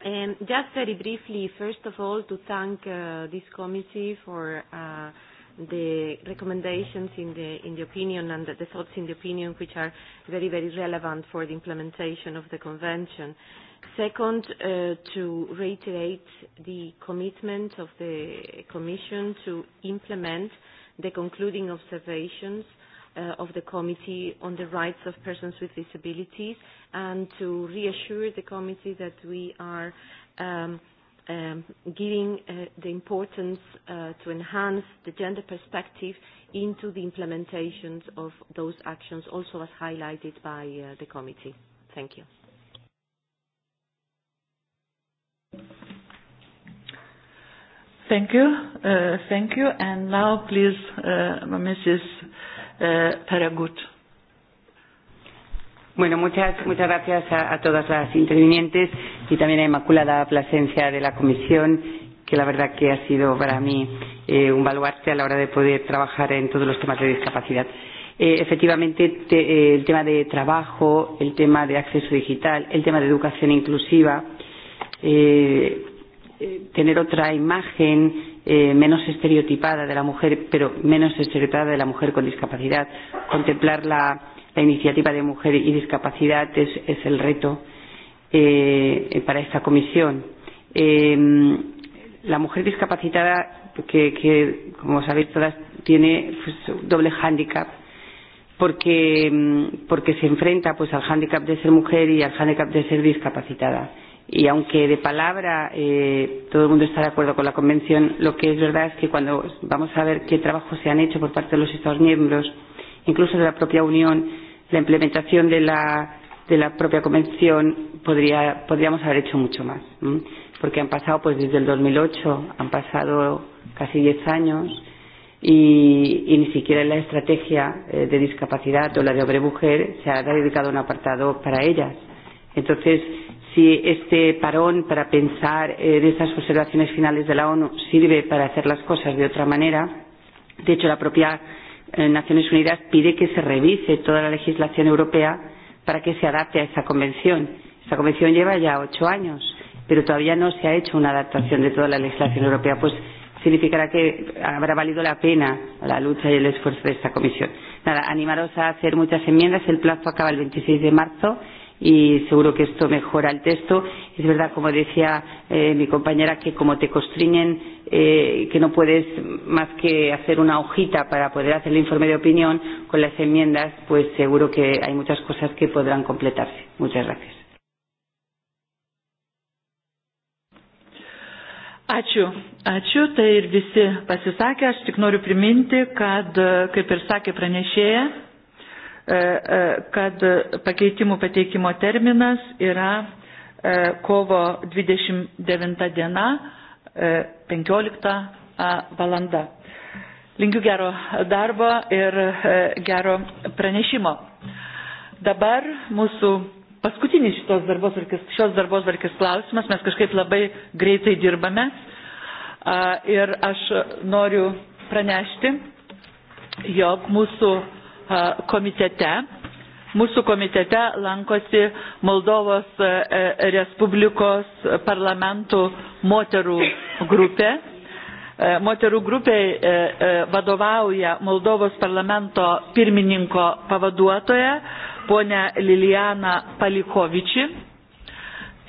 Um, just very briefly, first of all, to thank uh, this committee for uh, the recommendations in the, in the opinion and the, the thoughts in the opinion, which are very, very relevant for the implementation of the convention. Uh, Second, uh, to reiterate the commitment of the Commission to implement the concluding observations uh, of the Committee on the Rights of Persons with Disabilities and to reassure the Committee that we are um, um, giving uh, the importance uh, to enhance the gender perspective into the implementations of those actions, also as highlighted by uh, the Committee. Thank you. Thank you. Uh, thank you. And now, please, uh, Mrs. Uh, Paragut. Bueno, muchas, muchas gracias a, a todas las intervinientes y también a Inmaculada Plasencia de la Comisión, que la verdad que ha sido para mí eh, un baluarte a la hora de poder trabajar en todos los temas de discapacidad. Eh, efectivamente, te, eh, el tema de trabajo, el tema de acceso digital, el tema de educación inclusiva, eh, eh, tener otra imagen eh, menos estereotipada de la mujer, pero menos estereotipada de la mujer con discapacidad. Contemplar la, la iniciativa de mujer y discapacidad es, es el reto eh, para esta comisión. Eh, la mujer discapacitada, que, que como sabéis todas, tiene pues, doble hándicap, porque, porque se enfrenta pues, al hándicap de ser mujer y al hándicap de ser discapacitada. Eh, y aunque de palabra eh, todo el mundo está de acuerdo con la Convención, lo que es verdad es que cuando vamos a ver qué trabajos se han hecho por parte de los Estados miembros, incluso de la propia Unión, la implementación de la, de la propia Convención podría, podríamos haber hecho mucho más, ¿eh? porque han pasado pues desde el 2008, han pasado casi 10 años y, y ni siquiera en la estrategia eh, de discapacidad o la de obre mujer se ha dedicado un apartado para ellas. Entonces, si este parón para pensar en esas observaciones finales de la ONU sirve para hacer las cosas de otra manera. De hecho, la propia eh, Naciones Unidas pide que se revise toda la legislación europea para que se adapte a esa convención. Esta convención lleva ya ocho años, pero todavía no se ha hecho una adaptación de toda la legislación europea. Pues significará que habrá valido la pena la lucha y el esfuerzo de esta comisión. Nada, animaros a hacer muchas enmiendas. El plazo acaba el 26 de marzo y seguro que esto mejora el texto. Es verdad, como decía eh, mi compañera, que como te constriñen, eh, que no puedes más que hacer una hojita para poder hacer el informe de opinión con las enmiendas, pues seguro que hay muchas cosas que podrán completarse. Muchas gracias. Ačiū. Ačiū. Tai ir visi pasisakė. Aš tik noriu priminti, kad, kaip ir sakė pranešėja, E, e, kad pakeitimų pateikimo terminas yra e, kovo 29 diena 15 valanda. Linkiu gero darbo ir gero pranešimo. Dabar mūsų paskutinis šitos darbosvarkės, šios darbosvarkės klausimas, mes kažkaip labai greitai dirbame ir aš noriu pranešti, jog mūsų E, komitete. Mūsų komitete lankosi Moldovos e, e, Respublikos parlamentų moterų grupė. Moterų grupiai vadovauja Moldovos parlamento pirmininko pavaduotoja ponia Lilijana Palikovičiai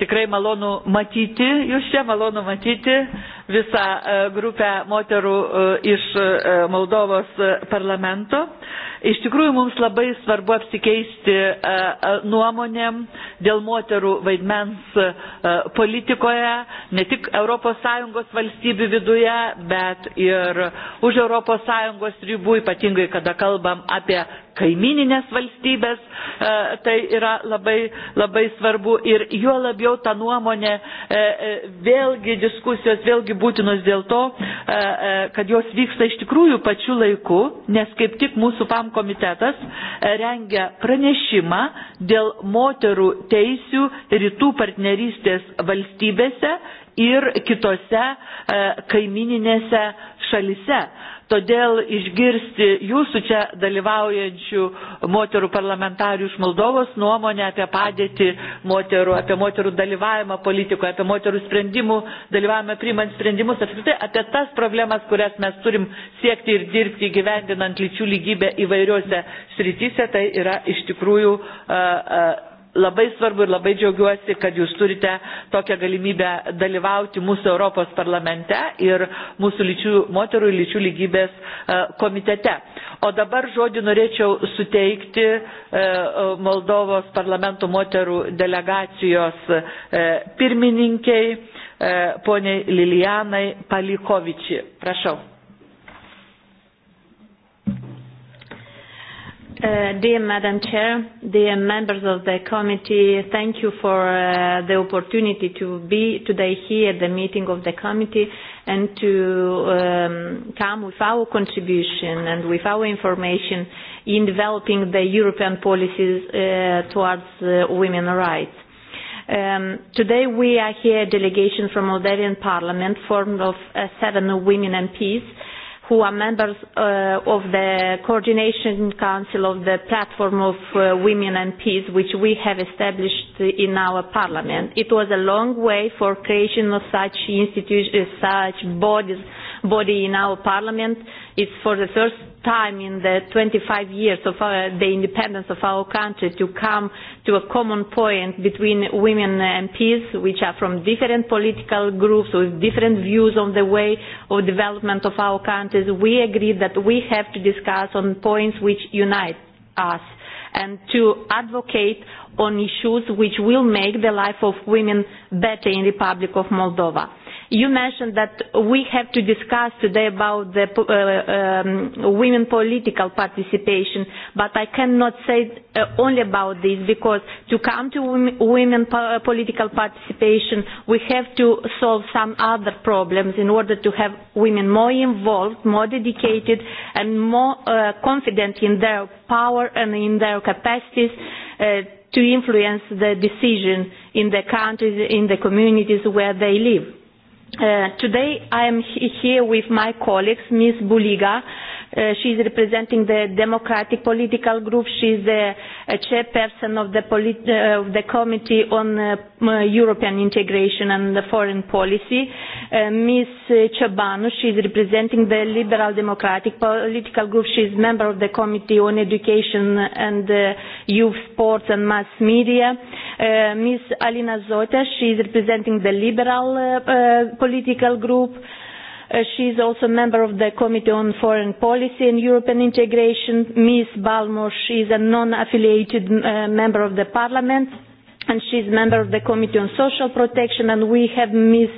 tikrai malonu matyti jūs čia, malonu matyti visą e, grupę moterų e, iš e, Moldovos parlamento. Iš tikrųjų, mums labai svarbu apsikeisti nuomonėm dėl moterų vaidmens politikoje, ne tik ES valstybių viduje, bet ir už ES ribų, ypatingai kada kalbam apie kaimininės valstybės, tai yra labai, labai svarbu ir juo labiau ta nuomonė vėlgi diskusijos, vėlgi irgi būtinos dėl to, e, e, kad jos vyksta iš tikrųjų pačiu laiku, nes kaip tik mūsų PAM komitetas e, rengia pranešimą dėl moterų teisių rytų partnerystės valstybėse ir kitose kaimininėse šalise. Todėl išgirsti jūsų čia dalyvaujančių moterų parlamentarių iš Moldovos nuomonę apie padėtį moterų, apie moterų dalyvavimą politikoje, apie moterų sprendimų, dalyvavimą priimant sprendimus, apskritai apie tas problemas, kurias mes turim siekti ir dirbti gyvendinant lyčių lygybę įvairiuose srityse, tai yra iš tikrųjų. Uh, uh, labai svarbu ir labai džiaugiuosi, kad jūs turite tokią galimybę dalyvauti mūsų Europos parlamente ir mūsų lyčių, moterų ir lyčių lygybės e, komitete. O dabar žodį norėčiau suteikti e, Moldovos parlamento moterų delegacijos e, pirmininkiai, poniai Lilijanai Palikovičiai. Prašau. Uh, dear Madam Chair, dear members of the committee, thank you for uh, the opportunity to be today here at the meeting of the committee and to um, come with our contribution and with our information in developing the European policies uh, towards uh, women's rights. Um, today we are here a delegation from Moldavian Parliament formed of uh, seven women MPs uh, who are members uh, of the Coordination Council of the Platform of uh, Women and Peace, which we have established in our parliament. It was a long way for creation of such institutions, uh, such bodies, body in our parliament. It's for the first time in the 25 years of uh, the independence of our country to come to a common point between women MPs, which are from different political groups with different views on the way of development of our countries. We agreed that we have to discuss on points which unite us and to advocate on issues which will make the life of women better in the Republic of Moldova You mentioned that we have to discuss today about the uh, um, women political participation, but I cannot say uh, only about this because to come to women, women po uh, political participation, we have to solve some other problems in order to have women more involved, more dedicated, and more uh, confident in their power and in their capacities. Uh, to influence the decision in the countries, in the communities where they live Uh, today I am here with my colleagues, Ms. Buliga, Uh, she is representing the Democratic political group. She is the uh, chairperson of the, polit- uh, of the Committee on uh, European Integration and Foreign Policy. Uh, Ms. Ciobanu, she is representing the Liberal Democratic political group. She is member of the Committee on Education and uh, Youth, Sports and Mass Media. Uh, Ms. Alina Zota, she is representing the Liberal uh, uh, political group. Uh, Uh, she is also a member of the Committee on Foreign Policy and European Integration. Ms. Balmosh is a non-affiliated uh, member of the Parliament and she is member of the Committee on Social Protection and we have Ms.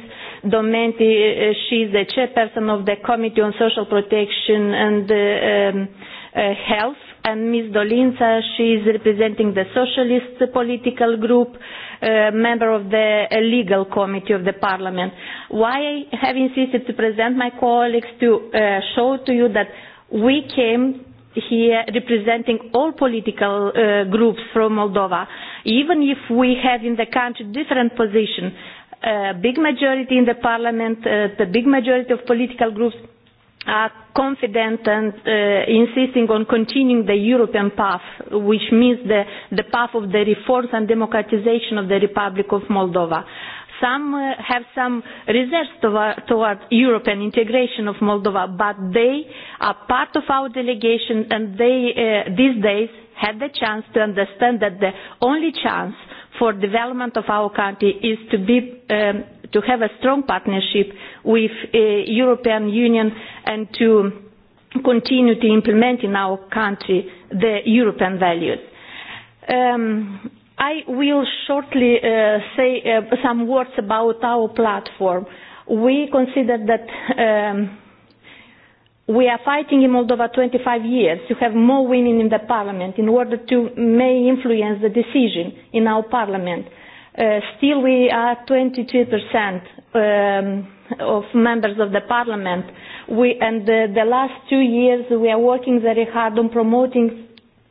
Domenti, uh, she is the chairperson of the Committee on Social Protection and uh, um, uh, Health and Ms. Dolinza, she is representing the Socialist Political Group. Uh, uh, member of the uh, legal committee of the parliament. Why I have insisted to present my colleagues to uh, show to you that we came here representing all political uh, groups from Moldova, even if we have in the country different positions, a uh, big majority in the parliament, uh, the big majority of political groups are confident and uh, insisting on continuing the European path, which means the, the path of the reforms and democratization of the Republic of Moldova. Some uh, have some reserves toward, toward European integration of Moldova, but they are part of our delegation and they uh, these days had the chance to understand that the only chance for development of our country is to be um, to have a strong partnership with the uh, European Union and to continue to implement in our country the European values. Um, I will shortly uh, say uh, some words about our platform. We consider that um, we are fighting in Moldova 25 years to have more women in the parliament in order to may influence the decision in our parliament. Uh, Uh, still we are 22% um, of members of the parliament. We, and the, the last two years we are working very hard on promoting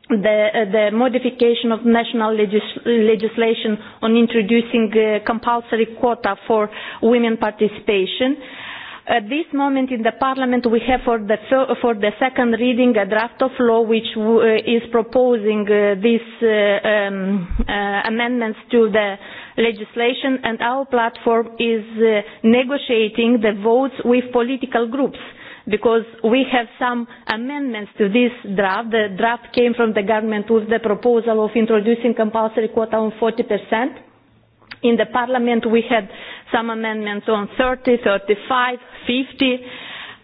the, uh, the modification of national legis legislation on introducing uh, compulsory quota for women participation. Uh, At this moment in the Parliament, we have for the, for the second reading a draft of law which w uh, is proposing uh, these uh, um, uh, amendments to the legislation, and our platform is uh, negotiating the votes with political groups because we have some amendments to this draft. The draft came from the government with the proposal of introducing compulsory quota on 40 percent in the parliament we had some amendments on 30, 35, 50,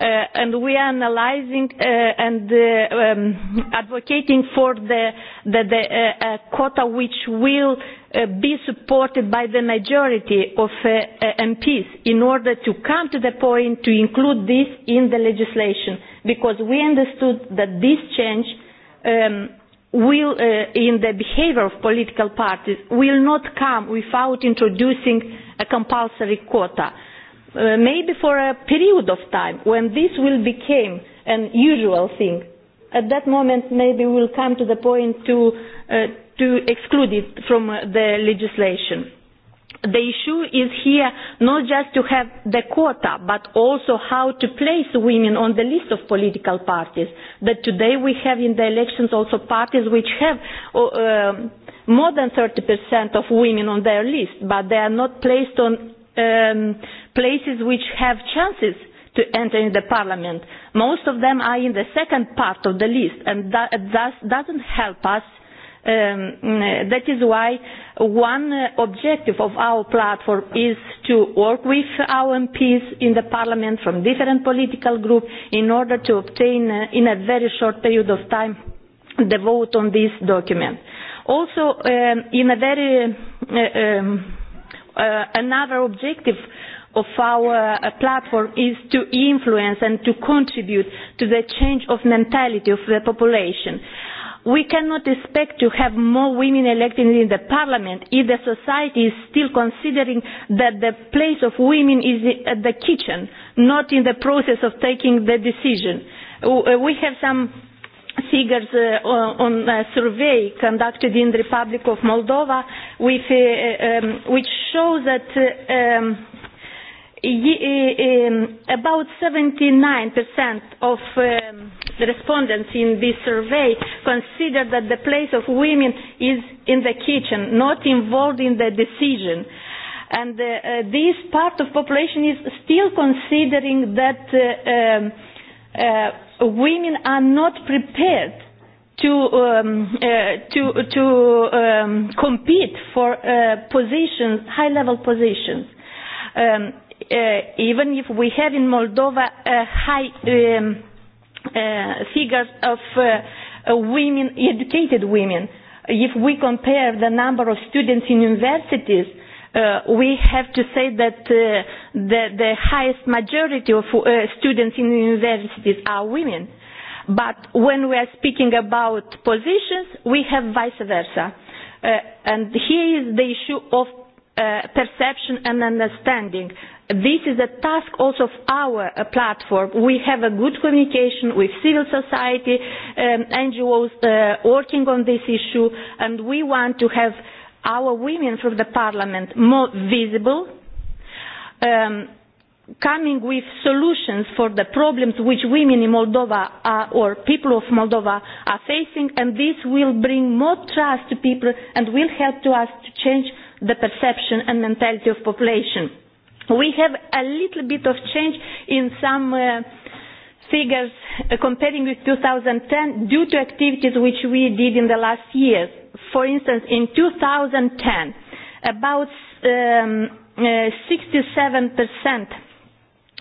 uh, and we are analyzing uh, and uh, um, advocating for the, the, the uh, uh, quota which will uh, be supported by the majority of uh, uh, MPs in order to come to the point to include this in the legislation because we understood that this change um, will, uh, in the behavior of political parties will not come without introducing a compulsory quota. Uh, maybe for a period of time when this will become an usual thing. At that moment, maybe we'll come to the point to, uh, to exclude it from uh, the legislation the issue is here not just to have the quota, but also how to place women on the list of political parties. That today we have in the elections also parties which have uh, um, more than 30% of women on their list, but they are not placed on um, places which have chances to enter in the parliament. Most of them are in the second part of the list, and that thus doesn't help us uh, Um, that is why one objective of our platform is to work with our MPs in the Parliament from different political groups in order to obtain, uh, in a very short period of time, the vote on this document. Also, um, in a very uh, um, uh, another objective of our uh, platform is to influence and to contribute to the change of mentality of the population We cannot expect to have more women elected in the parliament if the society is still considering that the place of women is at the kitchen, not in the process of taking the decision. Uh, we have some figures uh, on a survey conducted in the Republic of Moldova with, uh, um, which show that uh, um, y- uh, um, about 79% of um, The respondents in this survey consider that the place of women is in the kitchen, not involved in the decision. And uh, uh, this part of population is still considering that uh, um, uh, women are not prepared to um, uh, to to um, compete for uh, positions, high level positions. Um, uh, even if we have in Moldova a high um, uh, figures of uh, women, educated women. If we compare the number of students in universities, uh, we have to say that uh, the, the highest majority of uh, students in universities are women. But when we are speaking about positions, we have vice versa. Uh, and here is the issue of uh, perception and understanding. Uh, this is a task also of our uh, platform. We have a good communication with civil society, um, NGOs uh, working on this issue, and we want to have our women from the parliament more visible, um, coming with solutions for the problems which women in Moldova are, or people of Moldova are facing, and this will bring more trust to people and will help to us to change the perception and mentality of population We have a little bit of change in some uh, figures uh, comparing with 2010 due to activities which we did in the last years. For instance, in 2010, about um, uh, 67%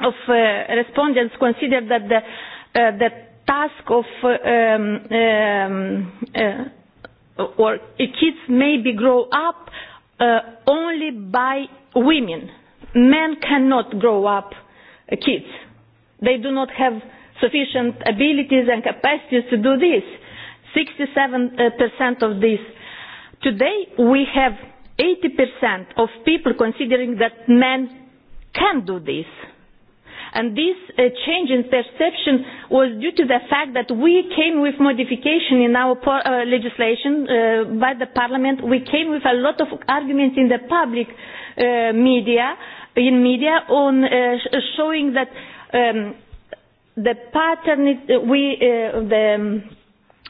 of uh, respondents considered that the, uh, the task of uh, um, um, uh, or kids maybe grow up only by women men cannot grow up uh, kids. They do not have sufficient abilities and capacities to do this. 67% uh, of this. Today we have 80% of people considering that men can do this. And this uh, change in perception was due to the fact that we came with modification in our uh, legislation uh, by the parliament. We came with a lot of arguments in the public uh, media uh, in media on uh, showing that um, the pattern it, uh, we uh, the um,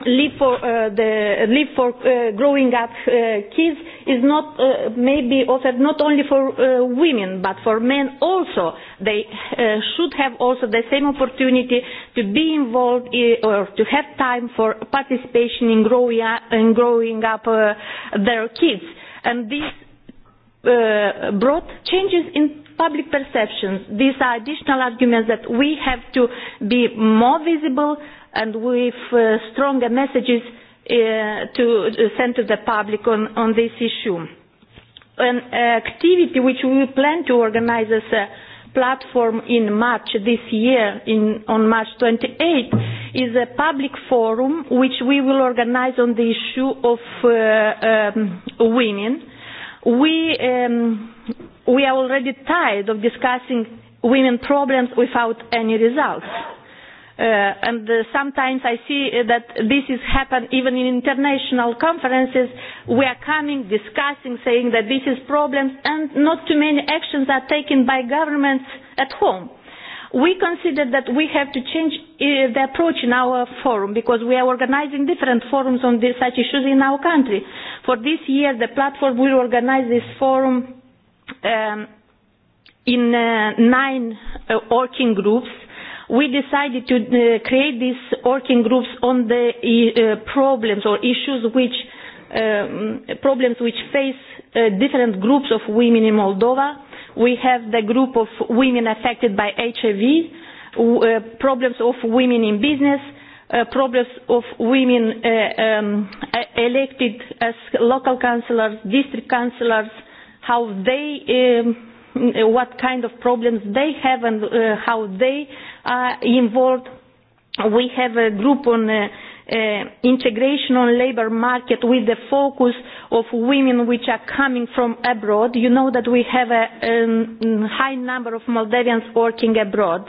leave for uh, the leave for uh, growing up uh, kids is not uh, maybe offered not only for uh, women but for men also they uh, should have also the same opportunity to be involved in, uh, or to have time for participation in growing up, uh, in growing up uh, their kids and this uh, brought changes in public perceptions. These are additional arguments that we have to be more visible and with uh, stronger messages uh, to uh, send to the public on, on this issue. An activity which we plan to organize as a platform in March this year, in, on March 28, is a public forum which we will organize on the issue of uh, um, women we um, we are already tired of discussing women problems without any results. Uh, and uh, sometimes I see uh, that this has happened even in international conferences. We are coming, discussing, saying that this is problems, and not too many actions are taken by governments at home We consider that we have to change uh, the approach in our forum because we are organizing different forums on this, such issues in our country. For this year, the platform will organize this forum um, in uh, nine uh, working groups we decided to uh, create these working groups on the uh, problems or issues which um, problems which face uh, different groups of women in Moldova We have the group of women affected by HIV, uh, problems of women in business, uh, problems of women uh, um, e, elected as local councillors, district councillors, how they, um, what kind of problems they have and uh, how they are involved. We have a group on uh, uh, integration on labor market with the focus of women which are coming from abroad. You know that we have a um, high number of Moldavians working abroad.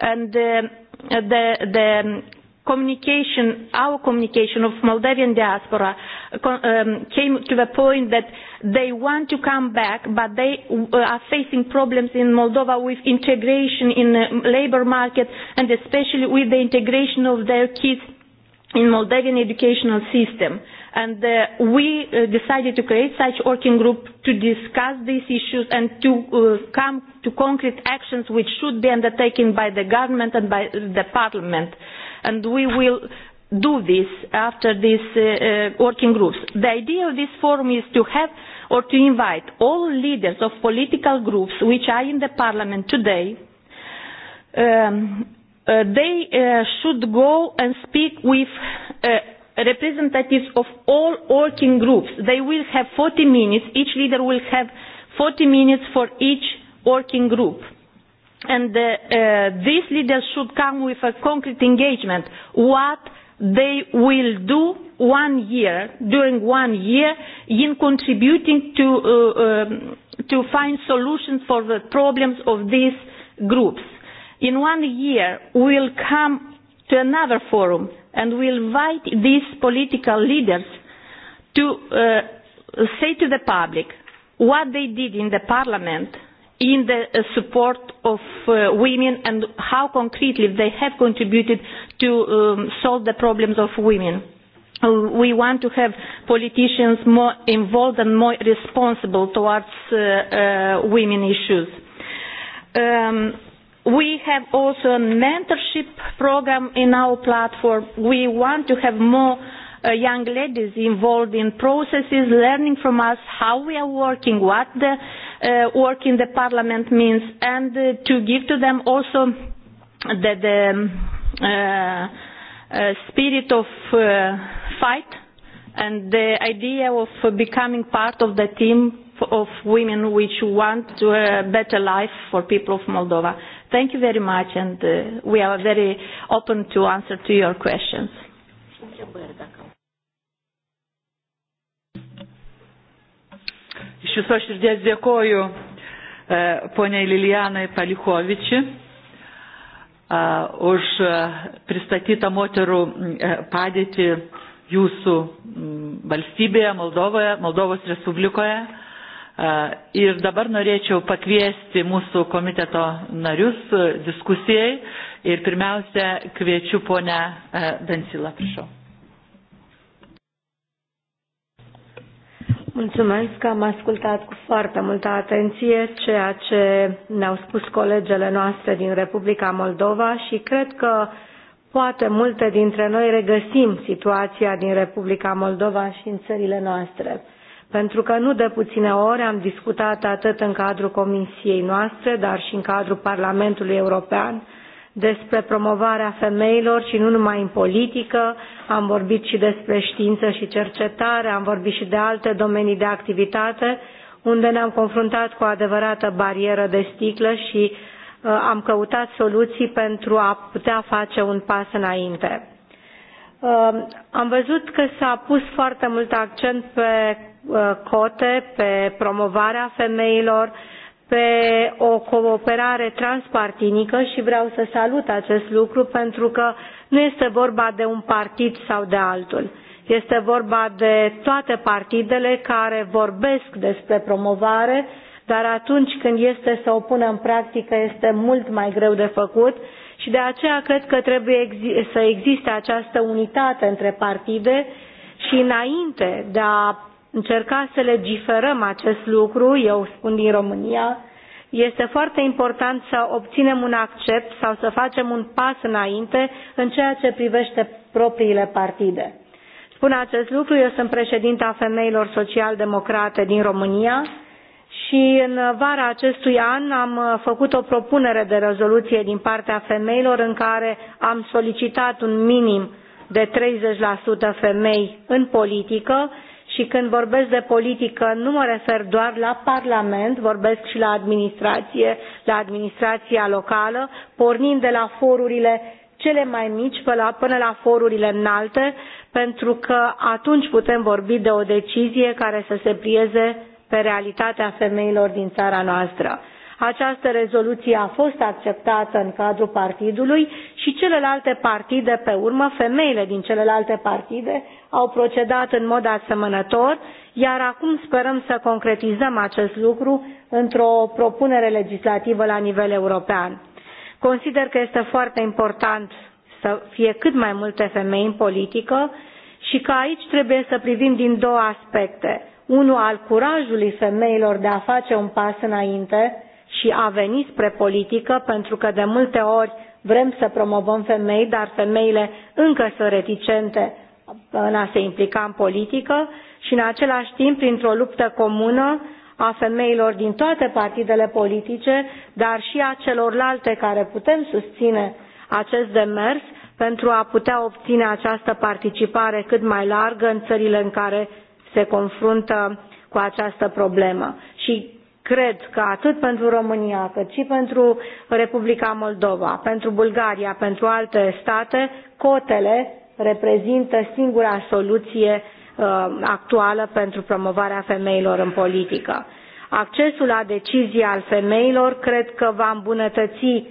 And uh, the, the communication, our communication of Moldavian diaspora um, came to the point that they want to come back, but they uh, are facing problems in Moldova with integration in the um, labor market and especially with the integration of their kids in Moldavian educational system. And uh, we uh, decided to create such working group to discuss these issues and to uh, come to concrete actions which should be undertaken by the government and by the parliament. And we will do this after these uh, uh, working groups. The idea of this forum is to have or to invite all leaders of political groups which are in the parliament today um, uh, they uh, should go and speak with uh, representatives of all working groups. They will have 40 minutes. Each leader will have 40 minutes for each working group. And uh, uh, these leaders should come with a concrete engagement. What they will do one year, during one year, in contributing to, uh, um, to find solutions for the problems of these groups in one year we will come to another forum and we will invite these political leaders to uh, say to the public what they did in the parliament in the uh, support of uh, women and how concretely they have contributed to um, solve the problems of women. Uh, we want to have politicians more involved and more responsible towards uh, uh, women issues. Um, We have also a mentorship program in our platform. We want to have more uh, young ladies involved in processes, learning from us how we are working, what the uh, work in the parliament means, and uh, to give to them also the, the um, uh, uh, spirit of uh, fight and the idea of becoming part of the team of women which want a better life for people of Moldova. Thank you very much, and uh, we are very open to answer to your questions. Iš viso širdies dėkoju e, poniai Lilijanai Palikovičiui e, už e, pristatytą moterų padėtį jūsų valstybėje, Moldovoje, Moldovos Respublikoje. Uh, ir dabar norėčiau pakviesti mūsų komiteto narius uh, diskusijai ir pirmiausia kviečiu ponę uh, Dansilą, prašau. Mulțumesc că am ascultat cu foarte multă atenție ceea ce ne-au spus colegele noastre din Republica Moldova și cred că poate multe dintre noi regăsim situația din Republica Moldova și în țările noastre pentru că nu de puține ori am discutat atât în cadrul comisiei noastre, dar și în cadrul Parlamentului European despre promovarea femeilor și nu numai în politică, am vorbit și despre știință și cercetare, am vorbit și de alte domenii de activitate, unde ne-am confruntat cu o adevărată barieră de sticlă și uh, am căutat soluții pentru a putea face un pas înainte. Uh, am văzut că s-a pus foarte mult accent pe Uh, cote, pe promovarea femeilor, pe o cooperare transpartinică și vreau să salut acest lucru pentru că nu este vorba de un partid sau de altul. Este vorba de toate partidele care vorbesc despre promovare, dar atunci când este să o pună în practică este mult mai greu de făcut și de aceea cred că trebuie să existe această unitate între partide și înainte de a încerca să legiferăm acest lucru, eu spun din România, este foarte important să obținem un accept sau să facem un pas înainte în ceea ce privește propriile partide. Spun acest lucru, eu sunt președinta femeilor social-democrate din România și în vara acestui an am făcut o propunere de rezoluție din partea femeilor în care am solicitat un minim de 30% femei în politică și când vorbesc de politică nu mă refer doar la Parlament, vorbesc și la administrație, la administrația locală, pornind de la forurile cele mai mici până la forurile înalte, pentru că atunci putem vorbi de o decizie care să se plieze pe realitatea femeilor din țara noastră Această rezoluție a fost acceptată în cadrul partidului și celelalte partide, pe urmă, femeile din celelalte partide, au procedat în mod asemănător, iar acum sperăm să concretizăm acest lucru într-o propunere legislativă la nivel european. Consider că este foarte important să fie cât mai multe femei în politică și că aici trebuie să privim din două aspecte. Unul al curajului femeilor de a face un pas înainte, și a veni spre politică, pentru că de multe ori vrem să promovăm femei, dar femeile încă sunt reticente în a se implica în politică și în același timp, printr-o luptă comună a femeilor din toate partidele politice, dar și a celorlalte care putem susține acest demers, pentru a putea obține această participare cât mai largă în țările în care se confruntă cu această problemă. Și cred că atât pentru România cât și pentru Republica Moldova, pentru Bulgaria, pentru alte state, cotele reprezintă singura soluție uh, actuală pentru promovarea femeilor în politică. Accesul la decizii al femeilor cred că va îmbunătăți uh,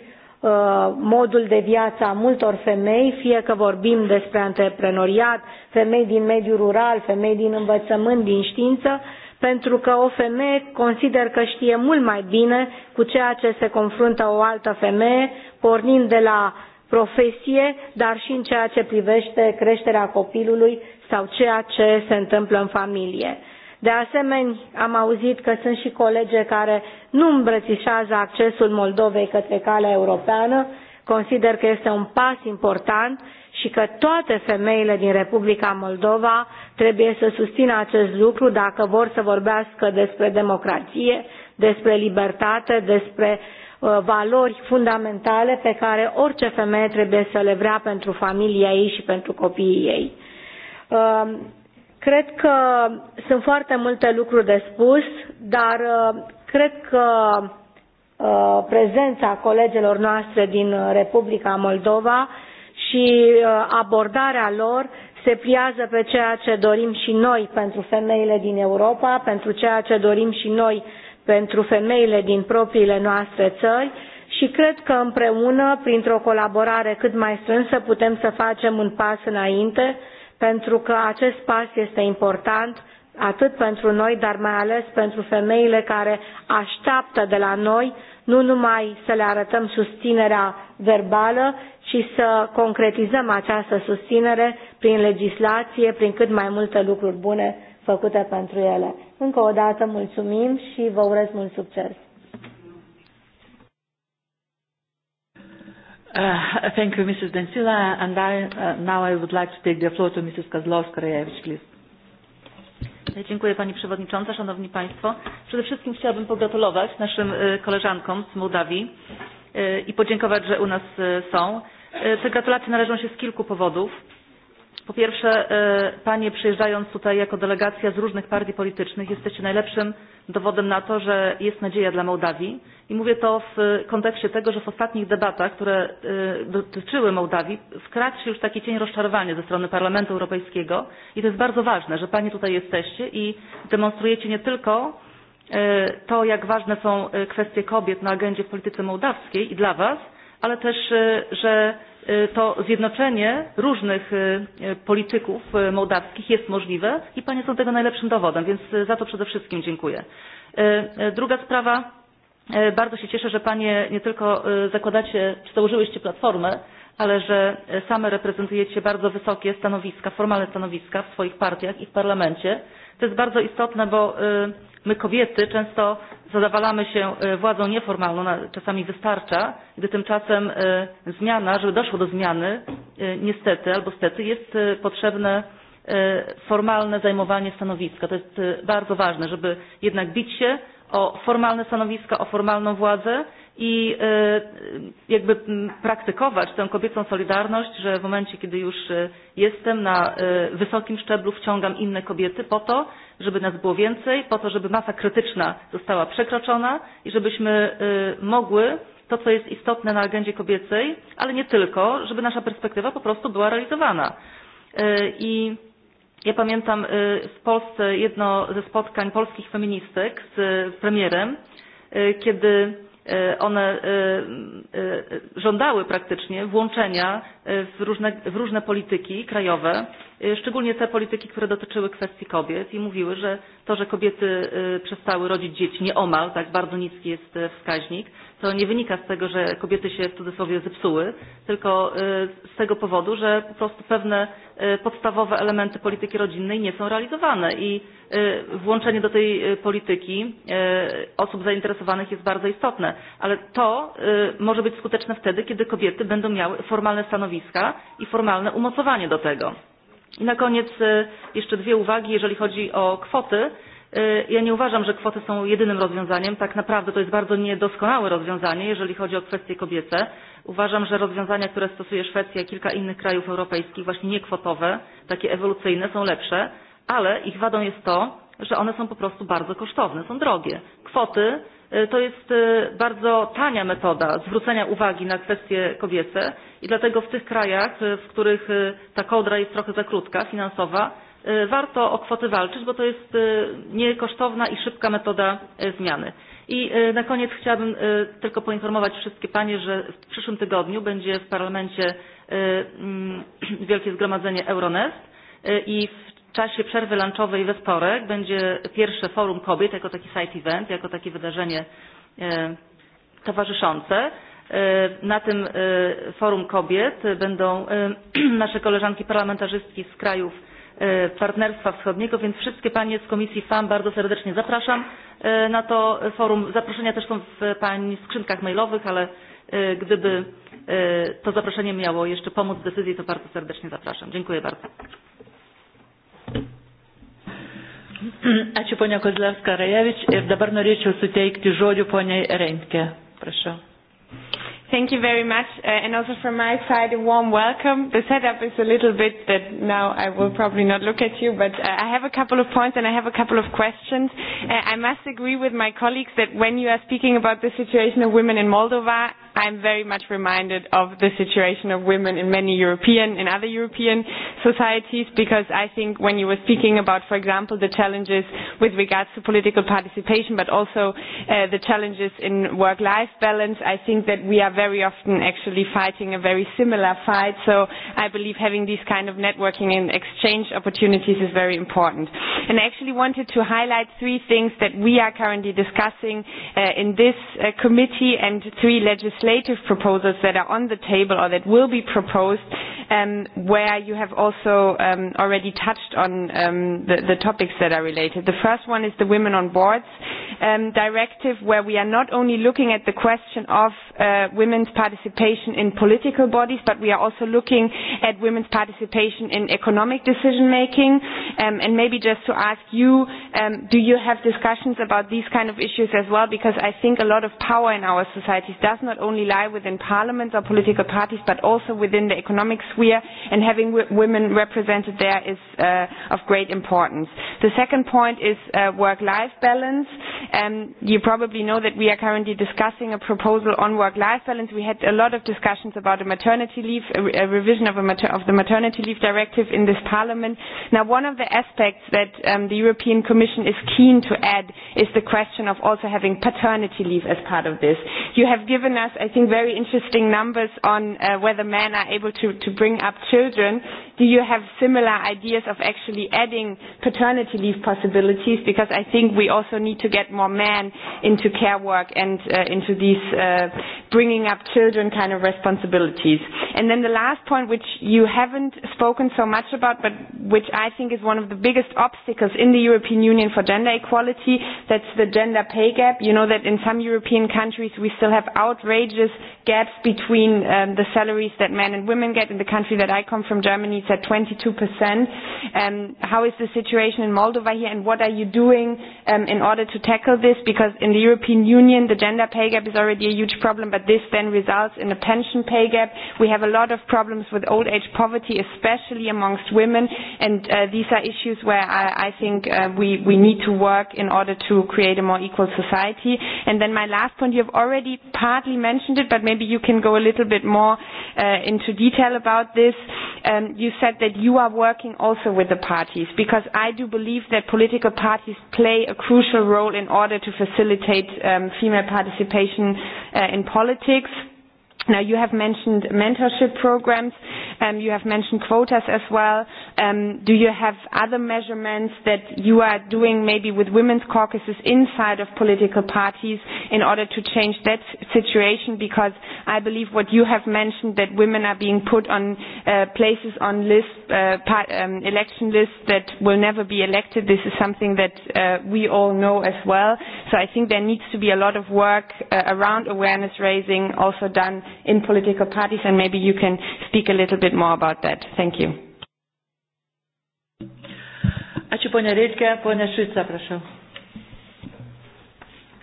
modul de viață a multor femei, fie că vorbim despre antreprenoriat, femei din mediul rural, femei din învățământ, din știință, pentru că o femeie consider că știe mult mai bine cu ceea ce se confruntă o altă femeie, pornind de la profesie, dar și în ceea ce privește creșterea copilului sau ceea ce se întâmplă în familie. De asemenea, am auzit că sunt și colege care nu îmbrățișează accesul Moldovei către calea europeană. Consider că este un pas important și că toate femeile din Republica Moldova trebuie să susțină acest lucru dacă vor să vorbească despre democrație, despre libertate, despre uh, valori fundamentale pe care orice femeie trebuie să le vrea pentru familia ei și pentru copiii ei. Uh, cred că sunt foarte multe lucruri de spus, dar uh, cred că uh, prezența colegelor noastre din Republica Moldova și uh, abordarea lor se pliază pe ceea ce dorim și noi pentru femeile din Europa, pentru ceea ce dorim și noi pentru femeile din propriile noastre țări și cred că împreună, printr-o colaborare cât mai strânsă, putem să facem un pas înainte, pentru că acest pas este important atât pentru noi, dar mai ales pentru femeile care așteaptă de la noi nu numai să le arătăm susținerea verbală, și să concretizăm această susținere prin legislație, prin cât mai multe lucruri bune făcute pentru ele. Încă o dată mulțumim și vă urez mult succes! Uh, thank you, Mrs. Densila. And I, uh, now I would like to take the floor to Mrs. Kozlowska-Rejewicz, please. Dziękuję Pani Przewodnicząca, Szanowni Państwo. Przede wszystkim chciałabym pogratulować naszym koleżankom z Mołdawii i podziękować, że u nas są. E, te gratulacje należą się z kilku powodów. Po pierwsze, e, Panie przyjeżdżając tutaj jako delegacja z różnych partii politycznych jesteście najlepszym dowodem na to, że jest nadzieja dla Mołdawii. I mówię to w kontekście tego, że w ostatnich debatach, które e, dotyczyły Mołdawii, wkradł się już taki cień rozczarowania ze strony Parlamentu Europejskiego. I to jest bardzo ważne, że Panie tutaj jesteście i demonstrujecie nie tylko to, jak ważne są kwestie kobiet na agendzie w polityce mołdawskiej i dla Was, ale też, e, że e, to zjednoczenie różnych e, polityków mołdawskich jest możliwe i panie są tego najlepszym dowodem, więc za to przede wszystkim dziękuję. Druga sprawa. Bardzo się cieszę, że panie nie tylko zakładacie, czy założyłyście platformę, ale że same reprezentujecie bardzo wysokie stanowiska, formalne stanowiska w swoich partiach i w parlamencie. To jest bardzo istotne, bo My kobiety często zadawalamy się e, władzą nieformalną, ona czasami wystarcza, gdy tymczasem e, zmiana, żeby doszło do zmiany, e, niestety albo stety, jest potrzebne formalne zajmowanie stanowiska. To jest bardzo ważne, żeby jednak bić się o formalne stanowiska, o formalną władzę i jakby praktykować tę kobiecą solidarność, że w momencie, kiedy już jestem na wysokim szczeblu, wciągam inne kobiety po to, żeby nas było więcej, po to, żeby masa krytyczna została przekroczona i żebyśmy mogły to, co jest istotne na agendzie kobiecej, ale nie tylko, żeby nasza perspektywa po prostu była realizowana. I ja pamiętam w Polsce jedno ze spotkań polskich feministek z premierem, kiedy E, one e, e, żądały praktycznie włączenia w różne, w różne polityki krajowe, szczególnie te polityki, które dotyczyły kwestii kobiet i mówiły, że to, że kobiety przestały rodzić dzieci nieomal, tak bardzo niski jest wskaźnik, co nie wynika z tego, że kobiety się w cudzysłowie zepsuły, tylko z tego powodu, że po prostu pewne podstawowe elementy polityki rodzinnej nie są realizowane i włączenie do tej polityki osób zainteresowanych jest bardzo istotne, ale to może być skuteczne wtedy, kiedy kobiety będą miały formalne stanowiska i formalne umocowanie do tego. I na koniec jeszcze dwie uwagi, jeżeli chodzi o kwoty E, ja nie uważam, że kwoty są jedynym rozwiązaniem. Tak naprawdę to jest bardzo niedoskonałe rozwiązanie, jeżeli chodzi o kwestie kobiece. Uważam, że rozwiązania, które stosuje Szwecja i kilka innych krajów europejskich, właśnie niekwotowe, takie ewolucyjne, są lepsze, ale ich wadą jest to, że one są po prostu bardzo kosztowne, są drogie. Kwoty e, to jest e, bardzo tania metoda zwrócenia uwagi na kwestie kobiece i dlatego w tych krajach, w których ta kołdra jest trochę za krótka finansowa, E, warto o kwoty walczyć, bo to jest e, niekosztowna i szybka metoda e, zmiany. I na koniec chciałabym tylko poinformować wszystkie panie, że w przyszłym tygodniu będzie w parlamencie mm, [CLEARS THROAT] Wielkie Zgromadzenie Euronest i w czasie przerwy lunchowej we wtorek będzie pierwsze forum kobiet jako taki side event, jako takie wydarzenie towarzyszące. Na tym forum kobiet będą [CLEARS THROAT] nasze koleżanki parlamentarzystki z krajów E, Partnerstwa Wschodniego, więc wszystkie panie z Komisji FAM bardzo serdecznie zapraszam e, na to forum. Zaproszenia też są w pani skrzynkach mailowych, ale e, gdyby to zaproszenie miało jeszcze pomóc w decyzji, to bardzo serdecznie zapraszam. Dziękuję bardzo. Ačiū ponia Kozlevska Rajevič ir dabar norėčiau suteikti žodžių poniai Reintke. Prašau. Thank you very much. Uh, and also from my side, a warm welcome. The setup is a little bit that now I will probably not look at you, but uh, I have a couple of points and I have a couple of questions. Uh, I must agree with my colleagues that when you are speaking about the situation of women in Moldova, I'm very much reminded of the situation of women in many European and other European societies because I think when you were speaking about, for example, the challenges with regards to political participation, but also uh, the challenges in work-life balance, I think that we are very often actually fighting a very similar fight. So I believe having these kind of networking and exchange opportunities is very important. And I actually wanted to highlight three things that we are currently discussing uh, in this uh, committee and three legislative proposals that are on the table or that will be proposed um, where you have also um, already touched on um, the, the topics that are related. The first one is the women on boards. Uh, um, directive where we are not only looking at the question of uh, women's participation in political bodies, but we are also looking at women's participation in economic decision making. Um, and maybe just to ask you, um, do you have discussions about these kind of issues as well? Because I think a lot of power in our societies does not only lie within parliaments or political parties, but also within the economic sphere, and having w- women represented there is uh, of great importance. The second point is uh, work-life balance. Um, you probably know that we are currently discussing a proposal on work-life balance. We had a lot of discussions about a maternity leave, a, re a revision of, a mater of the maternity leave directive in this parliament. Now, one of the aspects that um, the European Commission is keen to add is the question of also having paternity leave as part of this. You have given us, I think, very interesting numbers on uh, whether men are able to, to bring up children. Do you have similar ideas of actually adding paternity leave possibilities? Because I think we also need to get more men into care work and uh, into these uh, bringing up children kind of responsibilities. And then the last point, which you haven't spoken so much about, but which I think is one of the biggest obstacles in the European Union for gender equality, that's the gender pay gap. You know that in some European countries we still have outrageous gaps between um, the salaries that men and women get. In the country that I come from, Germany, it's at 22%. Um, how is the situation in Moldova here, and what are you doing um, in order to tackle tackle this because in the European Union the gender pay gap is already a huge problem but this then results in a pension pay gap. We have a lot of problems with old age poverty especially amongst women and uh, these are issues where I, I think uh, we, we need to work in order to create a more equal society. And then my last point, you have already partly mentioned it but maybe you can go a little bit more uh, into detail about this. Um, you said that you are working also with the parties because I do believe that political parties play a crucial role in order to facilitate um, female participation uh, in politics. Now, you have mentioned mentorship programs. Um, you have mentioned quotas as well. Um, do you have other measurements that you are doing maybe with women's caucuses inside of political parties in order to change that situation? Because I believe what you have mentioned that women are being put on uh, places on list, uh, part, um, election lists that will never be elected. This is something that uh, we all know as well. So I think there needs to be a lot of work uh, around awareness raising also done in political parties and maybe you can speak a little bit more about that. Thank you. Ačiū ponia Reitke, ponia Šuica, prašau.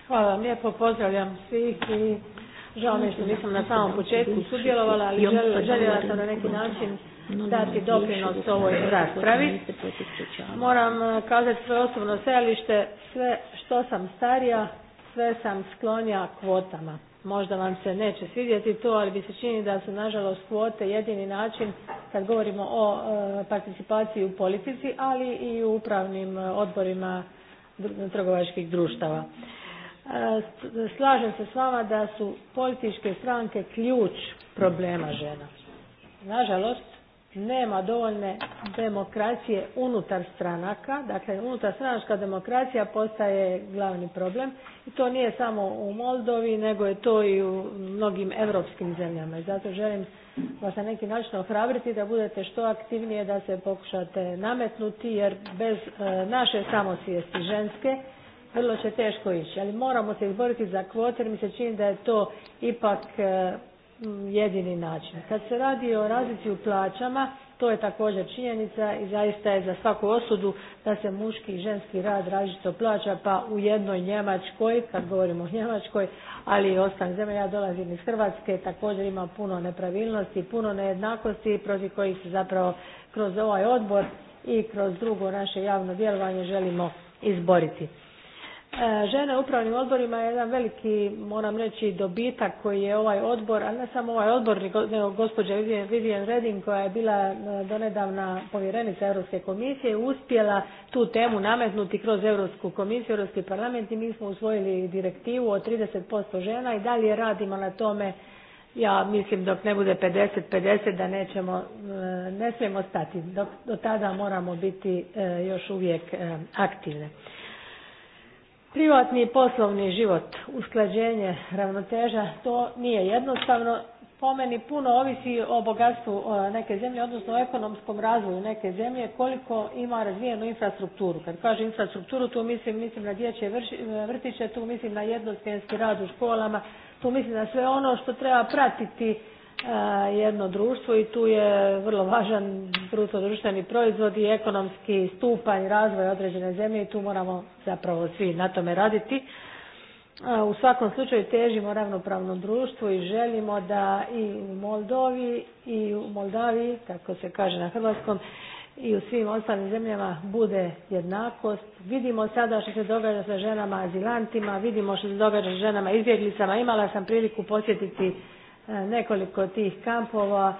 Hvala vam lijepo, pozdravljam svih i žao mi je što nisam na samom početku sudjelovala, ali željela sam na neki način dati doprinos ovoj raspravi. Moram eh, kazati svoje osobno stajalište, sve što sam starija, sve sam sklonja kvotama možda vam se neće svidjeti to, ali mi se čini da su nažalost kvote jedini način kad govorimo o e, participaciji u politici, ali i u upravnim e, odborima trgovačkih društava. E, slažem se s vama da su političke stranke ključ problema žena. Nažalost, nema dovoljne demokracije unutar stranaka, dakle unutar stranačka demokracija postaje glavni problem i to nije samo u Moldovi nego je to i u mnogim europskim zemljama i zato želim vas na neki način ohrabriti da budete što aktivnije da se pokušate nametnuti jer bez e, naše samosvijesti ženske vrlo će teško ići, ali moramo se izboriti za kvote jer mi se čini da je to ipak e, jedini način. Kad se radi o razlici u plaćama, to je također činjenica i zaista je za svaku osudu da se muški i ženski rad različito plaća, pa u jednoj Njemačkoj, kad govorimo o Njemačkoj, ali i ostalim zemljama, ja dolazim iz Hrvatske, također ima puno nepravilnosti, puno nejednakosti protiv kojih se zapravo kroz ovaj odbor i kroz drugo naše javno djelovanje želimo izboriti. E, žene u upravnim odborima je jedan veliki moram reći dobitak koji je ovaj odbor ali ne samo ovaj odbor nego gospođa viviane reding koja je bila e, donedavna povjerenica europske komisije uspjela tu temu nametnuti kroz europsku komisiju europski parlament i mi smo usvojili direktivu o thirty žena i dalje radimo na tome ja mislim dok ne bude fifty fifty da nećemo e, ne smijemo stati dok do tada moramo biti još uvijek aktivne. Privatni i poslovni život, usklađenje, ravnoteža, to nije jednostavno. Po meni puno ovisi o bogatstvu neke zemlje, odnosno o ekonomskom razvoju neke zemlje, koliko ima razvijenu infrastrukturu. Kad kažem infrastrukturu, tu mislim, mislim na dječje vrtiće, tu mislim na jednosmjenski rad u školama, tu mislim na sve ono što treba pratiti jedno društvo i tu je vrlo važan bruto društveni proizvod i ekonomski stupanj razvoja određene zemlje i tu moramo zapravo svi na tome raditi. U svakom slučaju težimo ravnopravnom društvu i želimo da i u Moldovi i u Moldaviji, kako se kaže na hrvatskom, i u svim ostalim zemljama bude jednakost. Vidimo sada što se događa sa ženama azilantima, vidimo što se događa sa ženama izbjeglicama. Imala sam priliku posjetiti E, nekoliko tih kampova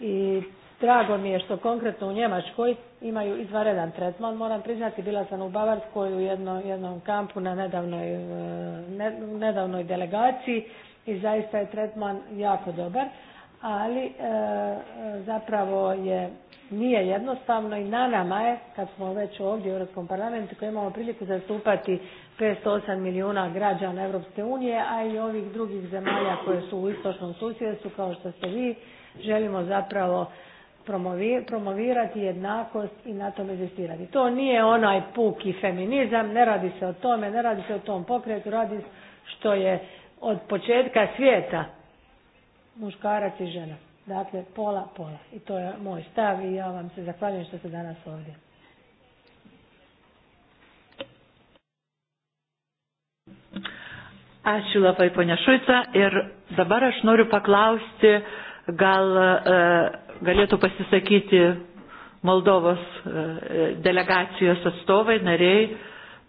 i drago mi je što konkretno u Njemačkoj imaju izvanredan tretman. Moram priznati, bila sam u Bavarskoj u jedno, jednom kampu na nedavnoj, e, ne, nedavnoj delegaciji i zaista je tretman jako dobar, ali e, zapravo je nije jednostavno i na nama je, kad smo već ovdje u Europskom parlamentu koji imamo priliku zastupati 508 milijuna građana Europske unije, a i ovih drugih zemalja koje su u istočnom susjedstvu, kao što ste vi, želimo zapravo promovirati jednakost i na tom inzistirati. To nije onaj puki feminizam, ne radi se o tome, ne radi se o tom pokretu, radi što je od početka svijeta muškarac i žena. Dakle, pola, pola. I to je moj stav i ja vam se zahvaljujem što ste danas ovdje. Ačiū labai, ponia Šuica. Ir dabar aš noriu paklausti, gal e, galėtų pasisakyti Moldovos e, delegacijos atstovai, nariai.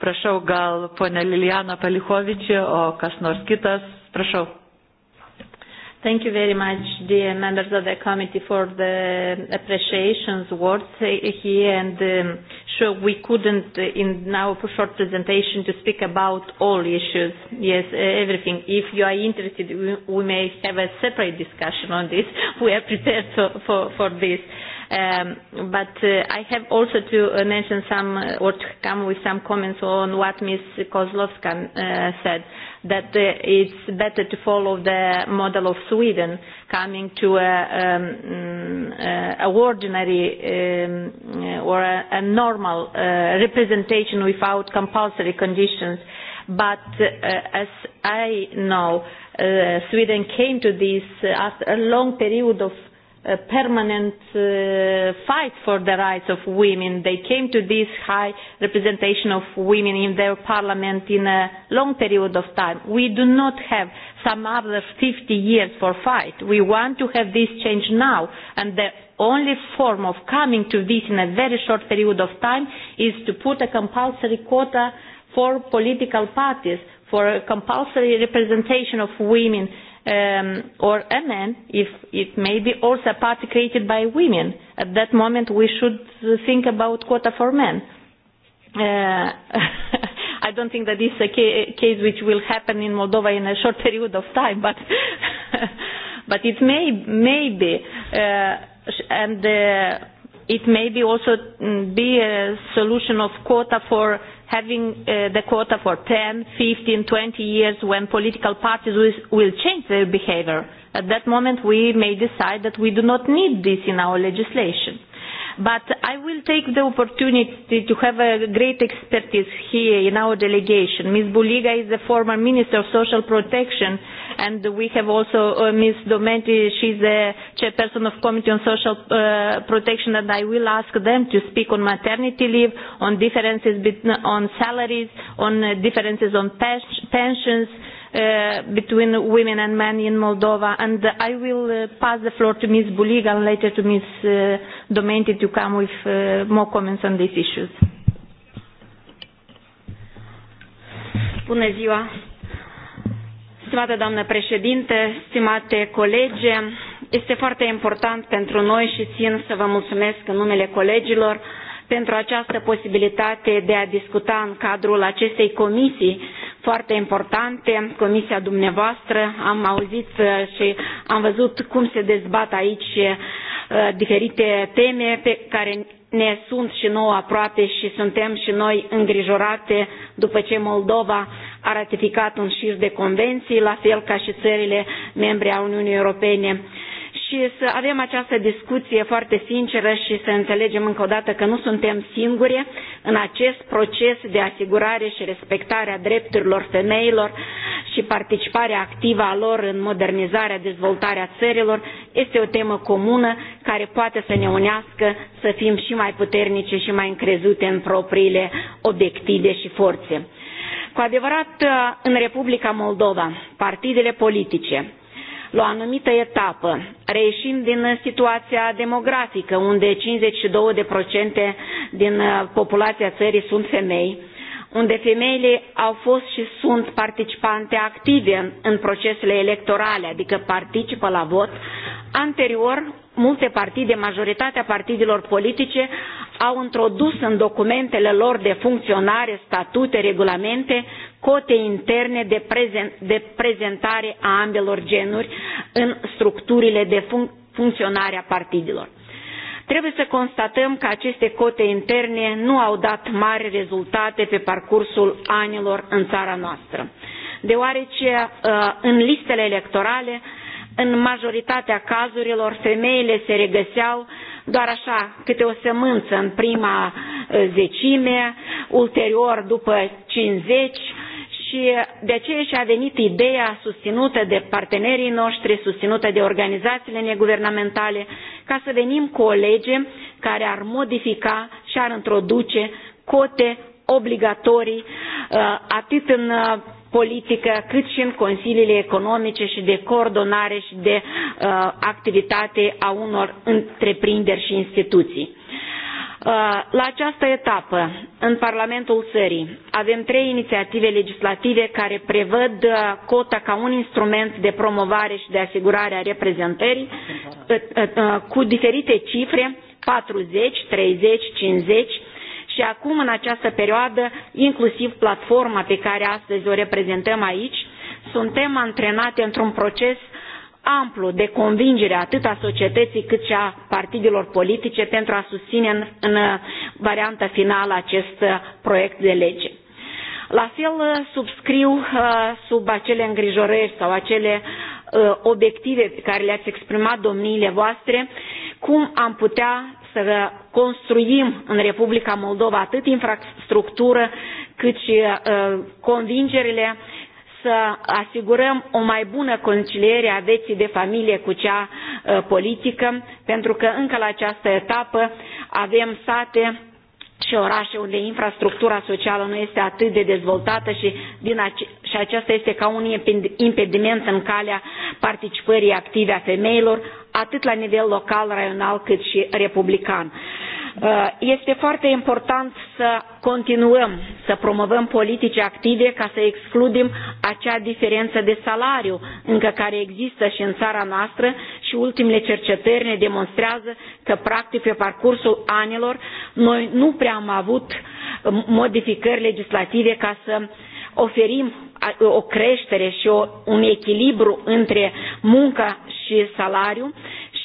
Prašau, gal ponia Lilijana Palichovičia, o kas nors kitas. Prašau. Thank you very much, dear members of the committee, for the appreciations words here. And um, sure, we couldn't, in our short presentation, to speak about all issues. Yes, everything. If you are interested, we, we may have a separate discussion on this. [LAUGHS] We are prepared for, for, for this. Um, but uh, I have also to uh, mention some uh, or to come with some comments on what Ms. Kozlovska uh, said. Uh, that uh, it's better to follow the model of Sweden coming to a, um, mm, uh, a ordinary um, uh, or a, a normal uh, representation without compulsory conditions. But uh, as I know, uh, Sweden came to this uh, after a long period of a permanent uh, fight for the rights of women. They came to this high representation of women in their parliament in a long period of time. We do not have some other 50 years for fight. We want to have this change now, and the only form of coming to this in a very short period of time is to put a compulsory quota for political parties, for a compulsory representation of women uh, um, or a man, if it may be also a party created by women. At that moment, we should think about quota for men. Uh, [LAUGHS] I don't think that this is a ca case which will happen in Moldova in a short [LAUGHS] period of time, but [LAUGHS] but it may maybe uh, and uh, it may be also mm, be a solution of quota for having uh, the quota for 10, 15, 20 years when political parties will change their behavior. At that moment, we may decide that we do not need this in our legislation. But I will take the opportunity to have a great expertise here in our delegation. Ms. Buliga is the former Minister of Social Protection, and we have also uh, Ms. Domenti, she's the chairperson of Committee on Social uh, Protection, and I will ask them to speak on maternity leave, on differences between, on salaries, on uh, differences on pens pensions, uh, between women and men in Moldova. And I will uh, pass the floor to Ms. Bulig and later to Ms. Uh, Domenti to come with uh, more comments on these issues. Bună ziua! Stimată doamnă președinte, stimate colege, este foarte important pentru noi și țin să vă mulțumesc în numele colegilor uh, pentru această posibilitate de a discuta în cadrul acestei comisii foarte importante, comisia dumneavoastră. Am auzit uh, și am văzut cum se dezbat aici uh, diferite teme pe care ne sunt și nouă aproape și suntem și noi îngrijorate după ce Moldova a ratificat un șir de convenții, la fel ca și țările membre a Uniunii Europene și să avem această discuție foarte sinceră și să înțelegem încă o dată că nu suntem singure în acest proces de asigurare și respectare a drepturilor femeilor și participarea activă a lor în modernizarea, dezvoltarea țărilor este o temă comună care poate să ne unească să fim și mai puternice și mai încrezute în propriile obiective și forțe. Cu adevărat, în Republica Moldova, partidele politice, la o anumită etapă reieșim din uh, situația demografică, unde 52% din uh, populația țării sunt femei, unde femeile au fost și sunt participante active în procesele electorale, adică participă la vot, anterior multe partide, majoritatea partidelor politice, au introdus în documentele lor de funcționare, statute, regulamente, cote interne de, prezent, de prezentare a ambelor genuri în structurile de func- funcționare a partidelor. Trebuie să constatăm că aceste cote interne nu au dat mari rezultate pe parcursul anilor în țara noastră, deoarece uh, în listele electorale, în majoritatea cazurilor, femeile se regăseau doar așa, câte o sămânță în prima uh, zecime, ulterior după 50, și de aceea și-a venit ideea susținută de partenerii noștri, susținută de organizațiile neguvernamentale, ca să venim cu o lege care ar modifica și ar introduce cote obligatorii uh, atât în uh, politică cât și în consiliile economice și de coordonare și de uh, activitate a unor întreprinderi și instituții. Uh, la această etapă, în Parlamentul țării, avem trei inițiative legislative care prevăd uh, cota ca un instrument de promovare și de asigurare a reprezentării uh, cu diferite cifre, 40, 30, 50, și acum, în această perioadă, inclusiv platforma pe care astăzi o reprezentăm aici, suntem antrenate într-un proces uh, amplu de convingere atât a societății cât și a partidelor politice pentru a susține în, în uh, varianta finală acest uh, proiect de lege. La fel uh, subscriu sub acele îngrijorări sau acele obiective pe care le-ați exprimat domniile voastre, cum am putea să construim în Republica Moldova atât infrastructură cât și convingerile să asigurăm o mai bună conciliere a vieții de familie cu cea politică, pentru că încă la această etapă avem sate și orașe unde infrastructura socială nu este atât de dezvoltată și, din ace- și acesta este ca un impediment în calea participării active a femeilor, atât la nivel local, raional, cât și republican. Este foarte important să continuăm să promovăm politici active ca să excludem acea diferență de salariu încă care există și în țara noastră și ultimele cercetări ne demonstrează că practic pe parcursul anilor noi nu prea am avut uh, modificări legislative ca să oferim uh, o creștere și o, un echilibru între muncă și salariu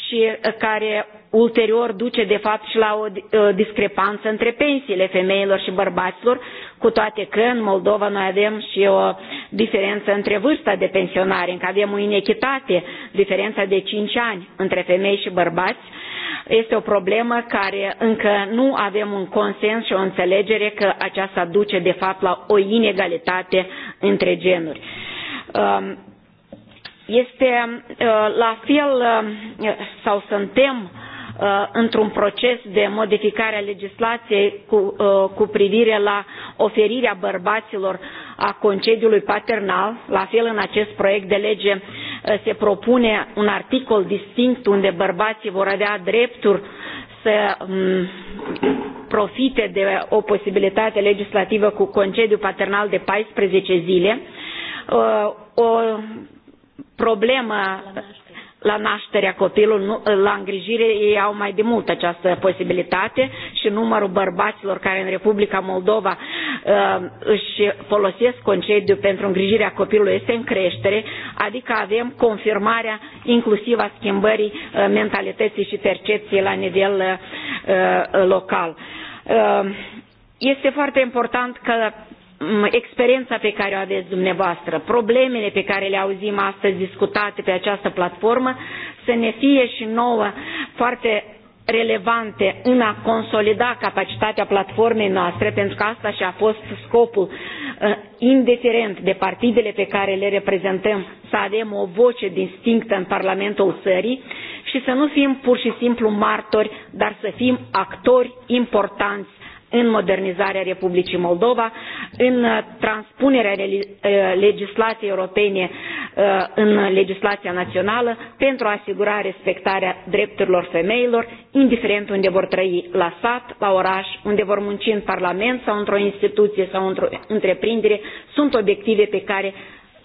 și uh, care ulterior duce de fapt și la o discrepanță între pensiile femeilor și bărbaților, cu toate că în Moldova noi avem și o diferență între vârsta de pensionare, încă avem o inechitate, diferența de 5 ani între femei și bărbați, este o problemă care încă nu avem un consens și o înțelegere că aceasta duce de fapt la o inegalitate între genuri. Um, este uh, la fel, uh, sau suntem Uh, într-un proces de modificare a legislației cu, uh, cu privire la oferirea bărbaților a concediului paternal. La fel, în acest proiect de lege uh, se propune un articol distinct unde bărbații vor avea drepturi să um, profite de o posibilitate legislativă cu concediu paternal de 14 zile. O problemă la nașterea copilului, nu, la îngrijire ei au mai de mult această posibilitate și numărul bărbaților care în Republica Moldova uh, își folosesc concediu pentru îngrijirea copilului este în creștere, adică avem confirmarea inclusiv a schimbării uh, mentalității și percepției la nivel uh, local. Este foarte important că experiența pe care o aveți dumneavoastră, problemele pe care le auzim astăzi discutate pe această platformă, să ne fie și nouă foarte relevante în a consolida capacitatea platformei noastre, pentru că asta și-a fost scopul, uh, indiferent de partidele pe care le reprezentăm, să avem o voce distinctă în Parlamentul țării și să nu fim pur și simplu martori, dar să fim actori importanți în modernizarea Republicii Moldova, în uh, transpunerea uh, legislației europene uh, în legislația națională pentru a asigura respectarea drepturilor femeilor, indiferent unde vor trăi, la sat, la oraș, unde vor munci în Parlament sau într-o instituție sau într-o întreprindere, sunt obiective pe care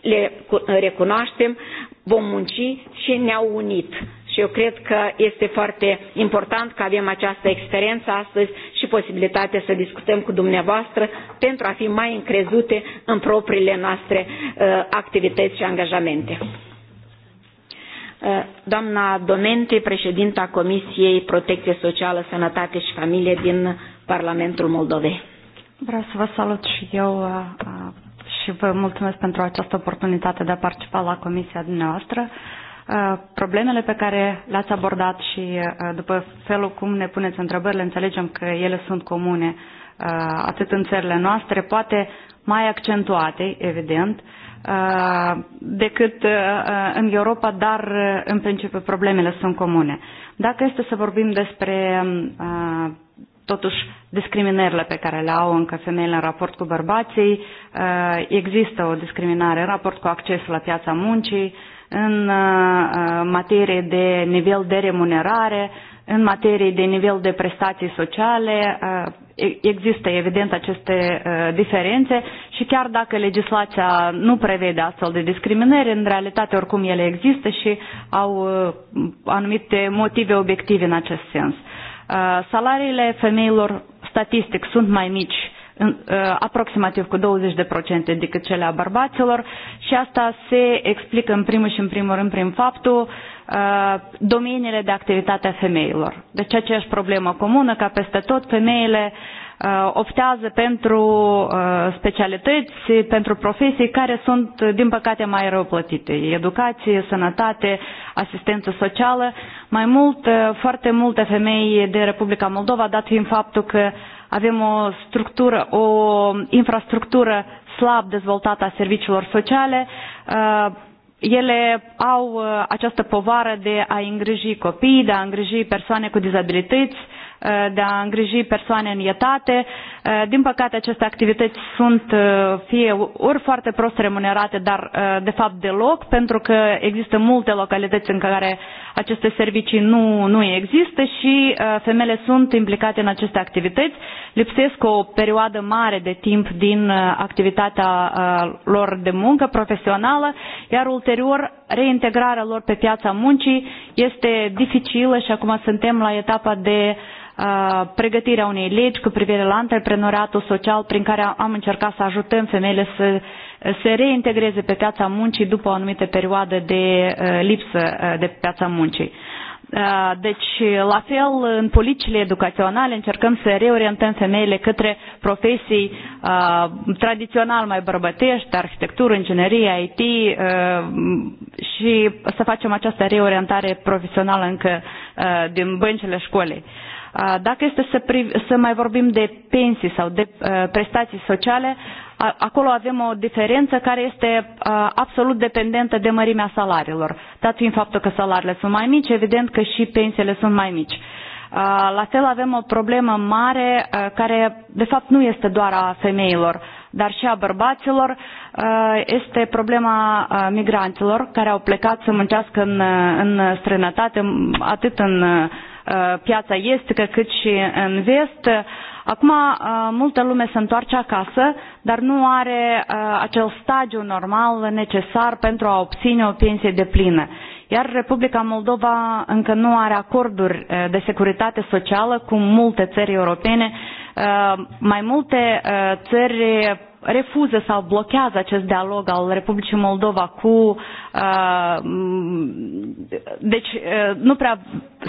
le recunoaștem, vom munci și ne-au unit eu cred că este foarte important că avem această experiență astăzi și posibilitatea să discutăm cu dumneavoastră pentru a fi mai încrezute în propriile noastre uh, activități și angajamente. Uh, doamna Domente, președinta Comisiei Protecție Socială, Sănătate și Familie din Parlamentul Moldovei. Vreau să vă salut și eu uh, uh și vă mulțumesc pentru această oportunitate de a participa la comisia dumneavoastră. Uh, Uh, problemele pe care le-ați abordat și uh, după felul cum ne puneți întrebările, înțelegem că ele sunt comune uh, atât în țările noastre, poate mai accentuate, evident, decât în Europa, dar în principiu problemele sunt comune. Dacă este să vorbim despre um, totuși discriminările pe care le au încă femeile în raport cu bărbații, există o discriminare în raport cu accesul la piața muncii, în uh, uh, materie de nivel de remunerare, în materie de nivel de prestații sociale, uh, e, există evident aceste diferențe și chiar dacă legislația nu prevede astfel de discriminări, în realitate oricum ele există și au anumite motive obiective în acest sens. Salariile femeilor statistic sunt mai mici Uh, aproximativ cu 20% decât cele a bărbaților și asta se explică în primul și în primul rând prin faptul uh, domeniile de activitate a femeilor. Deci aceeași problemă comună ca peste tot femeile uh, optează pentru specialități, pentru profesii care sunt, din păcate, mai rău plătite. Educație, sănătate, asistență socială. Mai mult, foarte multe femei din Republica Moldova, dat fiind faptul că uh, avem o structură, o infrastructură slab dezvoltată a serviciilor sociale, uh, ele au uh, această povară de a îngriji copii, de a îngriji persoane cu dizabilități, uh, de a îngriji persoane în etate. Din păcate, aceste activități sunt fie ori foarte prost remunerate, dar de fapt deloc, pentru că există multe localități în care aceste servicii nu, nu există și uh, femeile sunt implicate în aceste activități. Lipsesc o perioadă mare de timp din uh, activitatea uh, lor de muncă profesională, iar ulterior reintegrarea lor pe piața muncii este dificilă și acum suntem la etapa de pregătirea unei legi cu privire la antreprenoriatul social prin care am încercat să ajutăm femeile să se reintegreze pe piața muncii după o anumită perioadă de uh, lipsă uh, de piața muncii. Uh, deci, la fel, în politicile educaționale încercăm să reorientăm femeile către profesii uh, tradițional mai bărbătești, arhitectură, inginerie, IT uh, și să facem această reorientare profesională încă uh, din băncile școlii. Dacă este să, priv- să mai vorbim de pensii sau de prestații sociale, uh, acolo avem o diferență care este absolut dependentă de mărimea salariilor. Dat fiind faptul că salariile sunt mai mici, evident că și pensiile sunt mai mici. La fel avem o problemă mare care de fapt nu este doar a femeilor, dar și a bărbaților. Este problema migranților care au plecat să muncească în, în străinătate, atât în piața estică cât și în vest Acum, uh, multă lume se întoarce acasă, dar nu are uh, acel stagiu normal necesar pentru a obține o pensie de plină. Iar Republica Moldova încă nu are acorduri uh, de securitate socială cu multe țări europene. Mai multe țări refuză sau blochează acest dialog al Republicii Moldova cu. Deci, nu prea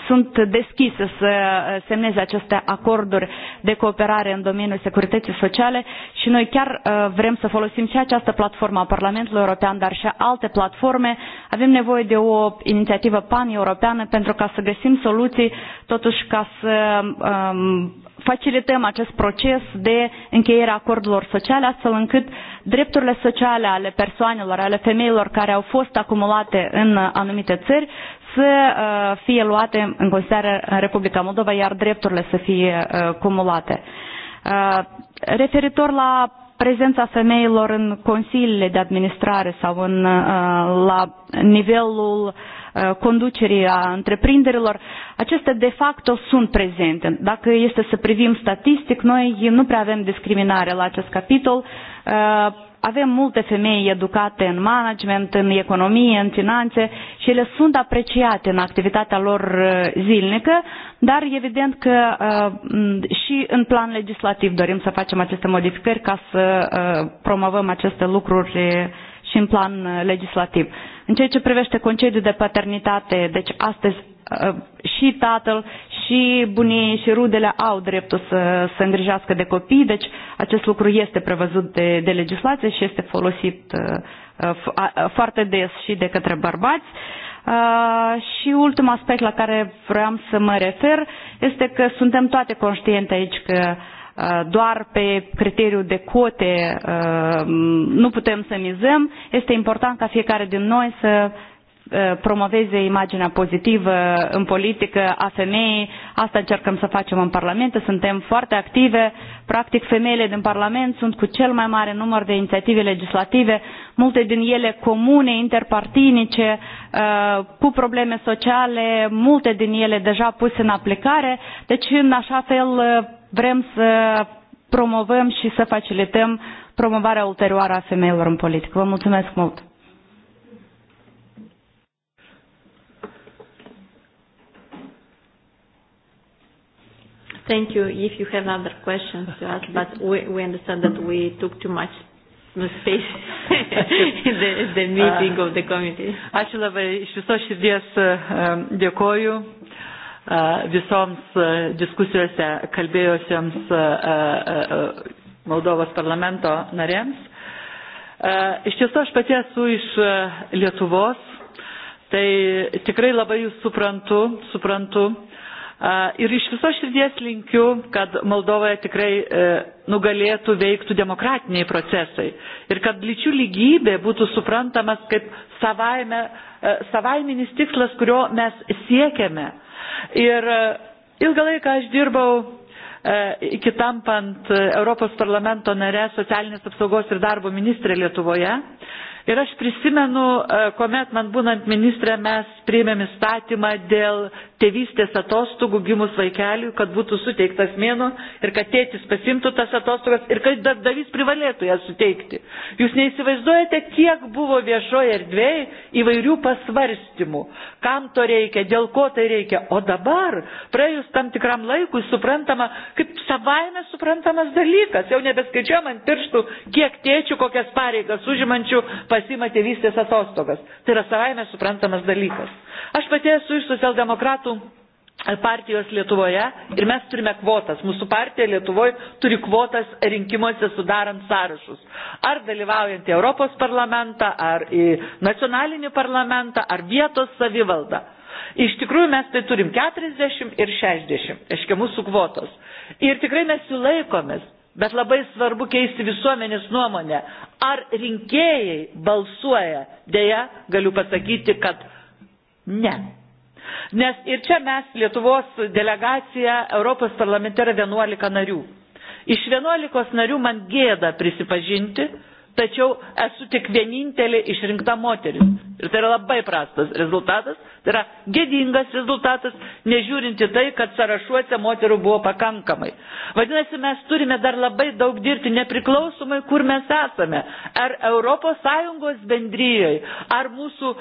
sunt deschisă să uh, semneze aceste acorduri de cooperare în domeniul securității sociale și noi chiar uh, vrem să folosim și această platformă a Parlamentului European, dar și alte platforme. Avem nevoie de o inițiativă pan-europeană pentru ca să găsim soluții, totuși ca să um, facilităm acest proces de încheiere a acordurilor sociale, astfel încât drepturile sociale ale persoanelor, ale femeilor care au fost acumulate în anumite țări să uh, fie luate în considerare în Republica Moldova, iar drepturile să fie uh, cumulate. Uh, referitor la prezența femeilor în consiliile de administrare sau în, la nivelul conducerii a întreprinderilor, acestea de facto sunt prezente. Dacă este să privim statistic, noi nu prea avem discriminare la acest capitol avem multe femei educate în management, în economie, în finanțe și ele sunt apreciate în activitatea lor uh, zilnică, dar evident că uh, și în plan legislativ dorim să facem aceste modificări ca să uh, promovăm aceste lucruri și în plan legislativ. În ceea ce privește concediul de paternitate, deci astăzi și tatăl și bunii și rudele au dreptul să se îngrijească de copii, deci acest lucru este prevăzut de, de legislație și este folosit uh, foarte des și de către bărbați. Uh, și ultimul aspect la care vreau să mă refer este că suntem toate conștiente aici că uh, doar pe criteriul de cote nu putem să mizăm. Este important ca fiecare din noi să Eh, promoveze imaginea pozitivă în politică a femeii. Asta încercăm să facem în Parlament, suntem foarte active. Practic, femeile din Parlament sunt cu cel mai mare număr de inițiative legislative, multe din ele comune, interpartinice, eh, cu probleme sociale, multe din ele deja puse în aplicare. Deci, în așa fel, eh, vrem să promovăm și să facilităm promovarea ulterioară a femeilor în politică. Vă mulțumesc mult! Thank you. If you have other questions to ask, but we, we understand that we took too much space [LAUGHS] in the, the meeting of the committee. Ačiū labai. Iš viso širdies dėkoju äh, visoms äh, diskusijose kalbėjusiems äh, Moldovos parlamento narėms. Iš tiesų aš pati esu iš e, Lietuvos, tai tikrai labai jūs suprantu, suprantu Uh, ir iš viso širdies linkiu, kad Moldovoje tikrai uh, nugalėtų veiktų demokratiniai procesai ir kad lyčių lygybė būtų suprantamas kaip savaime, uh, savaiminis tikslas, kurio mes siekiame. Ir ilgą laiką aš dirbau iki tampant Europos parlamento nare socialinės apsaugos ir darbo ministrė Lietuvoje. Ir aš prisimenu, kuomet man būnant ministrė mes priėmėm įstatymą dėl tėvystės atostogų gimus vaikeliui, kad būtų suteiktas mėnuo ir kad tėtis pasimtų tas atostogas ir kad darbdavys privalėtų jas suteikti. Jūs neįsivaizduojate, kiek buvo viešoje erdvėje įvairių pasvarstymų, kam to reikia, dėl ko tai reikia. O dabar, praėjus tam tikram laikui, suprantama, kaip savaime suprantamas dalykas, jau nebeskaičiuojam ant pirštų, kiek tėčių, kokias pareigas užimančių pasima tėvystės atostogas. Tai yra savaime suprantamas dalykas. Aš pati esu iš socialdemokratų metų e, partijos Lietuvoje ir mes turime kvotas. Mūsų partija Lietuvoje turi kvotas rinkimuose sudarant sąrašus. Ar dalyvaujant į Europos parlamentą, ar į nacionalinį parlamentą, ar vietos savivaldą. Iš tikrųjų mes tai turim 40 ir 60, aiškia mūsų kvotos. Ir tikrai mes jų laikomės. Bet labai svarbu keisti visuomenės nuomonę. Ar rinkėjai balsuoja? Deja, galiu pasakyti, kad ne Nes ir čia mes Lietuvos delegacija Europos parlamente yra 11 narių. Iš 11 narių man gėda prisipažinti, tačiau esu tik vienintelė išrinkta moteris. Ir tai yra labai prastas rezultatas, tai yra gėdingas rezultatas, nežiūrinti tai, kad sąrašuose moterų buvo pakankamai. Vadinasi, mes turime dar labai daug dirbti nepriklausomai, kur mes esame. Ar ES bendryjoje, ar mūsų e,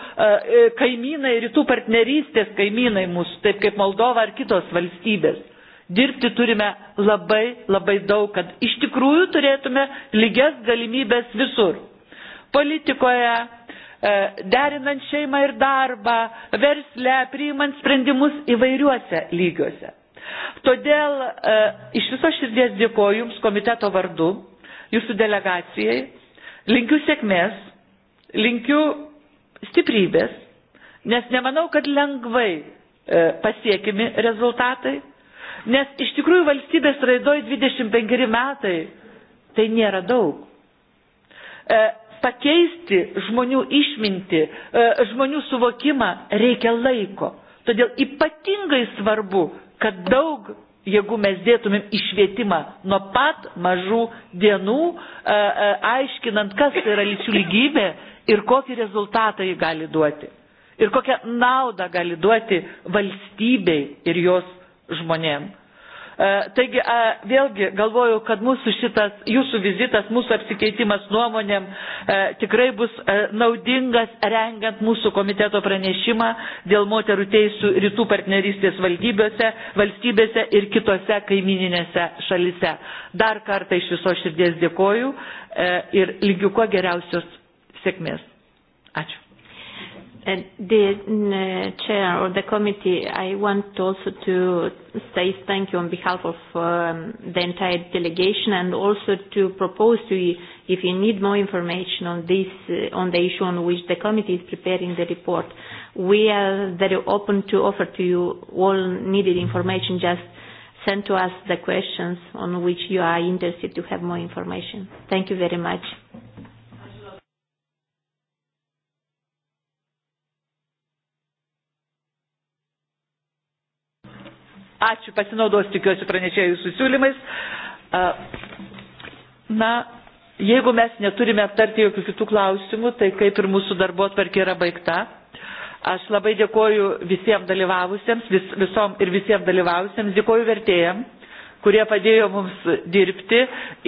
e, kaimynai, rytų partnerystės kaimynai mūsų, taip kaip Moldova ar kitos valstybės dirbti turime labai labai daug, kad iš tikrųjų turėtume lygias galimybės visur. Politikoje, e, derinant šeimą ir darbą, versle, priimant sprendimus įvairiuose lygiuose. Todėl e, iš viso širdies dėkoju Jums komiteto vardu, Jūsų delegacijai, linkiu sėkmės, linkiu stiprybės, nes nemanau, kad lengvai e, pasiekimi rezultatai Nes iš tikrųjų valstybės raidoj 25 metai tai nėra daug. E, pakeisti žmonių išminti, e, žmonių suvokimą reikia laiko. Todėl ypatingai svarbu, kad daug jeigu mes dėtumėm išvietimą nuo pat mažų dienų, e, e, aiškinant, kas tai yra lyčių lygybė ir kokį rezultatą jį gali duoti. Ir kokią naudą gali duoti valstybei ir jos žmonėm. E, taigi e, vėlgi galvoju, kad mūsų šitas, jūsų vizitas, mūsų apsikeitimas nuomonėm e, tikrai bus naudingas rengiant mūsų komiteto pranešimą dėl moterų teisų rytų partnerystės valdybėse, valstybėse ir kitose kaimininėse šalise. Dar kartą iš viso širdies dėkoju ir linkiu kuo geriausios sėkmės. Uh, the uh, chair of the committee, I want also to say thank you on behalf of um, the entire delegation and also to propose to you, if you need more information on this, uh, on the issue on which the committee is preparing the report, we are very open to offer to you all needed information. Just send to us the questions on which you are interested to have more information. Thank you very much. Ačiū, pasinaudos tikiuosi pranešėjų susiūlymais. Na, jeigu mes neturime aptarti jokių kitų klausimų, tai kaip ir mūsų darbo atvarkė yra baigta. Aš labai dėkoju visiems dalyvavusiems, vis, visom ir visiems dalyvavusiems, dėkoju vertėjams kurie padėjo mums dirbti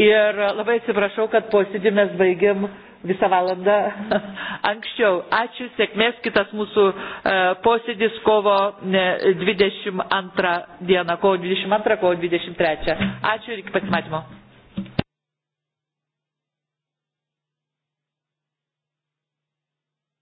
ir labai atsiprašau, kad posėdį mes baigiam visą valandą [LAUGHS] anksčiau. Ačiū, sėkmės, kitas mūsų e, posėdis kovo 22 dieną, kovo 22, kovo 23. Ačiū ir iki pasimatymo.